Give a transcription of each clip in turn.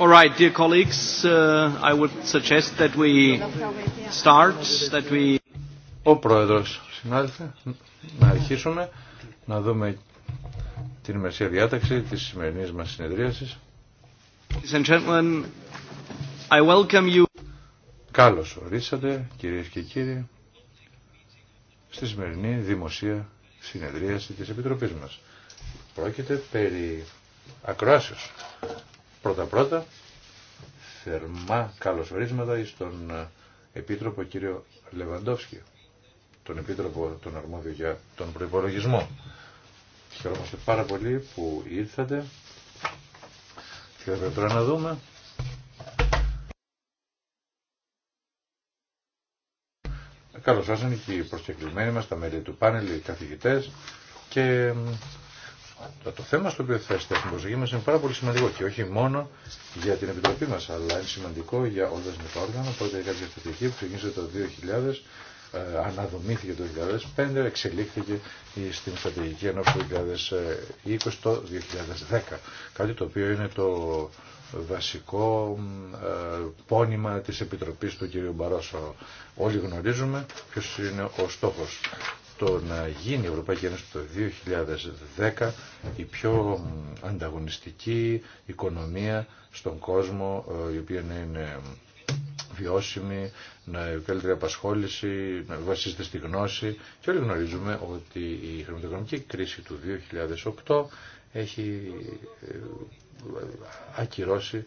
All right, dear colleagues, uh, I would suggest that we start, that we... Ο Πρόεδρος, συνάδελφε, να αρχίσουμε, να δούμε την ημερησία διάταξη της σημερινής μας συνεδρίασης. And I welcome you. Καλώς ορίσατε, κυρίες και κύριοι, στη σημερινή δημοσία συνεδρίαση της Επιτροπής μας. Πρόκειται περί ακροάσεως Πρώτα-πρώτα, θερμά καλωσορίσματα στον ε, Επίτροπο κύριο Λεβαντόφσκι, τον Επίτροπο τον Αρμόδιο για τον Προϋπολογισμό. Χαιρόμαστε πάρα πολύ που ήρθατε και θα πρέπει να δούμε Καλώς ήρθατε και οι προσκεκλημένοι μας, τα μέλη του πάνελ, οι καθηγητές και το, θέμα στο οποίο θα στην προσοχή μας είναι πάρα πολύ σημαντικό και όχι μόνο για την Επιτροπή μας, αλλά είναι σημαντικό για όλα τα όργανα. οπότε η στρατηγική που ξεκίνησε το 2000, ε, αναδομήθηκε το 2005, εξελίχθηκε στην στρατηγική ενώ το 2020 το 2010. Κάτι το οποίο είναι το βασικό ε, πόνημα της Επιτροπής του κ. Μπαρόσο. Όλοι γνωρίζουμε ποιος είναι ο στόχος το να γίνει η Ευρωπαϊκή Ένωση το 2010 η πιο ανταγωνιστική οικονομία στον κόσμο, ε, η οποία να είναι βιώσιμη, να καλύτερη απασχόληση, να βασίζεται στη γνώση και όλοι γνωρίζουμε ότι η χρηματοοικονομική κρίση του 2008 έχει ε, ακυρώσει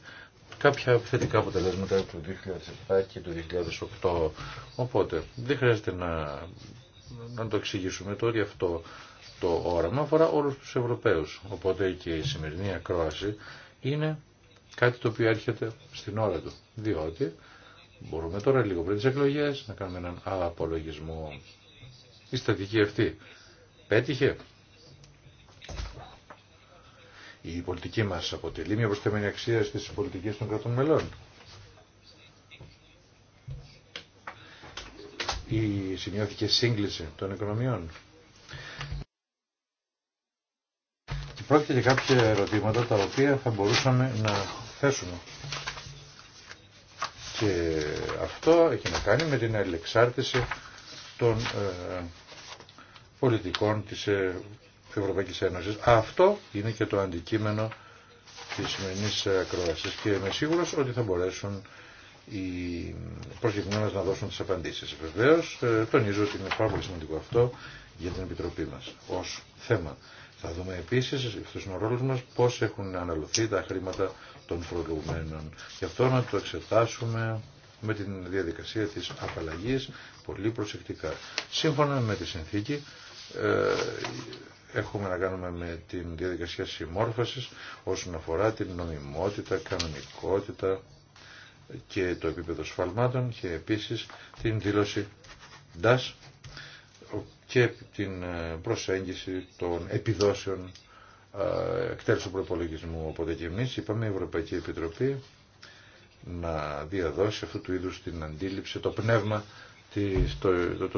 κάποια θετικά αποτελέσματα του 2007 και του 2008. Οπότε δεν χρειάζεται να να το εξηγήσουμε τώρα, ότι αυτό το όραμα αφορά όλους τους Ευρωπαίους. Οπότε και η σημερινή ακρόαση είναι κάτι το οποίο έρχεται στην ώρα του. Διότι μπορούμε τώρα λίγο πριν τις εκλογές να κάνουμε έναν απολογισμό. Η στατική αυτή πέτυχε. Η πολιτική μας αποτελεί μια προσθεμένη αξία στις πολιτικές των κρατών μελών. ή σημειώθηκε σύγκληση των οικονομιών. Και πρόκειται για κάποια ερωτήματα τα οποία θα μπορούσαμε να θέσουμε. Και αυτό έχει να κάνει με την αλληλεξάρτηση των ε, πολιτικών της ε, Ευρωπαϊκής Ένωσης. Αυτό είναι και το αντικείμενο της σημερινής ε, ακρόασης και είμαι σίγουρος ότι θα μπορέσουν οι προσκεκλημένες να δώσουν τις απαντήσεις. Βεβαίως, ε, τονίζω ότι είναι πάρα πολύ σημαντικό αυτό για την Επιτροπή μας ως θέμα. Θα δούμε επίσης, αυτό είναι ο ρόλος μας, πώς έχουν αναλωθεί τα χρήματα των φορολογουμένων. Γι' αυτό να το εξετάσουμε με την διαδικασία της απαλλαγής πολύ προσεκτικά. Σύμφωνα με τη συνθήκη, ε, έχουμε να κάνουμε με την διαδικασία συμμόρφωσης όσον αφορά την νομιμότητα, κανονικότητα, και το επίπεδο σφαλμάτων και επίσης την δήλωση DAS και την ε, προσέγγιση των επιδόσεων ε, εκτέλεση του προπολογισμού. Οπότε και εμείς είπαμε η Ευρωπαϊκή Επιτροπή να διαδώσει αυτού του είδους την αντίληψη, το πνεύμα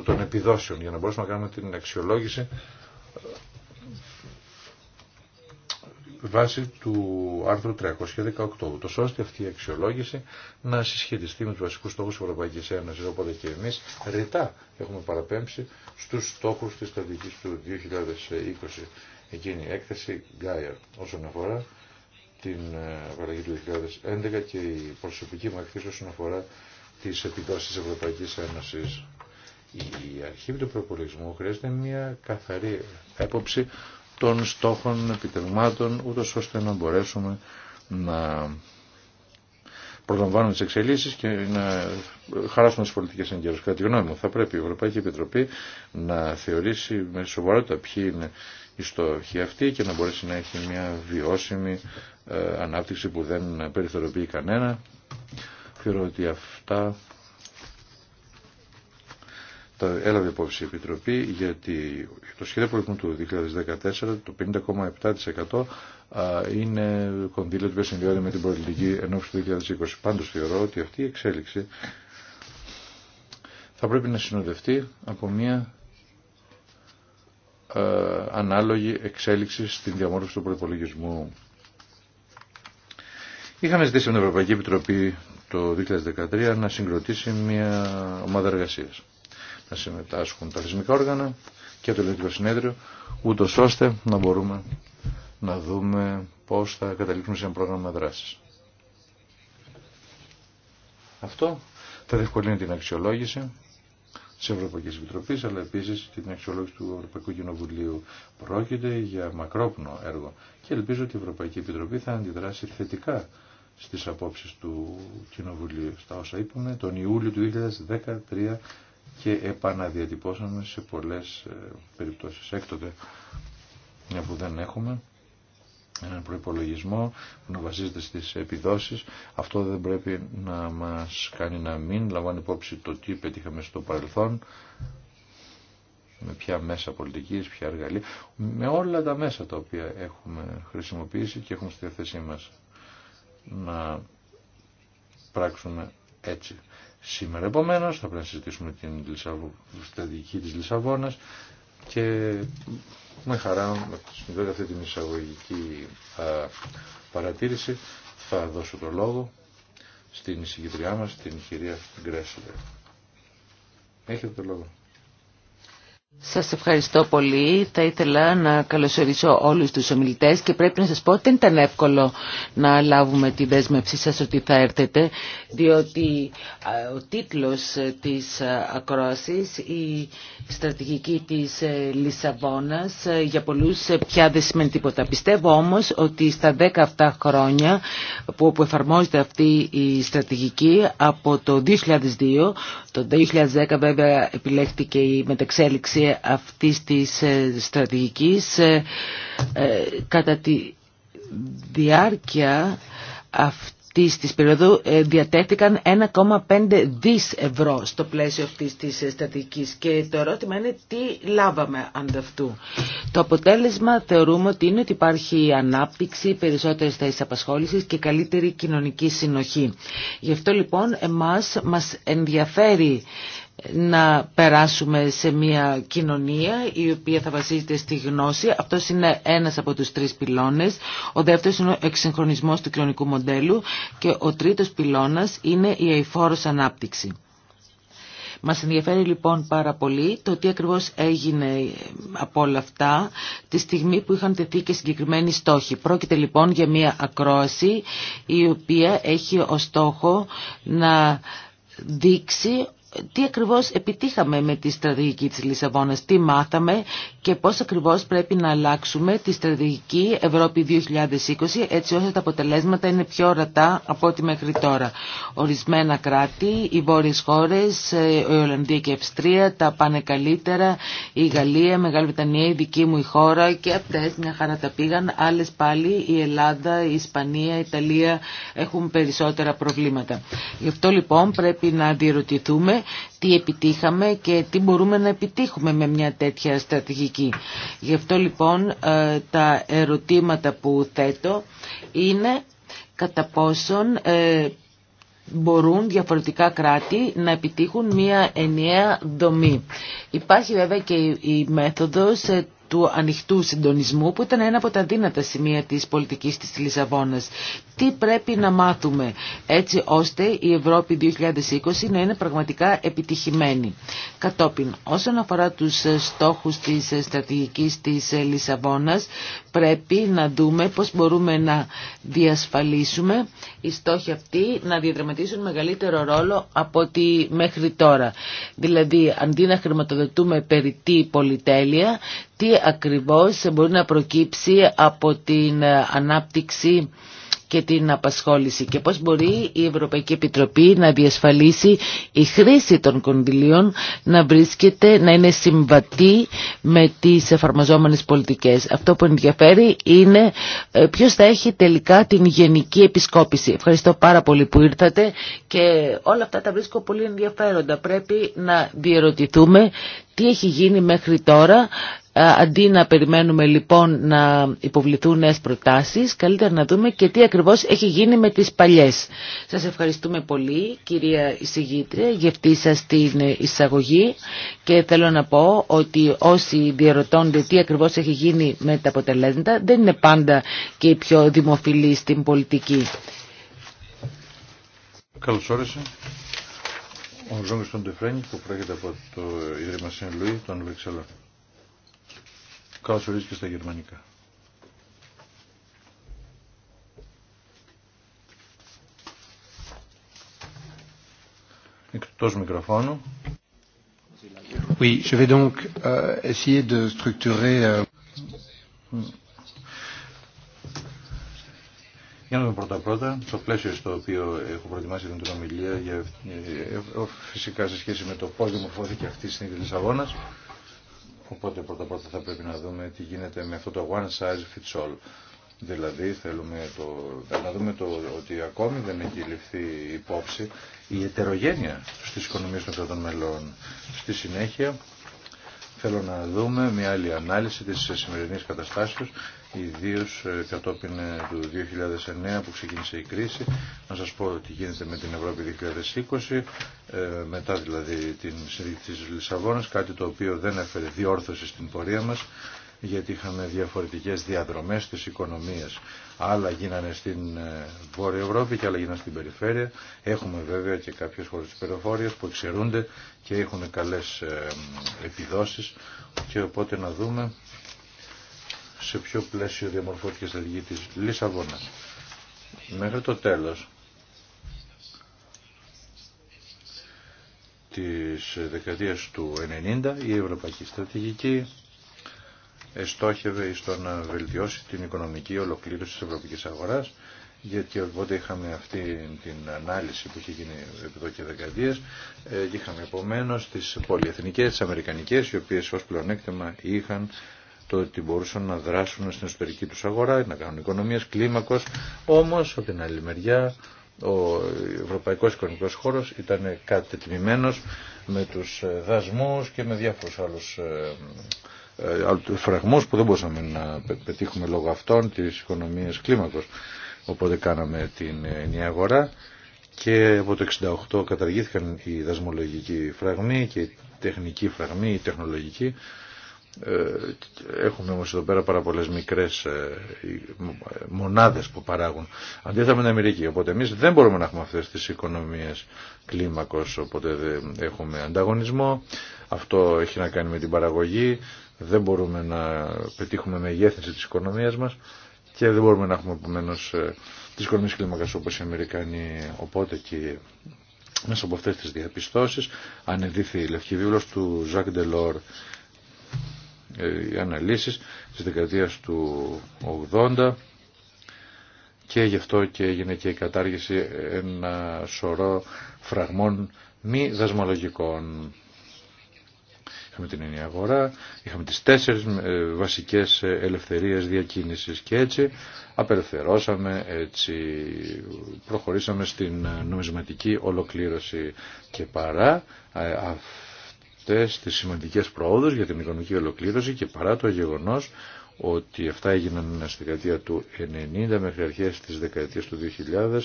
των επιδόσεων για να μπορούμε να κάνουμε την αξιολόγηση βάσει του άρθρου 318, Το ώστε αυτή η αξιολόγηση να συσχετιστεί με του βασικού στόχου τη Ευρωπαϊκή Ένωση. Οπότε και εμεί ρητά έχουμε παραπέμψει στου στόχου τη στρατηγική του 2020. Εκείνη η έκθεση Γκάιερ όσον αφορά την ε, παραγωγή του 2011 και η προσωπική μου έκθεση όσον αφορά τι επιδόσει τη Ευρωπαϊκή Ένωση. Η αρχή του προπολογισμού χρειάζεται μια καθαρή έποψη των στόχων επιτευγμάτων, ούτως ώστε να μπορέσουμε να προλαμβάνουμε τις εξελίσεις και να χαράσουμε τις πολιτικές εγκαίρες. Κατά τη γνώμη μου θα πρέπει η Ευρωπαϊκή Επιτροπή να θεωρήσει με σοβαρότητα ποιοι είναι οι στόχοι αυτοί και να μπορέσει να έχει μια βιώσιμη ε, ανάπτυξη που δεν περιθωριοποιεί κανένα. Θεωρώ ότι αυτά έλαβε υπόψη η Επιτροπή γιατί το σχέδιο προηγούμενου του 2014 το 50,7% είναι κονδύλιο που συνδυάζει με την πολιτική ενόψη του 2020. Πάντως θεωρώ ότι αυτή η εξέλιξη θα πρέπει να συνοδευτεί από μια ανάλογη εξέλιξη στην διαμόρφωση του προπολογισμού. Είχαμε ζητήσει από την Ευρωπαϊκή Επιτροπή το 2013 να συγκροτήσει μια ομάδα εργασίας να συμμετάσχουν τα θεσμικά όργανα και το Ελληνικό Συνέδριο, ούτω ώστε να μπορούμε να δούμε πώ θα καταλήξουμε σε ένα πρόγραμμα δράση. Αυτό θα διευκολύνει την αξιολόγηση τη Ευρωπαϊκή Επιτροπή, αλλά επίση την αξιολόγηση του Ευρωπαϊκού Κοινοβουλίου. Πρόκειται για μακρόπνο έργο και ελπίζω ότι η Ευρωπαϊκή Επιτροπή θα αντιδράσει θετικά στις απόψει του Κοινοβουλίου. Στα όσα είπαμε τον Ιούλιο του 2013 και επαναδιατυπώσαμε σε πολλές ε, περιπτώσεις. Έκτοτε, μια που δεν έχουμε έναν προϋπολογισμό που να βασίζεται στις επιδόσεις, αυτό δεν πρέπει να μας κάνει να μην λαμβάνει υπόψη το τι πετύχαμε στο παρελθόν, με ποια μέσα πολιτικής, ποια εργαλεία, με όλα τα μέσα τα οποία έχουμε χρησιμοποιήσει και έχουμε στη θέση μας να πράξουμε έτσι σήμερα. Επομένω, θα πρέπει να συζητήσουμε την στρατηγική τη Λισαβόνα και με χαρά, με αυτή την εισαγωγική παρατήρηση, θα δώσω το λόγο στην συγκεντριά μας, την κυρία Γκρέσλερ. Έχετε το λόγο. Σας ευχαριστώ πολύ. Θα ήθελα να καλωσορίσω όλους τους ομιλητές και πρέπει να σας πω ότι δεν ήταν εύκολο να λάβουμε τη δέσμευσή σας ότι θα έρθετε, διότι ο τίτλος της ακρόασης, η στρατηγική της ε, Λισαβόνας, ε, για πολλούς ε, πια δεν σημαίνει τίποτα. Πιστεύω όμως ότι στα 17 χρόνια που εφαρμόζεται αυτή η στρατηγική από το 2002, το 2010 βέβαια επιλέχθηκε η μετεξέλιξη και αυτής της ε, στρατηγικής ε, ε, κατά τη διάρκεια αυτής της περίοδου διατέθηκαν 1,5 δις ευρώ στο πλαίσιο αυτής της στρατηγικής και το ερώτημα είναι τι λάβαμε ανταυτού. Το αποτέλεσμα θεωρούμε ότι είναι ότι υπάρχει ανάπτυξη, περισσότερες θέσεις απασχόλησης και καλύτερη κοινωνική συνοχή. Γι' αυτό λοιπόν εμάς μας ενδιαφέρει να περάσουμε σε μια κοινωνία η οποία θα βασίζεται στη γνώση. Αυτό είναι ένας από τους τρεις πυλώνες. Ο δεύτερος είναι ο εξυγχρονισμός του κοινωνικού μοντέλου και ο τρίτος πυλώνας είναι η αηφόρος ανάπτυξη. Μας ενδιαφέρει λοιπόν πάρα πολύ το τι ακριβώς έγινε από όλα αυτά τη στιγμή που είχαν τεθεί και συγκεκριμένοι στόχοι. Πρόκειται λοιπόν για μια ακρόαση η οποία έχει ως στόχο να δείξει τι ακριβώς επιτύχαμε με τη στρατηγική της Λισαβόνας, τι μάθαμε και πώς ακριβώς πρέπει να αλλάξουμε τη στρατηγική Ευρώπη 2020 έτσι ώστε τα αποτελέσματα είναι πιο ορατά από ό,τι μέχρι τώρα. Ορισμένα κράτη, οι βόρειες χώρες, ε, η Ολλανδία και η Ευστρία τα πάνε καλύτερα, η Γαλλία, η Μεγάλη Βρετανία, η δική μου η χώρα και αυτές μια χαρά τα πήγαν, άλλες πάλι η Ελλάδα, η Ισπανία, η Ιταλία έχουν περισσότερα προβλήματα. Γι' αυτό λοιπόν πρέπει να διερωτηθούμε τι επιτύχαμε και τι μπορούμε να επιτύχουμε με μια τέτοια στρατηγική. Γι' αυτό λοιπόν ε, τα ερωτήματα που θέτω είναι κατά πόσον ε, μπορούν διαφορετικά κράτη να επιτύχουν μια ενιαία δομή. Υπάρχει βέβαια και η μέθοδος ε, του ανοιχτού συντονισμού που ήταν ένα από τα δύνατα σημεία της πολιτικής της Λισαβόνας. Τι πρέπει να μάθουμε έτσι ώστε η Ευρώπη 2020 να είναι πραγματικά επιτυχημένη. Κατόπιν, όσον αφορά τους στόχους της στρατηγικής της Λισαβόνας, πρέπει να δούμε πώς μπορούμε να διασφαλίσουμε οι στόχοι αυτοί να διαδραματίσουν μεγαλύτερο ρόλο από ότι μέχρι τώρα. Δηλαδή, αντί να χρηματοδοτούμε περί τι πολυτέλεια, τι ακριβώς μπορεί να προκύψει από την ε, ανάπτυξη και την απασχόληση και πώς μπορεί η Ευρωπαϊκή Επιτροπή να διασφαλίσει η χρήση των κονδυλίων να βρίσκεται, να είναι συμβατή με τις εφαρμοζόμενες πολιτικές. Αυτό που ενδιαφέρει είναι ε, ποιος θα έχει τελικά την γενική επισκόπηση. Ευχαριστώ πάρα πολύ που ήρθατε και όλα αυτά τα βρίσκω πολύ ενδιαφέροντα. Πρέπει να διερωτηθούμε τι έχει γίνει μέχρι τώρα. Αντί να περιμένουμε λοιπόν να υποβληθούν νέες προτάσεις, καλύτερα να δούμε και τι ακριβώς έχει γίνει με τις παλιές. Σας ευχαριστούμε πολύ κυρία εισηγήτρια για αυτή σας την εισαγωγή και θέλω να πω ότι όσοι διαρωτώνται τι ακριβώς έχει γίνει με τα αποτελέσματα δεν είναι πάντα και οι πιο δημοφιλοί στην πολιτική. Καλώς όρισα ο Ζώμης των Τεφρένη που προέρχεται από το Ίδρυμα Σεν Λουί των Βρυξελών. Καλώς ορίζει και στα γερμανικά. Εκτός μικροφόνου. Oui, je vais donc euh, essayer de structurer. Euh... Για να δούμε πρώτα πρώτα το πλαίσιο στο οποίο έχω προετοιμάσει την ομιλία για, ε, ε, φυσικά σε σχέση με το πώς και αυτή η συνήθεια της αγώνας. Οπότε πρώτα πρώτα θα πρέπει να δούμε τι γίνεται με αυτό το one size fits all. Δηλαδή θέλουμε το, να δούμε το, ότι ακόμη δεν έχει ληφθεί υπόψη η ετερογένεια στις οικονομίες των κρατών μελών. Στη συνέχεια θέλω να δούμε μια άλλη ανάλυση της σημερινής καταστάσεως ιδίω ε, κατόπιν ε, του 2009 που ξεκίνησε η κρίση. Να σας πω τι γίνεται με την Ευρώπη 2020, ε, μετά δηλαδή την συνδίκη της Λισαβόνας, κάτι το οποίο δεν έφερε διόρθωση στην πορεία μας, γιατί είχαμε διαφορετικές διαδρομές της οικονομίας. Άλλα γίνανε στην Βόρεια Ευρώπη και άλλα γίνανε στην περιφέρεια. Έχουμε βέβαια και κάποιες χώρες της περιφόρειας που εξαιρούνται και έχουν καλές επιδόσεις και οπότε να δούμε σε ποιο πλαίσιο διαμορφώθηκε η στρατηγική της Λισαβόνα. Μέχρι το τέλος της δεκαετίας του 90 η Ευρωπαϊκή Στρατηγική εστόχευε στο να βελτιώσει την οικονομική ολοκλήρωση της ευρωπαϊκής αγοράς γιατί οπότε είχαμε αυτή την ανάλυση που είχε γίνει εδώ και δεκαετίες ε, και είχαμε επομένω τις πολυεθνικές, τις αμερικανικές οι οποίες ως πλεονέκτημα είχαν το ότι μπορούσαν να δράσουν στην εσωτερική τους αγορά, να κάνουν οικονομίες κλίμακος, όμως από την άλλη μεριά ο Ευρωπαϊκός Οικονομικός Χώρος ήταν κατετιμημένος με τους ε, δασμούς και με διάφορους ε, ε, άλλους φραγμούς που δεν μπορούσαμε να πετύχουμε λόγω αυτών της οικονομίας κλίμακος. Οπότε κάναμε την ενιαία αγορά και από το 1968 καταργήθηκαν οι δασμολογικοί φραγμοί και οι τεχνικοί φραγμοί, οι τεχνολογικοί ε, έχουμε όμως εδώ πέρα πάρα πολλές μικρές ε, μονάδες που παράγουν αντίθετα με την Αμερική οπότε εμείς δεν μπορούμε να έχουμε αυτές τις οικονομίες κλίμακος οπότε έχουμε ανταγωνισμό αυτό έχει να κάνει με την παραγωγή δεν μπορούμε να πετύχουμε μεγέθυνση της οικονομίας μας και δεν μπορούμε να έχουμε επομένω ε, τις οικονομίες κλίμακας όπως οι Αμερικανοί οπότε και μέσα από αυτές τις διαπιστώσεις ανεδίθη η Λευκή Βίβλος του Ζακ Ντελόρ ε, οι αναλύσεις της δεκαετίας του 80 και γι' αυτό και έγινε και η κατάργηση ένα σωρό φραγμών μη δασμολογικών. Είχαμε την ενιαία αγορά, είχαμε τις τέσσερις ε, βασικές ελευθερίες διακίνησης και έτσι απελευθερώσαμε, έτσι προχωρήσαμε στην νομισματική ολοκλήρωση και παρά ε, αυτές τις σημαντικές προόδους για την οικονομική ολοκλήρωση και παρά το γεγονός ότι αυτά έγιναν στη δεκαετία του 90 μέχρι αρχέ της δεκαετίας του 2000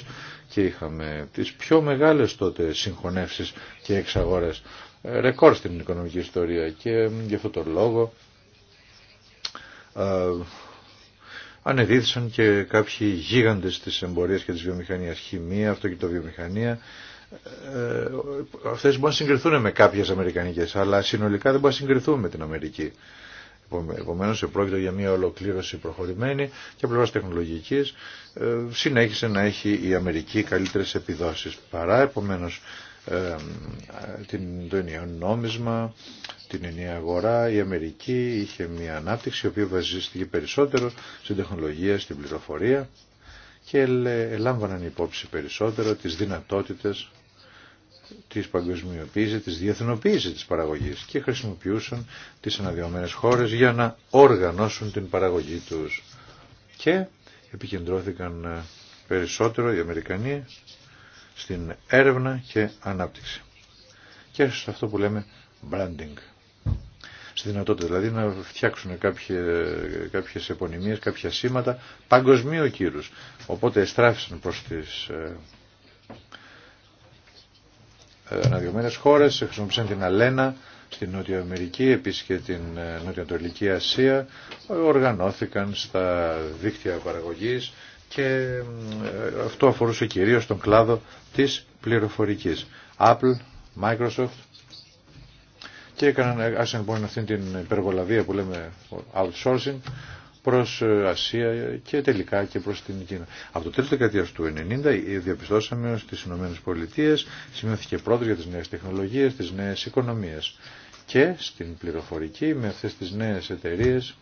και είχαμε τις πιο μεγάλες τότε συγχωνεύσει και εξαγορές ε, ρεκόρ στην οικονομική ιστορία και γι' αυτό τον λόγο α, ε, ανεδίθησαν και κάποιοι γίγαντες της εμπορίας και της βιομηχανίας χημεία, αυτοκινητοβιομηχανία ε, αυτές μπορούν να συγκριθούν με κάποιες αμερικανικές, αλλά συνολικά δεν μπορούν να συγκριθούν με την Αμερική. Επομένω, πρόκειται για μια ολοκλήρωση προχωρημένη και πλευρά τεχνολογική ε, συνέχισε να έχει η Αμερική καλύτερε επιδόσει. Παρά επομένω ε, το ενιαίο νόμισμα, την ενιαία αγορά, η Αμερική είχε μια ανάπτυξη η οποία βασίστηκε περισσότερο στην τεχνολογία, στην πληροφορία και ελάμβαναν υπόψη περισσότερο τις δυνατότητες της παγκοσμιοποίηση, της διεθνοποίηση της παραγωγής και χρησιμοποιούσαν τις αναδυομένες χώρες για να οργανώσουν την παραγωγή τους. Και επικεντρώθηκαν ε, περισσότερο οι Αμερικανοί στην έρευνα και ανάπτυξη. Και σε αυτό που λέμε branding. Στη δυνατότητα δηλαδή να φτιάξουν κάποιες, κάποιες επωνυμίες, κάποια σήματα παγκοσμίου κύρους. Οπότε εστράφησαν προς τις ε, ε, αναδειωμένες χώρες, χρησιμοποίησαν την Αλένα στην Νότια Αμερική, επίσης και την ε, Νότια Ασία, οργανώθηκαν στα δίκτυα παραγωγής και ε, αυτό αφορούσε κυρίως τον κλάδο της πληροφορικής. Apple, Microsoft και έκαναν, άρχισαν λοιπόν αυτή την υπεργολαβία που λέμε outsourcing προς ε, Ασία και τελικά και προς την Κίνα. Από το τέλος δεκαετίας του 1990 ε, διαπιστώσαμε στις Ηνωμένες Πολιτείες σημειώθηκε πρώτο για τις νέες τεχνολογίες, τις νέες οικονομίες και στην πληροφορική με αυτές τις νέες εταιρείες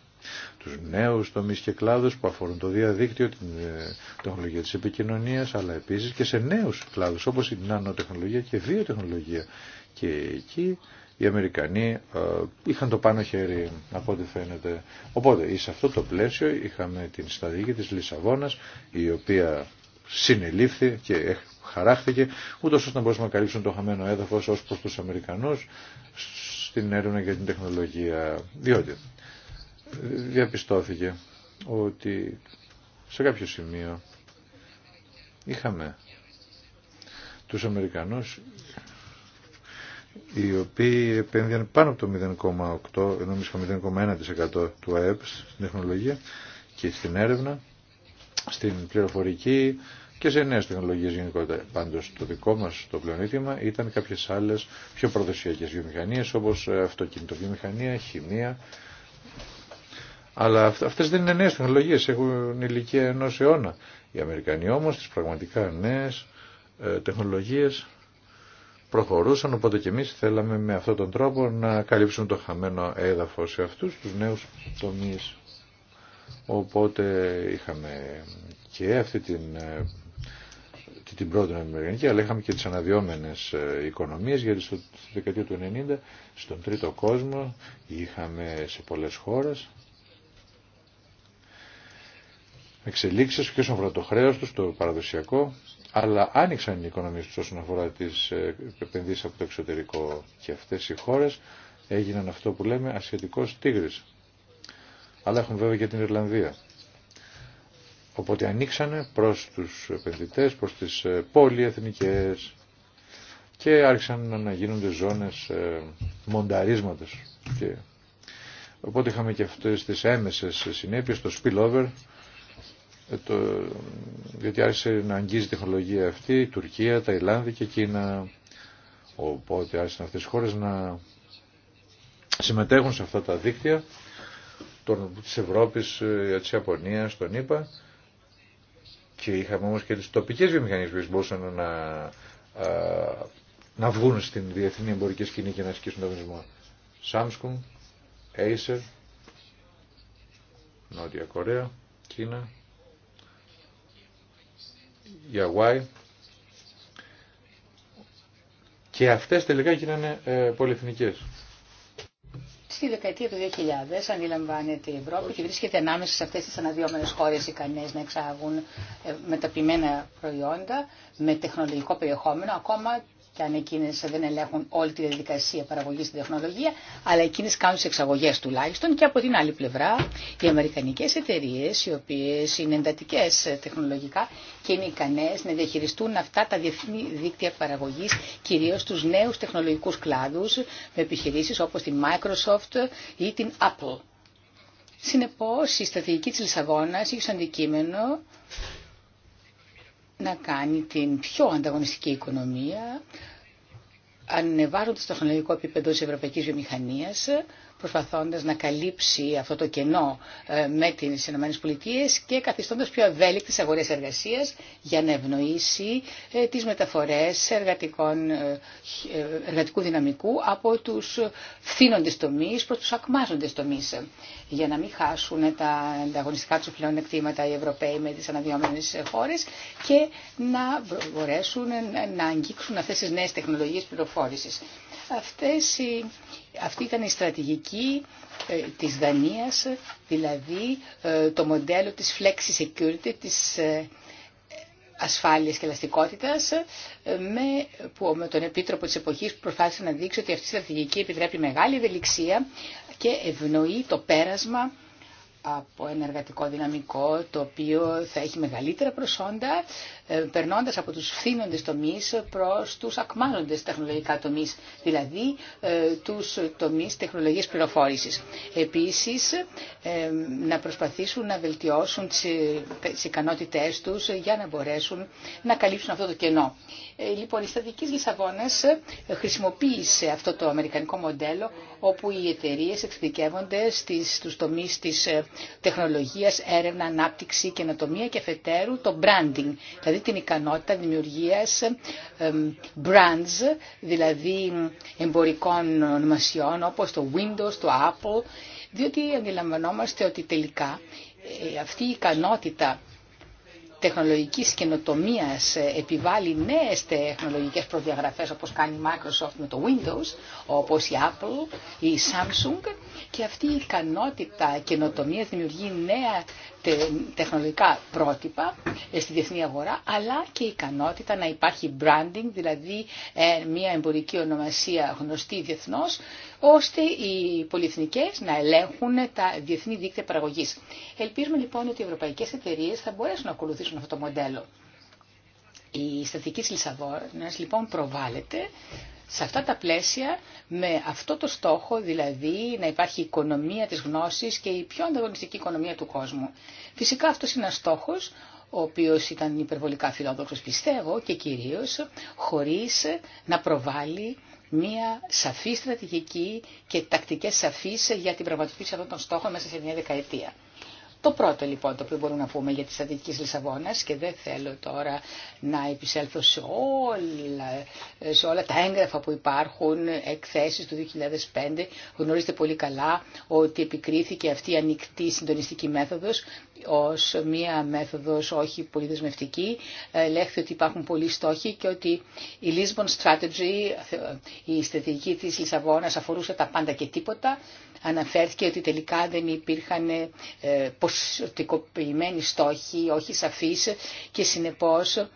τους νέους τομείς και κλάδους που αφορούν το διαδίκτυο, την ε, τεχνολογία της επικοινωνίας, αλλά επίσης και σε νέους κλάδους όπως η νανοτεχνολογία και βιοτεχνολογία. Και εκεί οι Αμερικανοί ε, είχαν το πάνω χέρι από ό,τι φαίνεται. Οπότε σε αυτό το πλαίσιο είχαμε την σταδίκη της Λισαβόνας η οποία συνελήφθη και χαράχθηκε ούτως ώστε να μπορούσαμε να καλύψουν το χαμένο έδαφος ως προς τους Αμερικανούς στην έρευνα και την τεχνολογία διότι διαπιστώθηκε ότι σε κάποιο σημείο είχαμε τους Αμερικανούς οι οποίοι επένδυαν πάνω από το 0,8, ενώ 0,1% του ΑΕΠ στην τεχνολογία και στην έρευνα, στην πληροφορική και σε νέες τεχνολογίες γενικότερα. Πάντως το δικό μας το πλεονίτημα ήταν κάποιες άλλες πιο προδοσιακές βιομηχανίες όπως ε, αυτοκινητοβιομηχανία, χημεία, αλλά αυτές δεν είναι νέες τεχνολογίες, έχουν ηλικία ενός αιώνα. Οι Αμερικανοί όμως τις πραγματικά νέες ε, τεχνολογίες προχωρούσαν, οπότε και εμείς θέλαμε με αυτόν τον τρόπο να καλύψουμε το χαμένο έδαφος σε αυτούς τους νέους τομείς. Οπότε είχαμε και αυτή την, ε, την πρώτη Αμερικανική, αλλά είχαμε και τις αναδυόμενες ε, οικονομίες, γιατί στο, δεκαετία του 90, στον τρίτο κόσμο, είχαμε σε πολλές χώρες εξελίξεις και όσον αφορά το χρέος τους, το παραδοσιακό, αλλά άνοιξαν οι οικονομίες τους όσον αφορά τις ε, επενδύσεις από το εξωτερικό και αυτές οι χώρες έγιναν αυτό που λέμε ασιατικός τίγρης. Αλλά έχουν βέβαια και την Ιρλανδία. Οπότε ανοίξανε προς τους επενδυτές, προς τις ε, πολυεθνικές και άρχισαν να γίνονται ζώνες ε, μονταρίσματος. Οπότε είχαμε και αυτές τις έμεσες συνέπειες, το spillover, ε, το, γιατί άρχισε να αγγίζει η τεχνολογία αυτή η Τουρκία, Ταϊλάνδη και Κίνα. Οπότε άρχισαν αυτές οι χώρες να συμμετέχουν σε αυτά τα δίκτυα των, της Ευρώπης, ε, της Ιαπωνίας, των ΗΠΑ και είχαμε όμως και τις τοπικές βιομηχανίες που μπορούσαν να, ε, να βγουν στην διεθνή εμπορική σκηνή και να ασκήσουν τον δεσμό. Samsung, Acer, Νότια Κορέα, Κίνα, Γιαγουάη και αυτές τελικά γίνανε ε, πολυεθνικές. Στη δεκαετία του 2000 αντιλαμβάνεται η Ευρώπη και βρίσκεται ανάμεσα σε αυτές τις αναδυόμενες χώρες ικανές να εξάγουν ε, μεταποιημένα προϊόντα με τεχνολογικό περιεχόμενο ακόμα και αν εκείνε δεν ελέγχουν όλη τη διαδικασία παραγωγή στην τεχνολογία, αλλά εκείνε κάνουν τι εξαγωγέ τουλάχιστον. Και από την άλλη πλευρά, οι αμερικανικέ εταιρείε, οι οποίε είναι εντατικέ τεχνολογικά και είναι ικανέ να διαχειριστούν αυτά τα διεθνή δίκτυα παραγωγή, κυρίω του νέου τεχνολογικού κλάδου, με επιχειρήσει όπω την Microsoft ή την Apple. Συνεπώ, η στρατηγική τη Λισαβόνα έχει σαν αντικείμενο να κάνει την πιο ανταγωνιστική οικονομία, ανεβάζοντας το χρονολογικό επίπεδο της ευρωπαϊκής βιομηχανίας, προσπαθώντας να καλύψει αυτό το κενό ε, με τις ΗΠΑ και καθιστώντας πιο ευέλικτες αγορές εργασίας για να ευνοήσει ε, τις μεταφορές εργατικών, ε, εργατικού δυναμικού από τους φθήνοντες τομείς προς τους ακμάζοντες τομείς για να μην χάσουν τα ανταγωνιστικά τους πλέον εκτήματα οι Ευρωπαίοι με τις αναδυόμενες χώρες και να μπορέσουν να αγγίξουν αυτές τις νέες τεχνολογίες πληροφόρησης. Αυτές οι, αυτή ήταν η στρατηγική ε, της Δανίας, δηλαδή ε, το μοντέλο της Flexi Security, της ε, ασφάλειας και ελαστικότητας, με, που με τον Επίτροπο της εποχής προσπάθησε να δείξει ότι αυτή η στρατηγική επιτρέπει μεγάλη ευελιξία και ευνοεί το πέρασμα από ένα εργατικό δυναμικό το οποίο θα έχει μεγαλύτερα προσόντα ε, Περνώντα από του φθήνοντε τομεί προ του ακμάλλοντε τεχνολογικά τομείς, δηλαδή ε, τους τομείς τεχνολογίας πληροφόρησης. Επίσης, ε, να προσπαθήσουν να βελτιώσουν τι ικανότητε τους για να μπορέσουν να καλύψουν αυτό το κενό. Λοιπόν, η Στατική Λισαβόνα χρησιμοποίησε αυτό το αμερικανικό μοντέλο όπου οι εταιρείε εξειδικεύονται στου τομεί τη τεχνολογία, έρευνα, ανάπτυξη, καινοτομία και φετέρου το branding, δηλαδή δηλαδή την ικανότητα δημιουργίας brands, δηλαδή εμπορικών ονομασιών όπως το Windows, το Apple, διότι αντιλαμβανόμαστε ότι τελικά ε, αυτή η ικανότητα τεχνολογικής καινοτομίας ε, επιβάλλει νέες τεχνολογικές προδιαγραφές όπως κάνει η Microsoft με το Windows, όπως η Apple ή η Samsung και αυτή η ικανότητα καινοτομία δημιουργεί νέα τεχνολογικά πρότυπα ε, στη διεθνή αγορά αλλά και η ικανότητα να υπάρχει branding, δηλαδή ε, μια εμπορική ονομασία γνωστή διεθνώς ώστε οι πολυεθνικές να ελέγχουν τα διεθνή δίκτυα παραγωγής. Ελπίζουμε λοιπόν ότι οι ευρωπαϊκές εταιρείες θα μπορέσουν να ακολουθήσουν αυτό το μοντέλο. Η στατική της λοιπόν προβάλλεται σε αυτά τα πλαίσια με αυτό το στόχο, δηλαδή να υπάρχει η οικονομία της γνώσης και η πιο ανταγωνιστική οικονομία του κόσμου. Φυσικά αυτός είναι ένας στόχος, ο οποίος ήταν υπερβολικά φιλόδοξος πιστεύω και κυρίως χωρίς να προβάλλει μία σαφή στρατηγική και τακτικές σαφείς για την πραγματοποίηση αυτών των στόχων μέσα σε μια δεκαετία. Το πρώτο λοιπόν το οποίο μπορούμε να πούμε για τη στρατηγική Λισαβόνας και δεν θέλω τώρα να επισέλθω σε όλα, σε όλα τα έγγραφα που υπάρχουν, εκθέσεις του 2005, γνωρίζετε πολύ καλά ότι επικρίθηκε αυτή η ανοιχτή συντονιστική μέθοδος ως μία μέθοδος όχι πολύ δεσμευτική. Ε, λέχθη ότι υπάρχουν πολλοί στόχοι και ότι η Lisbon Strategy, η στρατηγική της Λισαβόνας αφορούσε τα πάντα και τίποτα αναφέρθηκε ότι τελικά δεν υπήρχαν ε, ποσοτικοποιημένοι στόχοι, όχι σαφείς και συνεπώς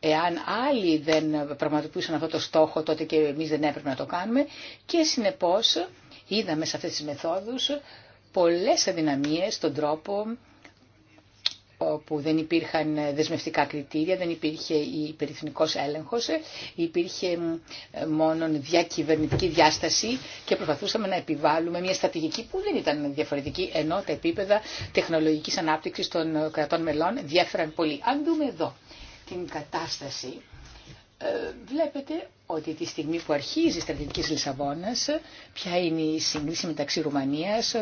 Εάν άλλοι δεν πραγματοποιούσαν αυτό το στόχο, τότε και εμείς δεν έπρεπε να το κάνουμε. Και συνεπώς είδαμε σε αυτές τις μεθόδους πολλές αδυναμίες στον τρόπο όπου δεν υπήρχαν δεσμευτικά κριτήρια, δεν υπήρχε υπερηθνικός έλεγχος, υπήρχε μόνο διακυβερνητική διάσταση και προσπαθούσαμε να επιβάλλουμε μια στρατηγική που δεν ήταν διαφορετική, ενώ τα επίπεδα τεχνολογικής ανάπτυξης των κρατών μελών διέφεραν πολύ. Αν δούμε εδώ την κατάσταση ε, βλέπετε ότι τη στιγμή που αρχίζει η στρατηγική της Λισαβόνας, ποια είναι η σύγκριση μεταξύ Ρουμανίας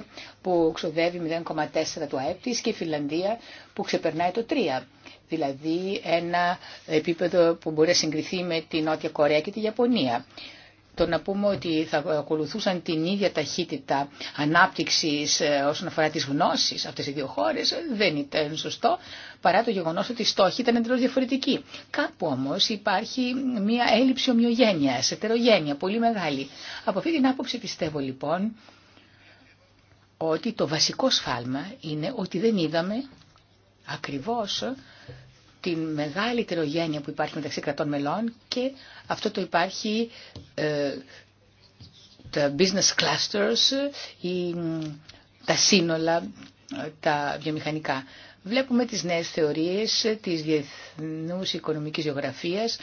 που ξοδεύει 0,4 του ΑΕΠ της και η Φιλανδία που ξεπερνάει το 3. Δηλαδή ένα επίπεδο που μπορεί να συγκριθεί με την Νότια Κορέα και τη Ιαπωνία το να πούμε ότι θα ακολουθούσαν την ίδια ταχύτητα ανάπτυξης ε, όσον αφορά τις γνώσεις αυτές οι δύο χώρες ε, δεν ήταν σωστό παρά το γεγονός ότι οι στόχοι ήταν εντελώς διαφορετικοί. Κάπου όμως υπάρχει μια έλλειψη ομοιογένειας, ετερογένεια πολύ μεγάλη. Από αυτή την άποψη πιστεύω λοιπόν ότι το βασικό σφάλμα είναι ότι δεν είδαμε ακριβώς τη μεγάλη τερογένεια που υπάρχει μεταξύ κρατών μελών και αυτό το υπάρχει ε, τα business clusters, η, τα σύνολα, τα βιομηχανικά. Βλέπουμε τις νέες θεωρίες της διεθνούς οικονομικής γεωγραφίας,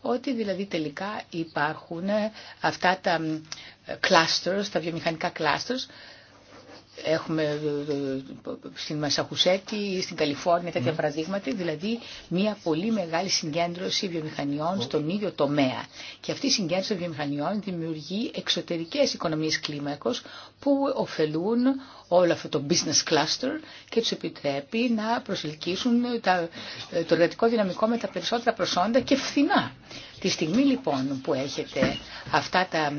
ότι δηλαδή τελικά υπάρχουν αυτά τα ε, clusters, τα βιομηχανικά clusters, έχουμε ε, ε, στην Μασαχουσέτη ή στην Καλιφόρνια τέτοια mm. παραδείγματα, δηλαδή μια πολύ μεγάλη συγκέντρωση βιομηχανιών στον ίδιο τομέα. Και αυτή η στην καλιφορνια τετοια παραδειγματα δηλαδη μια πολυ μεγαλη συγκεντρωση βιομηχανιων στον ιδιο τομεα και αυτη η συγκεντρωση των βιομηχανιών δημιουργεί εξωτερικές οικονομίες κλίμακο που ωφελούν όλο αυτό το business cluster και του επιτρέπει να προσελκύσουν ε, το εργατικό δυναμικό με τα περισσότερα προσόντα και φθηνά. Τη στιγμή λοιπόν που έχετε αυτά τα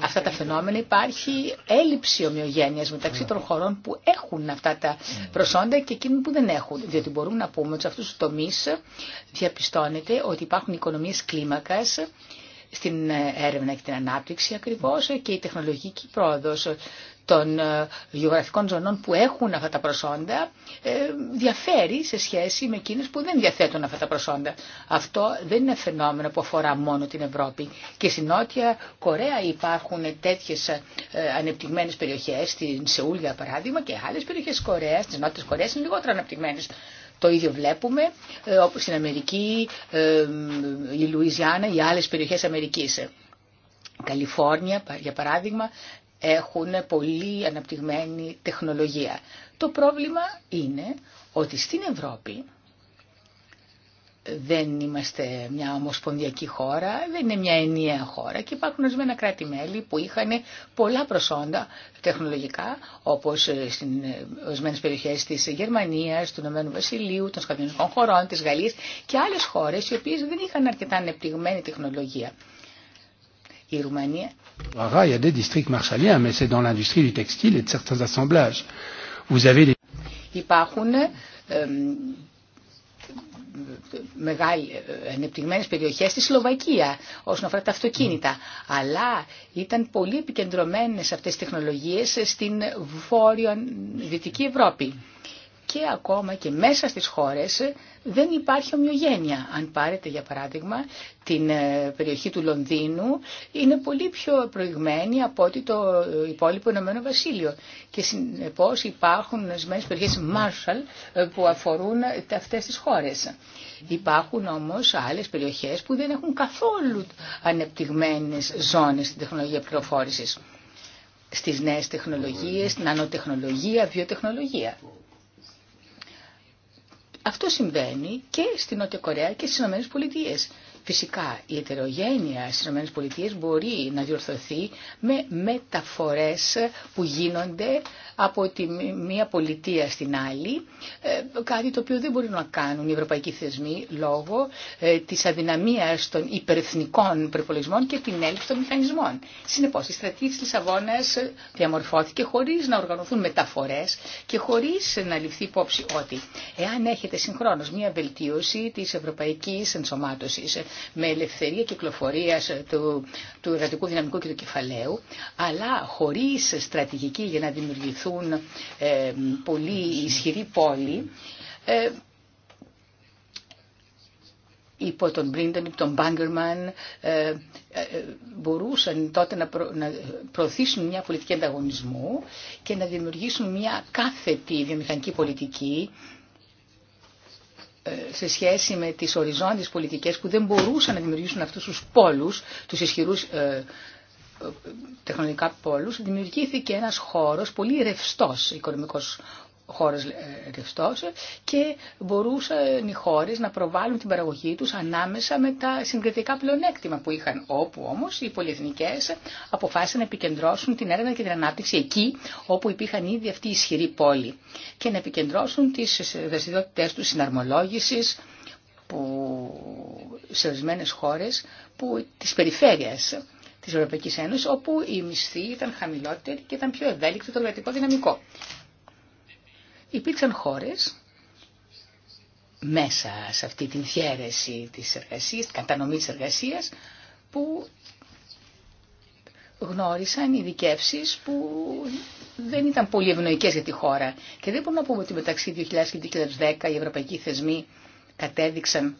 αυτά τα φαινόμενα υπάρχει έλλειψη ομοιογένεια μεταξύ των χωρών που έχουν αυτά τα προσόντα και εκείνων που δεν έχουν. Διότι μπορούμε να πούμε ότι σε αυτού του τομεί διαπιστώνεται ότι υπάρχουν οικονομίες κλίμακας στην έρευνα και την ανάπτυξη ακριβώς και η τεχνολογική πρόοδος των γεωγραφικών ζωνών που έχουν αυτά τα προσόντα ε, διαφέρει σε σχέση με εκείνες που δεν διαθέτουν αυτά τα προσόντα. Αυτό δεν είναι φαινόμενο που αφορά μόνο την Ευρώπη. Και στην Νότια Κορέα υπάρχουν τέτοιες ε, ανεπτυγμένες περιοχές, στην Σεούλ για παράδειγμα και άλλες περιοχές της Κορέας, της Νότιας Κορέας είναι λιγότερο ανεπτυγμένες. Το ίδιο βλέπουμε ε, όπως στην Αμερική, η Λουιζιάννα, ή άλλες περιοχές Αμερικής. Καλιφόρνια, για παράδειγμα, έχουν πολύ αναπτυγμένη τεχνολογία. Το πρόβλημα είναι ότι στην Ευρώπη δεν είμαστε μια ομοσπονδιακή χώρα, δεν είναι μια ενιαία χώρα και υπάρχουν ορισμένα κράτη-μέλη που είχαν πολλά προσόντα τεχνολογικά, όπως στην ορισμένε περιοχές της Γερμανίας, του Ηνωμένου Βασιλείου, των Σκανδιναβικών χωρών, της Γαλλίας και άλλες χώρες οι οποίες δεν είχαν αρκετά ανεπτυγμένη τεχνολογία η Roumanie. il y a des districts marsaliens, mais c'est dans l'industrie du textile et de certains assemblages. Vous avez des... Υπάρχουν euh, ε, μεγάλες ανεπτυγμένες περιοχές στη Σλοβακία όσον αφορά τα αυτοκίνητα. Mm. Αλλά ήταν πολύ επικεντρωμένες αυτές τις τεχνολογίες στην βόρειο-δυτική Ευρώπη και ακόμα και μέσα στις χώρες δεν υπάρχει ομοιογένεια. Αν πάρετε για παράδειγμα την ε, περιοχή του Λονδίνου είναι πολύ πιο προηγμένη από ότι το ε, υπόλοιπο Ηνωμένο Βασίλειο. Και συνεπώς υπάρχουν ορισμένε περιοχές Marshall ε, που αφορούν αυτές τις χώρες. Υπάρχουν όμως άλλες περιοχές που δεν έχουν καθόλου ανεπτυγμένες ζώνες στην τεχνολογία πληροφόρησης στις νέες τεχνολογίες, νανοτεχνολογία, βιοτεχνολογία. Αυτό συμβαίνει και στην Νότια Κορέα και στι Ηνωμένε Πολιτείε. Φυσικά, η ετερογένεια στι ΗΠΑ μπορεί να διορθωθεί με μεταφορές που γίνονται από τη μία πολιτεία στην άλλη, ε, κάτι το οποίο δεν μπορεί να κάνουν οι ευρωπαϊκοί θεσμοί λόγω ε, της αδυναμίας των υπερεθνικών προπολογισμών και την έλλειψη των μηχανισμών. Συνεπώς, η στρατηγική της Λισαβόνα διαμορφώθηκε χωρίς να οργανωθούν μεταφορές και χωρίς να ληφθεί υπόψη ότι εάν έχετε συγχρόνως μία βελτίωση της ευρωπαϊκής Ενσωμάτωση με ελευθερία κυκλοφορία του, του εργατικού δυναμικού και του κεφαλαίου, αλλά χωρίς στρατηγική για να δημιουργηθούν ε, πολύ ισχυροί πόλοι, ε, υπό τον Μπρίντον, υπό τον Μπάγκερμαν, ε, μπορούσαν τότε να, να προωθήσουν μια πολιτική ανταγωνισμού και να δημιουργήσουν μια κάθετη βιομηχανική πολιτική σε σχέση με τις οριζόντιες πολιτικές που δεν μπορούσαν να δημιουργήσουν αυτούς τους πόλους, τους ισχυρούς ε, ε τεχνολογικά πόλους, δημιουργήθηκε ένας χώρος πολύ ρευστός, οικονομικός χώρες ε, ρευστός και μπορούσαν οι χώρες να προβάλλουν την παραγωγή τους ανάμεσα με τα συγκριτικά πλεονέκτημα που είχαν, όπου όμως οι πολυεθνικές αποφάσισαν να επικεντρώσουν την έρευνα και την ανάπτυξη εκεί όπου υπήρχαν ήδη αυτοί οι ισχυροί πόλοι και να επικεντρώσουν τις δραστηριότητες του συναρμολόγησης που σε ορισμένε χώρε που, της τη της Ευρωπαϊκής Ένωσης, όπου οι μισθοί ήταν χαμηλότεροι και ήταν πιο ευέλικτο το εργατικό δυναμικό υπήρξαν χώρες μέσα σε αυτή την χαίρεση της εργασίας, την κατανομή της εργασίας, που γνώρισαν ειδικεύσει που δεν ήταν πολύ ευνοϊκές για τη χώρα. Και δεν μπορούμε να πούμε ότι μεταξύ 2000 και 2010 οι ευρωπαϊκοί θεσμοί κατέδειξαν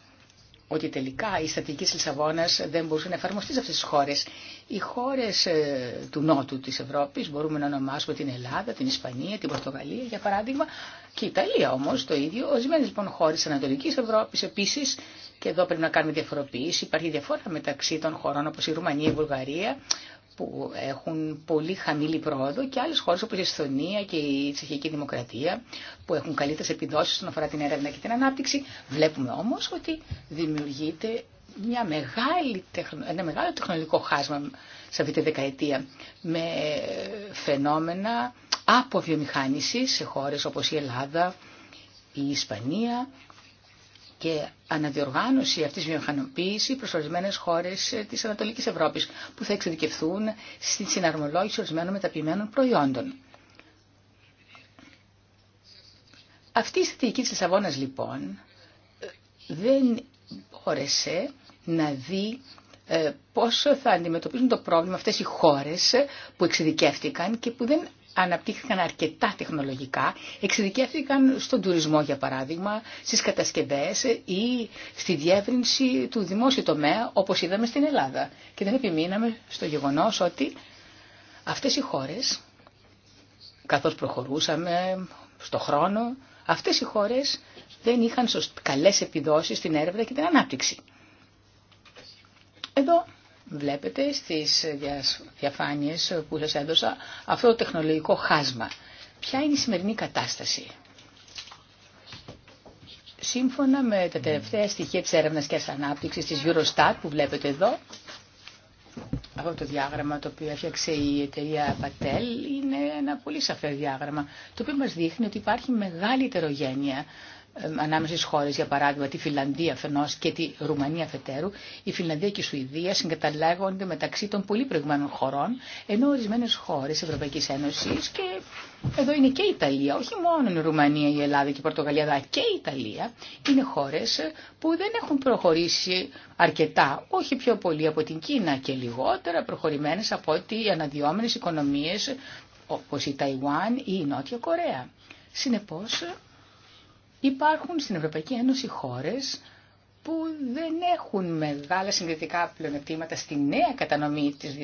ότι τελικά η στατική της Λισαβόνας δεν μπορούσε να εφαρμοστεί σε αυτές τις χώρες. Οι χώρες ε, του νότου της Ευρώπης, μπορούμε να ονομάσουμε την Ελλάδα, την Ισπανία, την Πορτογαλία για παράδειγμα, και η Ιταλία όμως το ίδιο, ορισμένες λοιπόν χώρες της Ανατολικής Ευρώπης επίσης, και εδώ πρέπει να κάνουμε διαφοροποίηση, υπάρχει διαφορά μεταξύ των χωρών όπως η Ρουμανία, η Βουλγαρία, που έχουν πολύ χαμηλή πρόοδο και άλλες χώρες όπως η Εσθονία και η Τσεχική Δημοκρατία που έχουν καλύτερες επιδόσεις όσον αφορά την έρευνα και την ανάπτυξη. Βλέπουμε όμως ότι δημιουργείται μια μεγάλη, ένα μεγάλο τεχνολογικό χάσμα σε αυτή τη δεκαετία με φαινόμενα από βιομηχάνηση σε χώρες όπως η Ελλάδα, η Ισπανία και αναδιοργάνωση αυτής της βιομηχανοποίηση προς ορισμένες χώρες της Ανατολικής Ευρώπης που θα εξειδικευθούν στην συναρμολόγηση ορισμένων μεταποιημένων προϊόντων. Αυτή η στρατηγική της Λισαβόνας λοιπόν δεν μπόρεσε να δει ε, πώς θα αντιμετωπίζουν το πρόβλημα αυτές οι χώρες που εξειδικεύτηκαν και που δεν αναπτύχθηκαν αρκετά τεχνολογικά, εξειδικεύθηκαν στον τουρισμό για παράδειγμα, στις κατασκευές ή στη διεύρυνση του δημόσιου τομέα όπως είδαμε στην Ελλάδα. Και δεν επιμείναμε στο γεγονός ότι αυτές οι χώρες, καθώς προχωρούσαμε στο χρόνο, αυτές οι χώρες δεν είχαν καλές επιδόσεις στην έρευνα και την ανάπτυξη. Εδώ Βλέπετε στις διαφάνειες που σας έδωσα αυτό το τεχνολογικό χάσμα. Ποια είναι η σημερινή κατάσταση. Σύμφωνα με τα τελευταία στοιχεία της έρευνας και της ανάπτυξης της Eurostat που βλέπετε εδώ, αυτό το διάγραμμα το οποίο έφτιαξε η εταιρεία Πατέλ είναι ένα πολύ σαφέ διάγραμμα, το οποίο μας δείχνει ότι υπάρχει μεγάλη ετερογένεια ε, ανάμεσα στι χώρες, για παράδειγμα τη Φιλανδία φαινό και τη Ρουμανία φετέρου. η Φιλανδία και η Σουηδία συγκαταλέγονται μεταξύ των πολύ προηγουμένων χωρών, ενώ ορισμένες χώρες Ευρωπαϊκή Ένωση και εδώ είναι και η Ιταλία, όχι μόνο η Ρουμανία, η Ελλάδα και η Πορτογαλία, αλλά και η Ιταλία είναι χώρε που δεν έχουν προχωρήσει αρκετά, όχι πιο πολύ από την Κίνα και λιγότερα προχωρημένε από ότι οι αναδυόμενε οικονομίε, όπως η Ταϊουάν ή η Νότια Κορέα. Συνεπώς, Υπάρχουν στην Ευρωπαϊκή Ένωση χώρες που δεν έχουν μεγάλα συγκριτικά πλεονεκτήματα στη νέα κατανομή της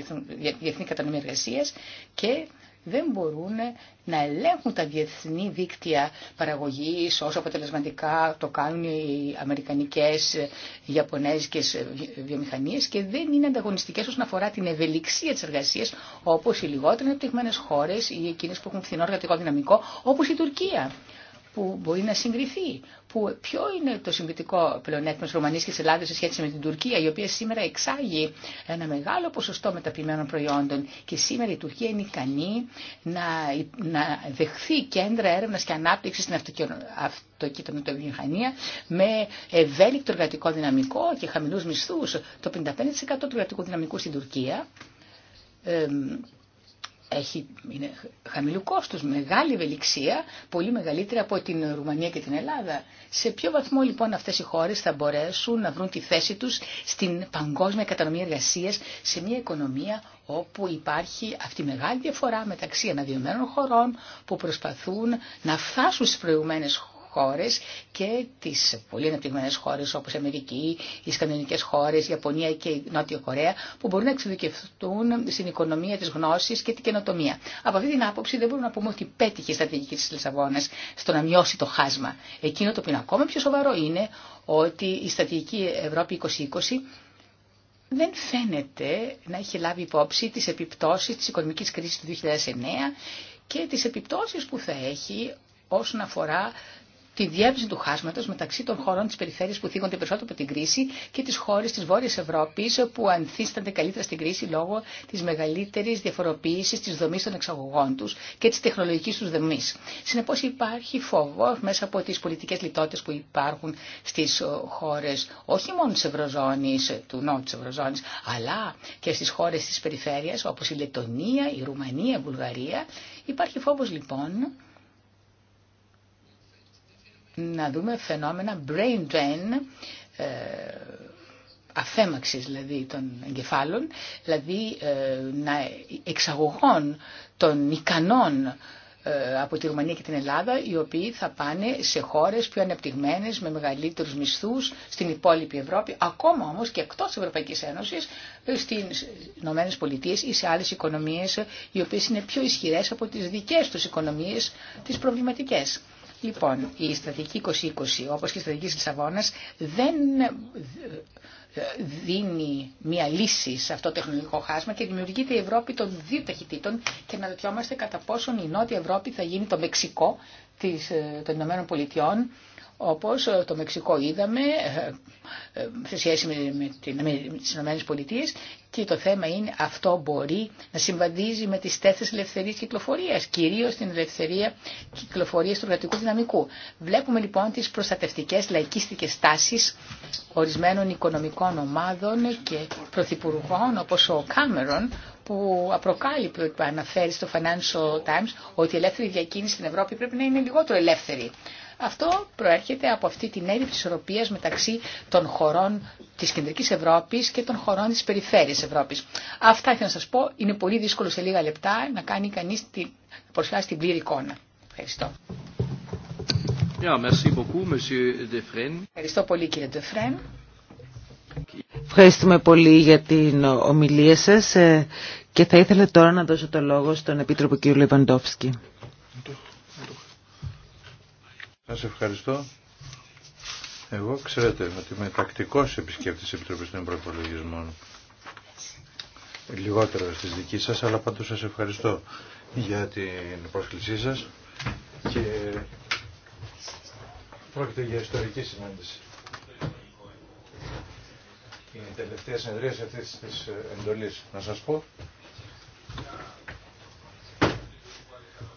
διεθνή κατανομή εργασίας και δεν μπορούν να ελέγχουν τα διεθνή δίκτυα παραγωγής όσο αποτελεσματικά το κάνουν οι αμερικανικές, οι ιαπωνέζικες βιομηχανίες και δεν είναι ανταγωνιστικές όσον αφορά την ευελιξία της εργασίας όπως οι λιγότερο ανεπτυγμένες χώρες ή εκείνες που έχουν φθηνό εργατικό δυναμικό όπως η Τουρκία που μπορεί να συγκριθεί. Που, ποιο είναι το συγκριτικό πλεονέκτημα τη Ρουμανία και τη Ελλάδα σε σχέση με την Τουρκία, η οποία σήμερα εξάγει ένα μεγάλο ποσοστό μεταποιημένων προϊόντων και σήμερα η Τουρκία είναι ικανή να, να δεχθεί κέντρα έρευνα και ανάπτυξη στην αυτοκινητοβιομηχανία με ευέλικτο εργατικό δυναμικό και χαμηλού μισθού. Το 55% του εργατικού δυναμικού στην Τουρκία. Ε, έχει, είναι χαμηλού κόστου, μεγάλη ευελιξία, πολύ μεγαλύτερη από την Ρουμανία και την Ελλάδα. Σε ποιο βαθμό λοιπόν αυτέ οι χώρε θα μπορέσουν να βρουν τη θέση του στην παγκόσμια κατανομή εργασία σε μια οικονομία όπου υπάρχει αυτή η μεγάλη διαφορά μεταξύ αναδειωμένων χωρών που προσπαθούν να φτάσουν στι προηγουμένε χώρες και τις πολύ αναπτυγμένε χώρες όπως η Αμερική, οι σκανδινικές χώρες, η Ιαπωνία και η Νότια Κορέα που μπορούν να εξειδικευτούν στην οικονομία της γνώσης και την καινοτομία. Από αυτή την άποψη δεν μπορούμε να πούμε ότι πέτυχε η στρατηγική της Λισαβόνας στο να μειώσει το χάσμα. Εκείνο το οποίο είναι ακόμα πιο σοβαρό είναι ότι η στρατηγική Ευρώπη 2020 δεν φαίνεται να έχει λάβει υπόψη τις επιπτώσεις της οικονομικής κρίσης του 2009 και τις επιπτώσεις που θα έχει όσον αφορά τη διεύρυνση του χάσματο μεταξύ των χωρών τη περιφέρειας που θίγονται περισσότερο από την κρίση και τι χώρε τη Βόρειας Ευρώπη που ανθίστανται καλύτερα στην κρίση λόγω τη μεγαλύτερη διαφοροποίηση τη δομή των εξαγωγών του και τη τεχνολογική του δομή. Συνεπώ υπάρχει φόβο μέσα από τι πολιτικέ λιτότητε που υπάρχουν στι χώρε, όχι μόνο τη Ευρωζώνη, του νότου τη Ευρωζώνη, αλλά και στι χώρε τη περιφέρεια, όπω η Λετωνία, η Ρουμανία, η Βουλγαρία. Υπάρχει φόβο λοιπόν να δούμε φαινόμενα brain drain, ε, αφέμαξης δηλαδή των εγκεφάλων, δηλαδή ε, να εξαγωγών των ικανών ε, από τη Ρουμανία και την Ελλάδα, οι οποίοι θα πάνε σε χώρες πιο ανεπτυγμένες, με μεγαλύτερους μισθούς, στην υπόλοιπη Ευρώπη, ακόμα όμως και εκτός Ευρωπαϊκής Ένωσης, στις Ηνωμένες Πολιτείες ή σε άλλες οικονομίες, οι οποίες είναι πιο ισχυρές από τις δικές τους οικονομίες, τις προβληματικές. Λοιπόν, η στρατηγική 2020 όπως και η στρατηγική Λισαβόνας δεν ε, ε, δίνει μια λύση σε αυτό το τεχνολογικό χάσμα και δημιουργείται η Ευρώπη των δύο ταχυτήτων και να ρωτιόμαστε κατά πόσον η Νότια Ευρώπη θα γίνει το Μεξικό της, ε, των Ηνωμένων Πολιτειών όπως το Μεξικό είδαμε ε, ε, σε σχέση με τις Ηνωμένες Πολιτείες και το θέμα είναι αυτό μπορεί να συμβαδίζει με τις τέσσερις ελευθερίες κυκλοφορίας, κυρίως την ελευθερία κυκλοφορίας του κρατικού δυναμικού. Βλέπουμε λοιπόν τις προστατευτικές λαϊκίστικες τάσεις ορισμένων οικονομικών ομάδων και πρωθυπουργών όπως ο Κάμερον που απροκάλυπτο αναφέρει στο Financial Times ότι η ελεύθερη διακίνηση στην Ευρώπη πρέπει να είναι λιγότερο ελεύθερη. Αυτό προέρχεται από αυτή την έλλειψη ισορροπίας μεταξύ των χωρών της Κεντρικής Ευρώπης και των χωρών της Περιφέρειας Ευρώπης. Αυτά ήθελα να σας πω. Είναι πολύ δύσκολο σε λίγα λεπτά να κάνει κανείς την, να την πλήρη εικόνα. Ευχαριστώ. merci beaucoup, monsieur Ευχαριστώ πολύ κύριε Ντεφρέν. Ευχαριστούμε πολύ για την ομιλία σας ε, και θα ήθελα τώρα να δώσω το λόγο στον Επίτροπο κ. Λεβαντόφσκι. Σα ευχαριστώ. Εγώ ξέρετε ότι είμαι τακτικός επισκέπτης της Επιτροπής των Προπολογισμών. Λιγότερο στι δική σας, αλλά πάντως σας ευχαριστώ για την πρόσκλησή σας και πρόκειται για ιστορική συνάντηση. Η τελευταία συνεδρίαση αυτής της εντολής. Να σας πω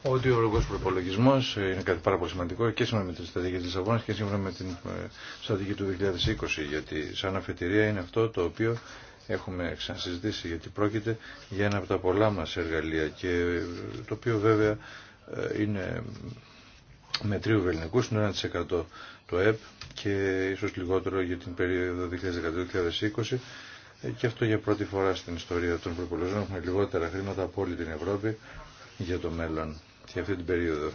ότι ο οργό προπολογισμό είναι κάτι πάρα πολύ σημαντικό και σύμφωνα με τη στρατηγική τη Λισαβόνα και σύμφωνα με την ε, στρατηγική του 2020. Γιατί, σαν αφετηρία, είναι αυτό το οποίο έχουμε ξανασυζητήσει. Γιατί πρόκειται για ένα από τα πολλά μα εργαλεία και ε, το οποίο βέβαια ε, είναι με τρίου βεληνικού, είναι 1% το ΕΠ και ίσω λιγότερο για την περίοδο 2010-2020. Και αυτό για πρώτη φορά στην ιστορία των προπολογισμών έχουμε λιγότερα χρήματα από όλη την Ευρώπη για το μέλλον σε αυτή την περίοδο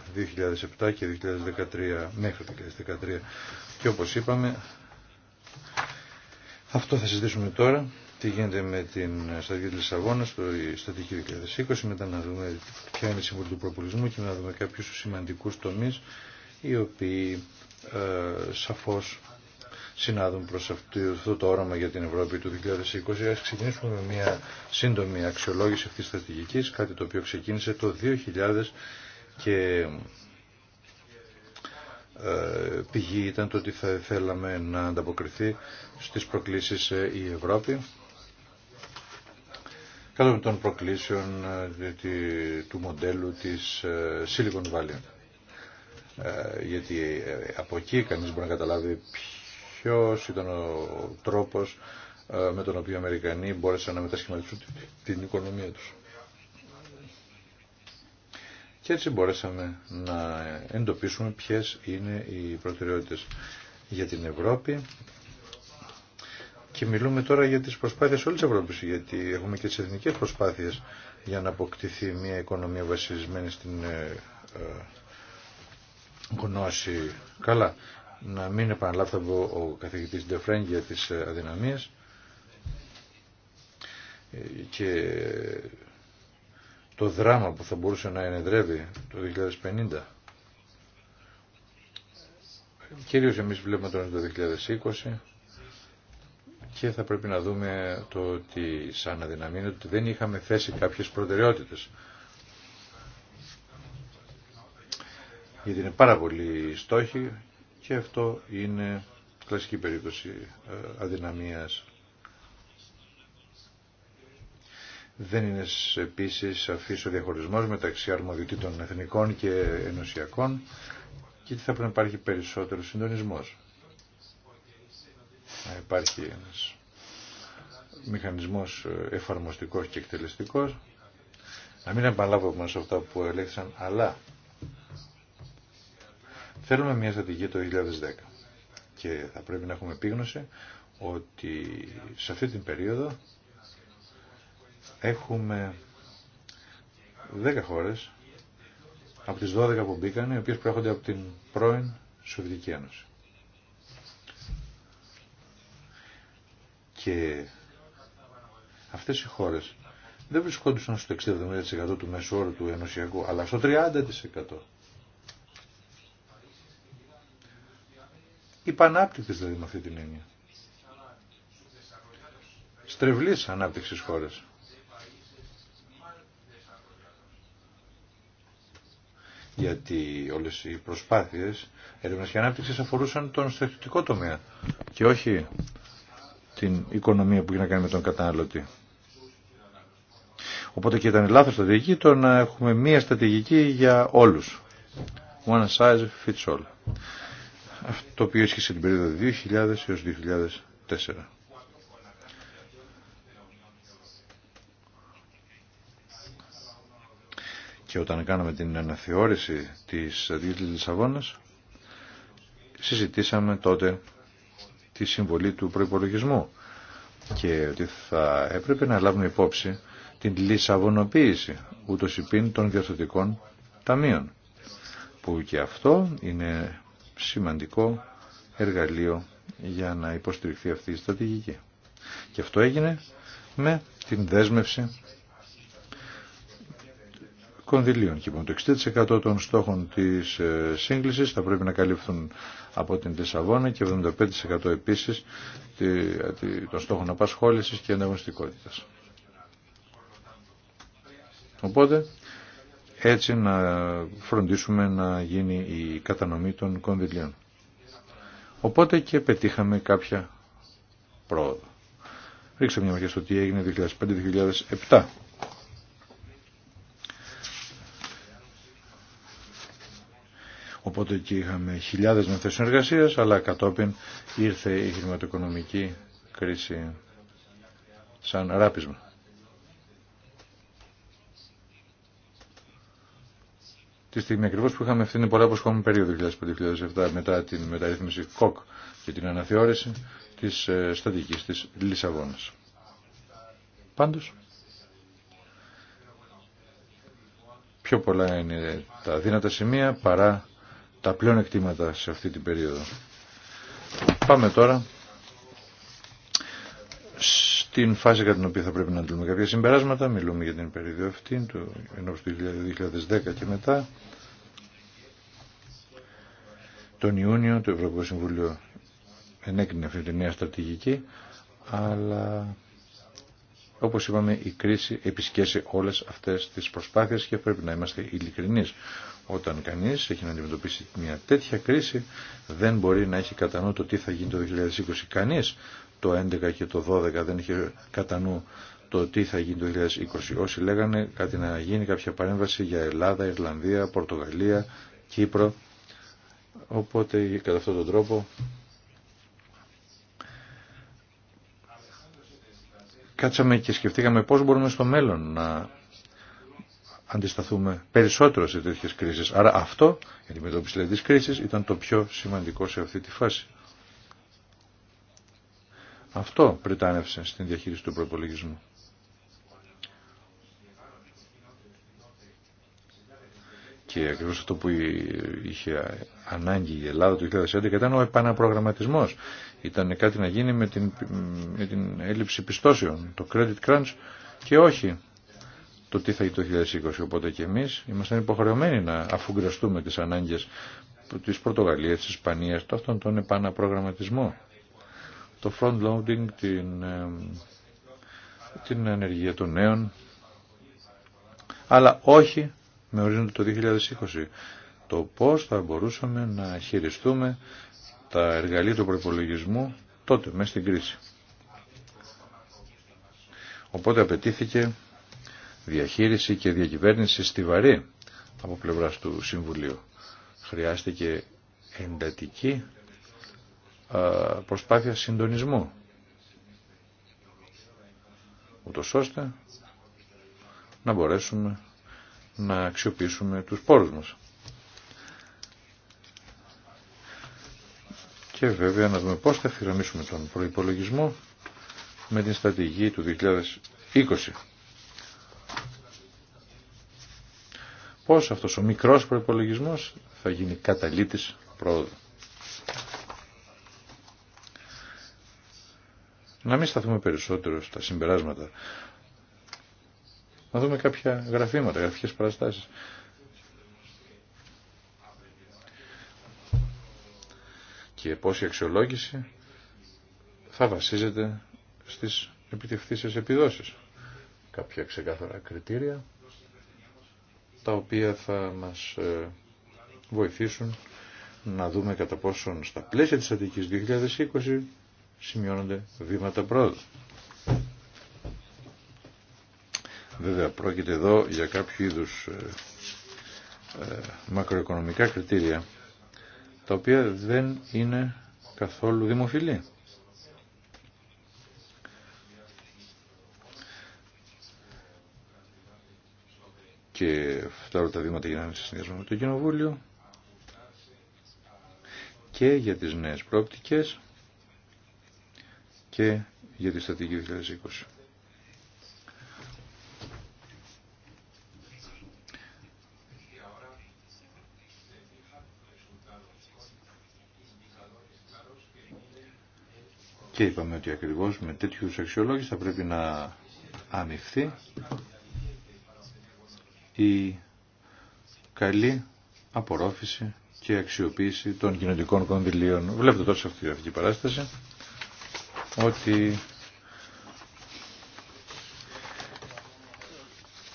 2007 και 2013 μέχρι το 2013 και όπως είπαμε αυτό θα συζητήσουμε τώρα τι γίνεται με την στρατηγική της Λισαβόνας το στατική 2020 μετά να δούμε ποια είναι η συμβουλή του προπολισμού και να δούμε κάποιους σημαντικούς τομείς οι οποίοι ε, σαφώς συνάδουν προς αυτό το όραμα για την Ευρώπη του 2020. Ας ξεκινήσουμε με μια σύντομη αξιολόγηση αυτής της στρατηγικής, κάτι το οποίο ξεκίνησε το 2000 και ε, πηγή ήταν το ότι θα θέλαμε να ανταποκριθεί στις προκλήσεις ε, η Ευρώπη κάτω των προκλήσεων ε, του μοντέλου της Silicon Valley. Γιατί από εκεί κανείς μπορεί να καταλάβει Ποιο ήταν ο τρόπο ε, με τον οποίο οι Αμερικανοί μπόρεσαν να μετασχηματίσουν την οικονομία τους. Και έτσι μπορέσαμε να εντοπίσουμε ποιες είναι οι προτεραιότητες για την Ευρώπη και μιλούμε τώρα για τις προσπάθειες όλης της Ευρώπης, γιατί έχουμε και τις εθνικές προσπάθειες για να αποκτηθεί μια οικονομία βασισμένη στην ε, ε, γνώση. Καλά, να μην επαναλάβει ο καθηγητής Ντεφρέν για τις ε, αδυναμίες ε, και το δράμα που θα μπορούσε να ενεδρεύει το 2050. Κυρίως εμείς βλέπουμε τώρα το 2020 και θα πρέπει να δούμε το ότι σαν αδυναμία ότι δεν είχαμε θέσει κάποιες προτεραιότητες. Γιατί είναι πάρα πολλοί στόχοι και αυτό είναι κλασική περίπτωση ε, αδυναμίας. Δεν είναι επίσης σαφής ο διαχωρισμός μεταξύ αρμοδιοτήτων εθνικών και ενωσιακών και θα πρέπει να υπάρχει περισσότερο συντονισμός. Να υπάρχει ένας μηχανισμός ε, εφαρμοστικός και εκτελεστικός. Να μην επαναλάβουμε σε αυτά που ελέγχθησαν, αλλά Θέλουμε μια στρατηγία το 2010 και θα πρέπει να έχουμε επίγνωση ότι σε αυτή την περίοδο έχουμε 10 χώρες από τις 12 που μπήκαν, οι οποίες προέρχονται από την πρώην Σοβιτική Ένωση. Και αυτές οι χώρες δεν βρισκόντουσαν στο 60 του μέσου όρου του ενωσιακού, αλλά στο 30%. υπανάπτυκτες δηλαδή με αυτή την έννοια. Στρεβλής ανάπτυξης χώρες. γιατί όλες οι προσπάθειες έρευνας και ανάπτυξης αφορούσαν τον στρατιωτικό τομέα και όχι την οικονομία που έχει να κάνει με τον καταναλωτή. Οπότε και ήταν λάθος στρατηγική το να έχουμε μία στρατηγική για όλους. One size fits all αυτό το οποίο ίσχυσε την περίοδο 2000 έως 2004. Και όταν κάναμε την αναθεώρηση της Δίκης Λισαβόνας, συζητήσαμε τότε τη συμβολή του προϋπολογισμού και ότι θα έπρεπε να λάβουμε υπόψη την λισαβονοποίηση ούτως υπήν των διορθωτικών ταμείων που και αυτό είναι σημαντικό εργαλείο για να υποστηριχθεί αυτή η στρατηγική. Και αυτό έγινε με την δέσμευση κονδυλίων. Και το 60% των στόχων της ε, σύγκλησης θα πρέπει να καλύφθουν από την Λισαβόνα και 75% επίσης των στόχων απασχόλησης και ανταγωνιστικότητας. Οπότε έτσι να φροντίσουμε να γίνει η κατανομή των κονδυλίων. Οπότε και πετύχαμε κάποια πρόοδο. Ρίξω μια ματιά στο τι έγινε 2005-2007. Οπότε και είχαμε χιλιάδες με θέσεις αλλά κατόπιν ήρθε η χρηματοοικονομική κρίση σαν ράπισμα. τη στιγμή ακριβώ που είχαμε ευθυνη πολλά αποσχόμενη περίοδο 2005-2007 μετά την μεταρρύθμιση ΚΟΚ και την αναθεώρηση τη ε, στατική τη Λισαβόνα. Πάντω, πιο πολλά είναι τα δύνατα σημεία παρά τα πλέον εκτίματα σε αυτή την περίοδο. Πάμε τώρα στην φάση κατά την οποία θα πρέπει να δούμε κάποια συμπεράσματα. Μιλούμε για την περίοδο αυτή, του ενός του 2010 και μετά. Τον Ιούνιο το Ευρωπαϊκό Συμβούλιο ενέκρινε αυτή τη νέα στρατηγική, αλλά όπως είπαμε η κρίση επισκέσει όλες αυτές τις προσπάθειες και πρέπει να είμαστε ειλικρινείς. Όταν κανείς έχει να αντιμετωπίσει μια τέτοια κρίση δεν μπορεί να έχει κατά το τι θα γίνει το 2020. Κανείς το 11 και το 12 δεν είχε κατά νου το τι θα γίνει το 2020. Όσοι λέγανε κάτι να γίνει, κάποια παρέμβαση για Ελλάδα, Ιρλανδία, Πορτογαλία, Κύπρο. Οπότε κατά αυτόν τον τρόπο κάτσαμε και σκεφτήκαμε πώς μπορούμε στο μέλλον να αντισταθούμε περισσότερο σε τέτοιες κρίσεις. Άρα αυτό, η αντιμετώπιση δηλαδή της κρίσης, ήταν το πιο σημαντικό σε αυτή τη φάση. Αυτό πρετάνευσε στην διαχείριση του προπολογισμού. Και ακριβώς αυτό που είχε ανάγκη η Ελλάδα το 2011 ήταν ο επαναπρογραμματισμός. Ήταν κάτι να γίνει με την, με την έλλειψη πιστώσεων, το credit crunch και όχι το τι θα γίνει το 2020. Οπότε και εμείς ήμασταν υποχρεωμένοι να αφουγκραστούμε τις ανάγκες της Πορτογαλίας, της Ισπανίας, αυτόν τον επαναπρογραμματισμό το front loading, την, την ενεργεία των νέων, αλλά όχι με ορίζοντα το 2020. Το πώς θα μπορούσαμε να χειριστούμε τα εργαλεία του προπολογισμού τότε, μέσα στην κρίση. Οπότε απαιτήθηκε διαχείριση και διακυβέρνηση στη στιβαρή από πλευράς του Συμβουλίου. Χρειάστηκε εντατική ε, προσπάθεια συντονισμού. Ούτως ώστε να μπορέσουμε να αξιοποιήσουμε τους πόρους μας. Και βέβαια να δούμε πώς θα αφιερωμίσουμε τον προϋπολογισμό με την στρατηγική του 2020. Πώς αυτός ο μικρός προϋπολογισμός θα γίνει καταλήτης πρόοδου. Να μην σταθούμε περισσότερο στα συμπεράσματα. Να δούμε κάποια γραφήματα, γραφικές παραστάσεις. Και πώς η αξιολόγηση θα βασίζεται στις επιτευχθεί επιδόσεις. Κάποια ξεκάθαρα κριτήρια τα οποία θα μας ε, βοηθήσουν να δούμε κατά πόσον στα πλαίσια της Αττικής 2020 σημειώνονται βήματα πρόοδου. Βέβαια πρόκειται εδώ για κάποιο είδους ε, ε, μακροοικονομικά κριτήρια τα οποία δεν είναι καθόλου δημοφιλή. Και αυτά τα βήματα γίνανε σε συνδυασμό με το Κοινοβούλιο και για τις νέες πρόπτικες και για τη στρατηγική 2020. Και είπαμε ότι ακριβώς με τέτοιους αξιολόγους θα πρέπει να ανοιχθεί η καλή απορρόφηση και αξιοποίηση των κοινωνικών κονδυλίων. Βλέπετε τώρα σε αυτή την γραφική παράσταση ότι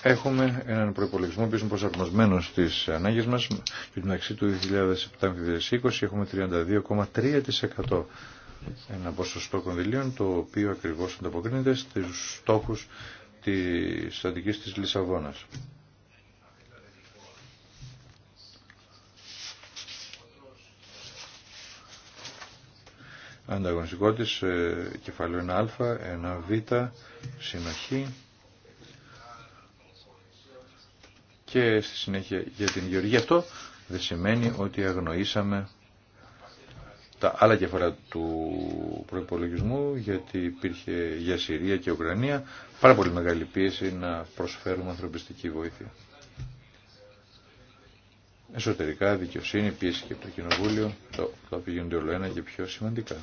έχουμε έναν προπολογισμό που είναι προσαρμοσμένο στις ανάγκες μας και μεταξύ του 2007-2020 έχουμε 32,3% ένα ποσοστό κονδυλίων το οποίο ακριβώς ανταποκρίνεται στους στόχους της στρατικής της Λισαβόνας. ανταγωνιστικό ε, κεφάλαιο 1α, 1β, συνοχή και στη συνέχεια για την γεωργία. Αυτό δεν σημαίνει ότι αγνοήσαμε τα άλλα κεφάλαια του προπολογισμού γιατί υπήρχε για Συρία και Ουκρανία πάρα πολύ μεγάλη πίεση να προσφέρουμε ανθρωπιστική βοήθεια εσωτερικά δικαιοσύνη, πίεση και από το Κοινοβούλιο, το, τα οποία γίνονται όλο ένα και πιο σημαντικά.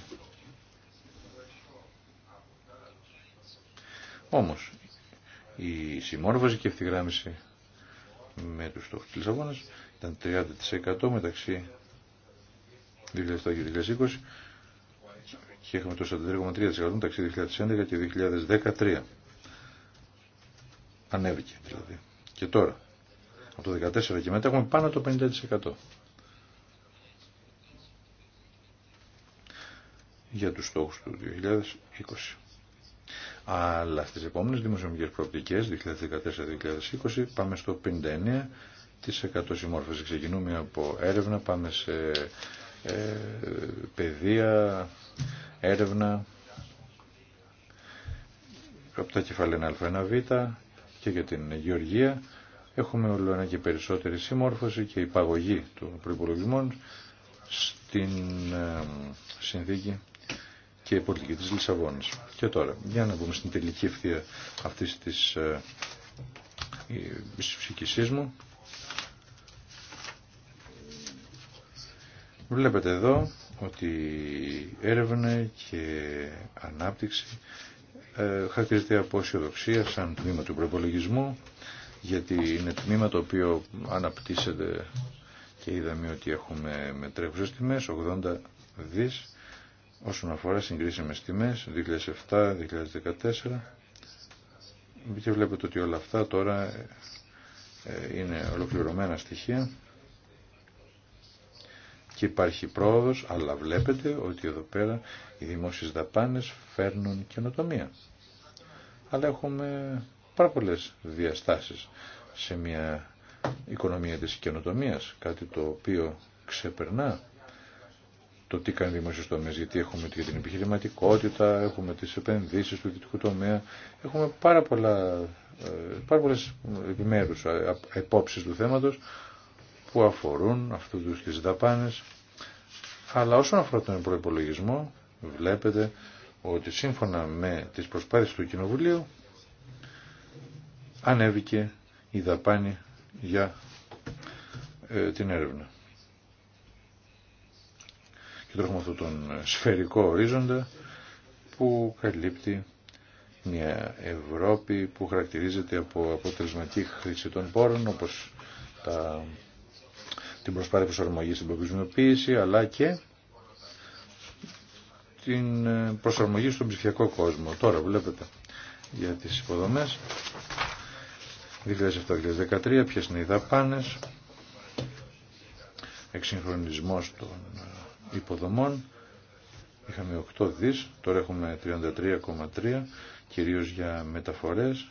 Όμως, η συμμόρφωση και ευθυγράμμιση με τους στόχους της Λισαβόνας ήταν 30% μεταξύ 2007-2020 και έχουμε το 43,3% μεταξύ 2011 και 2013. Ανέβηκε δηλαδή. Και τώρα, από το 2014 και μετά έχουμε πάνω το 50%. για τους στόχους του 2020. Αλλά στις επόμενες δημοσιονομικές προοπτικές 2014-2020 πάμε στο 59% συμμόρφωση. Ξεκινούμε από έρευνα, πάμε σε ε, παιδεία, έρευνα, από τα κεφαλαία α α1β και για την γεωργία έχουμε όλο ένα και περισσότερη συμμόρφωση και υπαγωγή των προϋπολογισμών στην ε, συνθήκη και πολιτική της Λισαβόνης. Και τώρα, για να μπούμε στην τελική ευθεία αυτής της ε, ψυχικής μου. Βλέπετε εδώ ότι έρευνα και ανάπτυξη ε, χαρακτηρίζεται από αισιοδοξία σαν τμήμα του προπολογισμού γιατί είναι τμήμα το οποίο αναπτύσσεται και είδαμε ότι έχουμε μετρέχουσες τιμές 80 δις όσον αφορά συγκρίσιμες τιμές 2007-2014 και βλέπετε ότι όλα αυτά τώρα ε, είναι ολοκληρωμένα στοιχεία και υπάρχει πρόοδος αλλά βλέπετε ότι εδώ πέρα οι δημόσιες δαπάνες φέρνουν καινοτομία αλλά έχουμε πάρα πολλέ διαστάσεις σε μια οικονομία της καινοτομίας, κάτι το οποίο ξεπερνά το τι κάνει δημοσίος τομέας, γιατί έχουμε και την επιχειρηματικότητα, έχουμε τις επενδύσεις του ιδιωτικού τομέα, έχουμε πάρα, πολλά, ε, πάρα πολλές επιμέρους υπόψεις ε, του θέματος που αφορούν αυτού τους τις δαπάνες. Αλλά όσον αφορά τον προπολογισμό, βλέπετε ότι σύμφωνα με τις προσπάθειες του Κοινοβουλίου ανέβηκε η δαπάνη για ε, την έρευνα. Και τώρα έχουμε αυτόν τον σφαιρικό ορίζοντα που καλύπτει μια Ευρώπη που χαρακτηρίζεται από αποτελεσματική χρήση των πόρων όπως τα, την προσπάθεια προσαρμογή στην παγκοσμιοποίηση αλλά και την ε, προσαρμογή στον ψηφιακό κόσμο. Τώρα βλέπετε για τις υποδομές 2007-2013, ποιες είναι οι δαπάνες, εξυγχρονισμός των ε, υποδομών, είχαμε 8 δις, τώρα έχουμε 33,3, κυρίως για μεταφορές,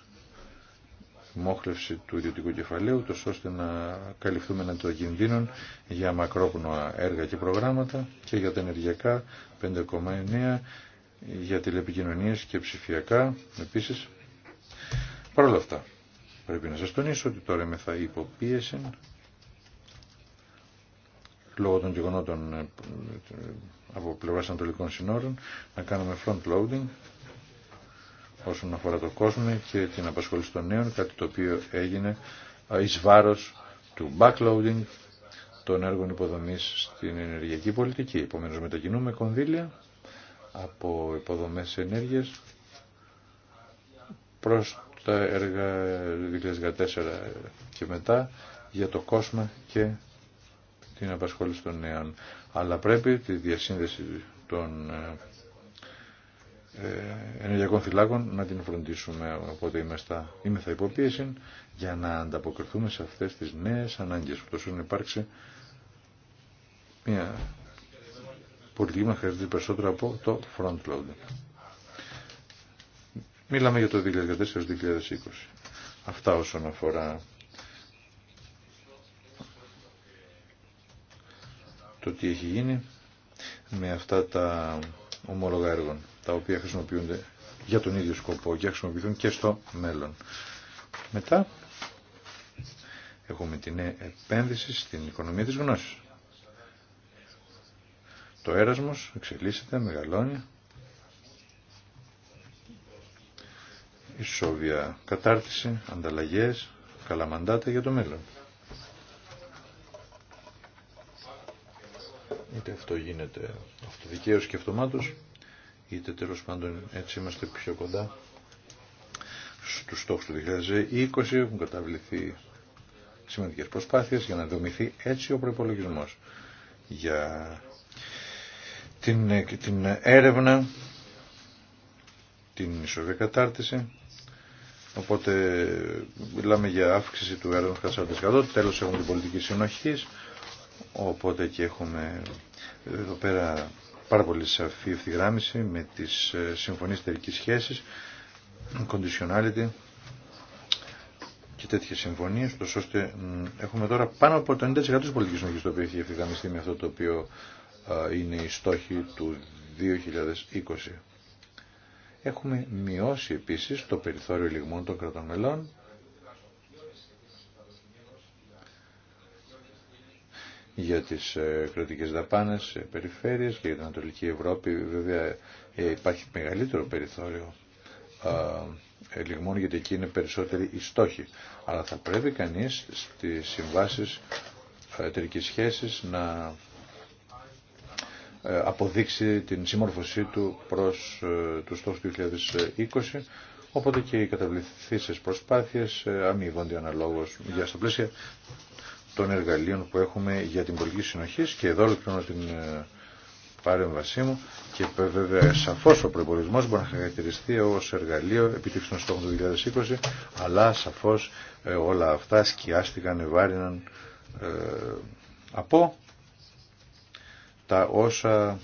μόχλευση του ιδιωτικού κεφαλαίου, τόσο ώστε να καλυφθούμε των κινδύνων για μακρόπνοα έργα και προγράμματα και για τα ενεργειακά 5,9, για τηλεπικοινωνίες και ψηφιακά επίσης. Παρ' αυτά, Πρέπει να σας τονίσω ότι τώρα είμαι θα υποπίεση λόγω των γεγονότων ε, ε, από πλευράς ανατολικών συνόρων να κάνουμε front loading όσον αφορά το κόσμο και την απασχόληση των νέων, κάτι το οποίο έγινε ε, εις βάρος του backloading των έργων υποδομής στην ενεργειακή πολιτική. Επομένως μετακινούμε κονδύλια από υποδομές ενέργειας προς τα έργα 2014 και μετά για το κόσμο και την απασχόληση των νέων. Αλλά πρέπει τη διασύνδεση των ε, ε, ενεργειακών θυλάκων να την φροντίσουμε οπότε είμαι στα υποπίεση για να ανταποκριθούμε σε αυτές τις νέες ανάγκες που τόσο υπάρξει μια πολιτική μας χρειάζεται περισσότερο από το front loading. Μίλαμε για το 2014-2020. Αυτά όσον αφορά το τι έχει γίνει με αυτά τα ομόλογα έργων, τα οποία χρησιμοποιούνται για τον ίδιο σκοπό και χρησιμοποιηθούν και στο μέλλον. Μετά έχουμε την επένδυση στην οικονομία της γνώσης. Το έρασμος εξελίσσεται, μεγαλώνει ισόβια κατάρτιση, ανταλλαγές, καλά για το μέλλον. Είτε αυτό γίνεται αυτοδικαίως και αυτομάτως, είτε τέλος πάντων έτσι είμαστε πιο κοντά στους στόχους του 2020 έχουν καταβληθεί σημαντικές προσπάθειες για να δομηθεί έτσι ο προϋπολογισμός για την, την έρευνα, την ισοβία κατάρτιση Οπότε μιλάμε για αύξηση του έργου κατά 40%. Τέλος έχουμε την πολιτική συνοχή. Οπότε και έχουμε εδώ πέρα πάρα πολύ σαφή ευθυγράμμιση με τις ε, συμφωνίες τερικής σχέσης, conditionality και τέτοιες συμφωνίες, τόσο ώστε έχουμε τώρα πάνω από το 90% της πολιτικής συνοχής το οποίο έχει ευθυγραμμιστεί με αυτό το οποίο ε, είναι η στόχη του 2020. Έχουμε μειώσει επίσης το περιθώριο λιγμών των κρατών μελών για τις ε, κρατικές δαπάνες περιφέρειες και για την Ανατολική Ευρώπη βέβαια ε, υπάρχει μεγαλύτερο περιθώριο ε, λιγμών γιατί εκεί είναι περισσότεροι οι στόχοι. Αλλά θα πρέπει κανείς στις συμβάσεις εταιρικής σχέσης να ε, αποδείξει την συμμόρφωσή του προς ε, τους στόχους του 2020 οπότε και οι καταβληθήσεις προσπάθειες ε, αμείβονται αναλόγως για στα πλαίσια των εργαλείων που έχουμε για την πολιτική συνοχή και εδώ ολοκληρώνω την παρέμβασή μου και βέβαια σαφώς ο προπολογισμό μπορεί να χαρακτηριστεί ως εργαλείο επιτύχηση των στόχων του 2020 αλλά σαφώς όλα αυτά σκιάστηκαν, ευάρυναν από τα όσα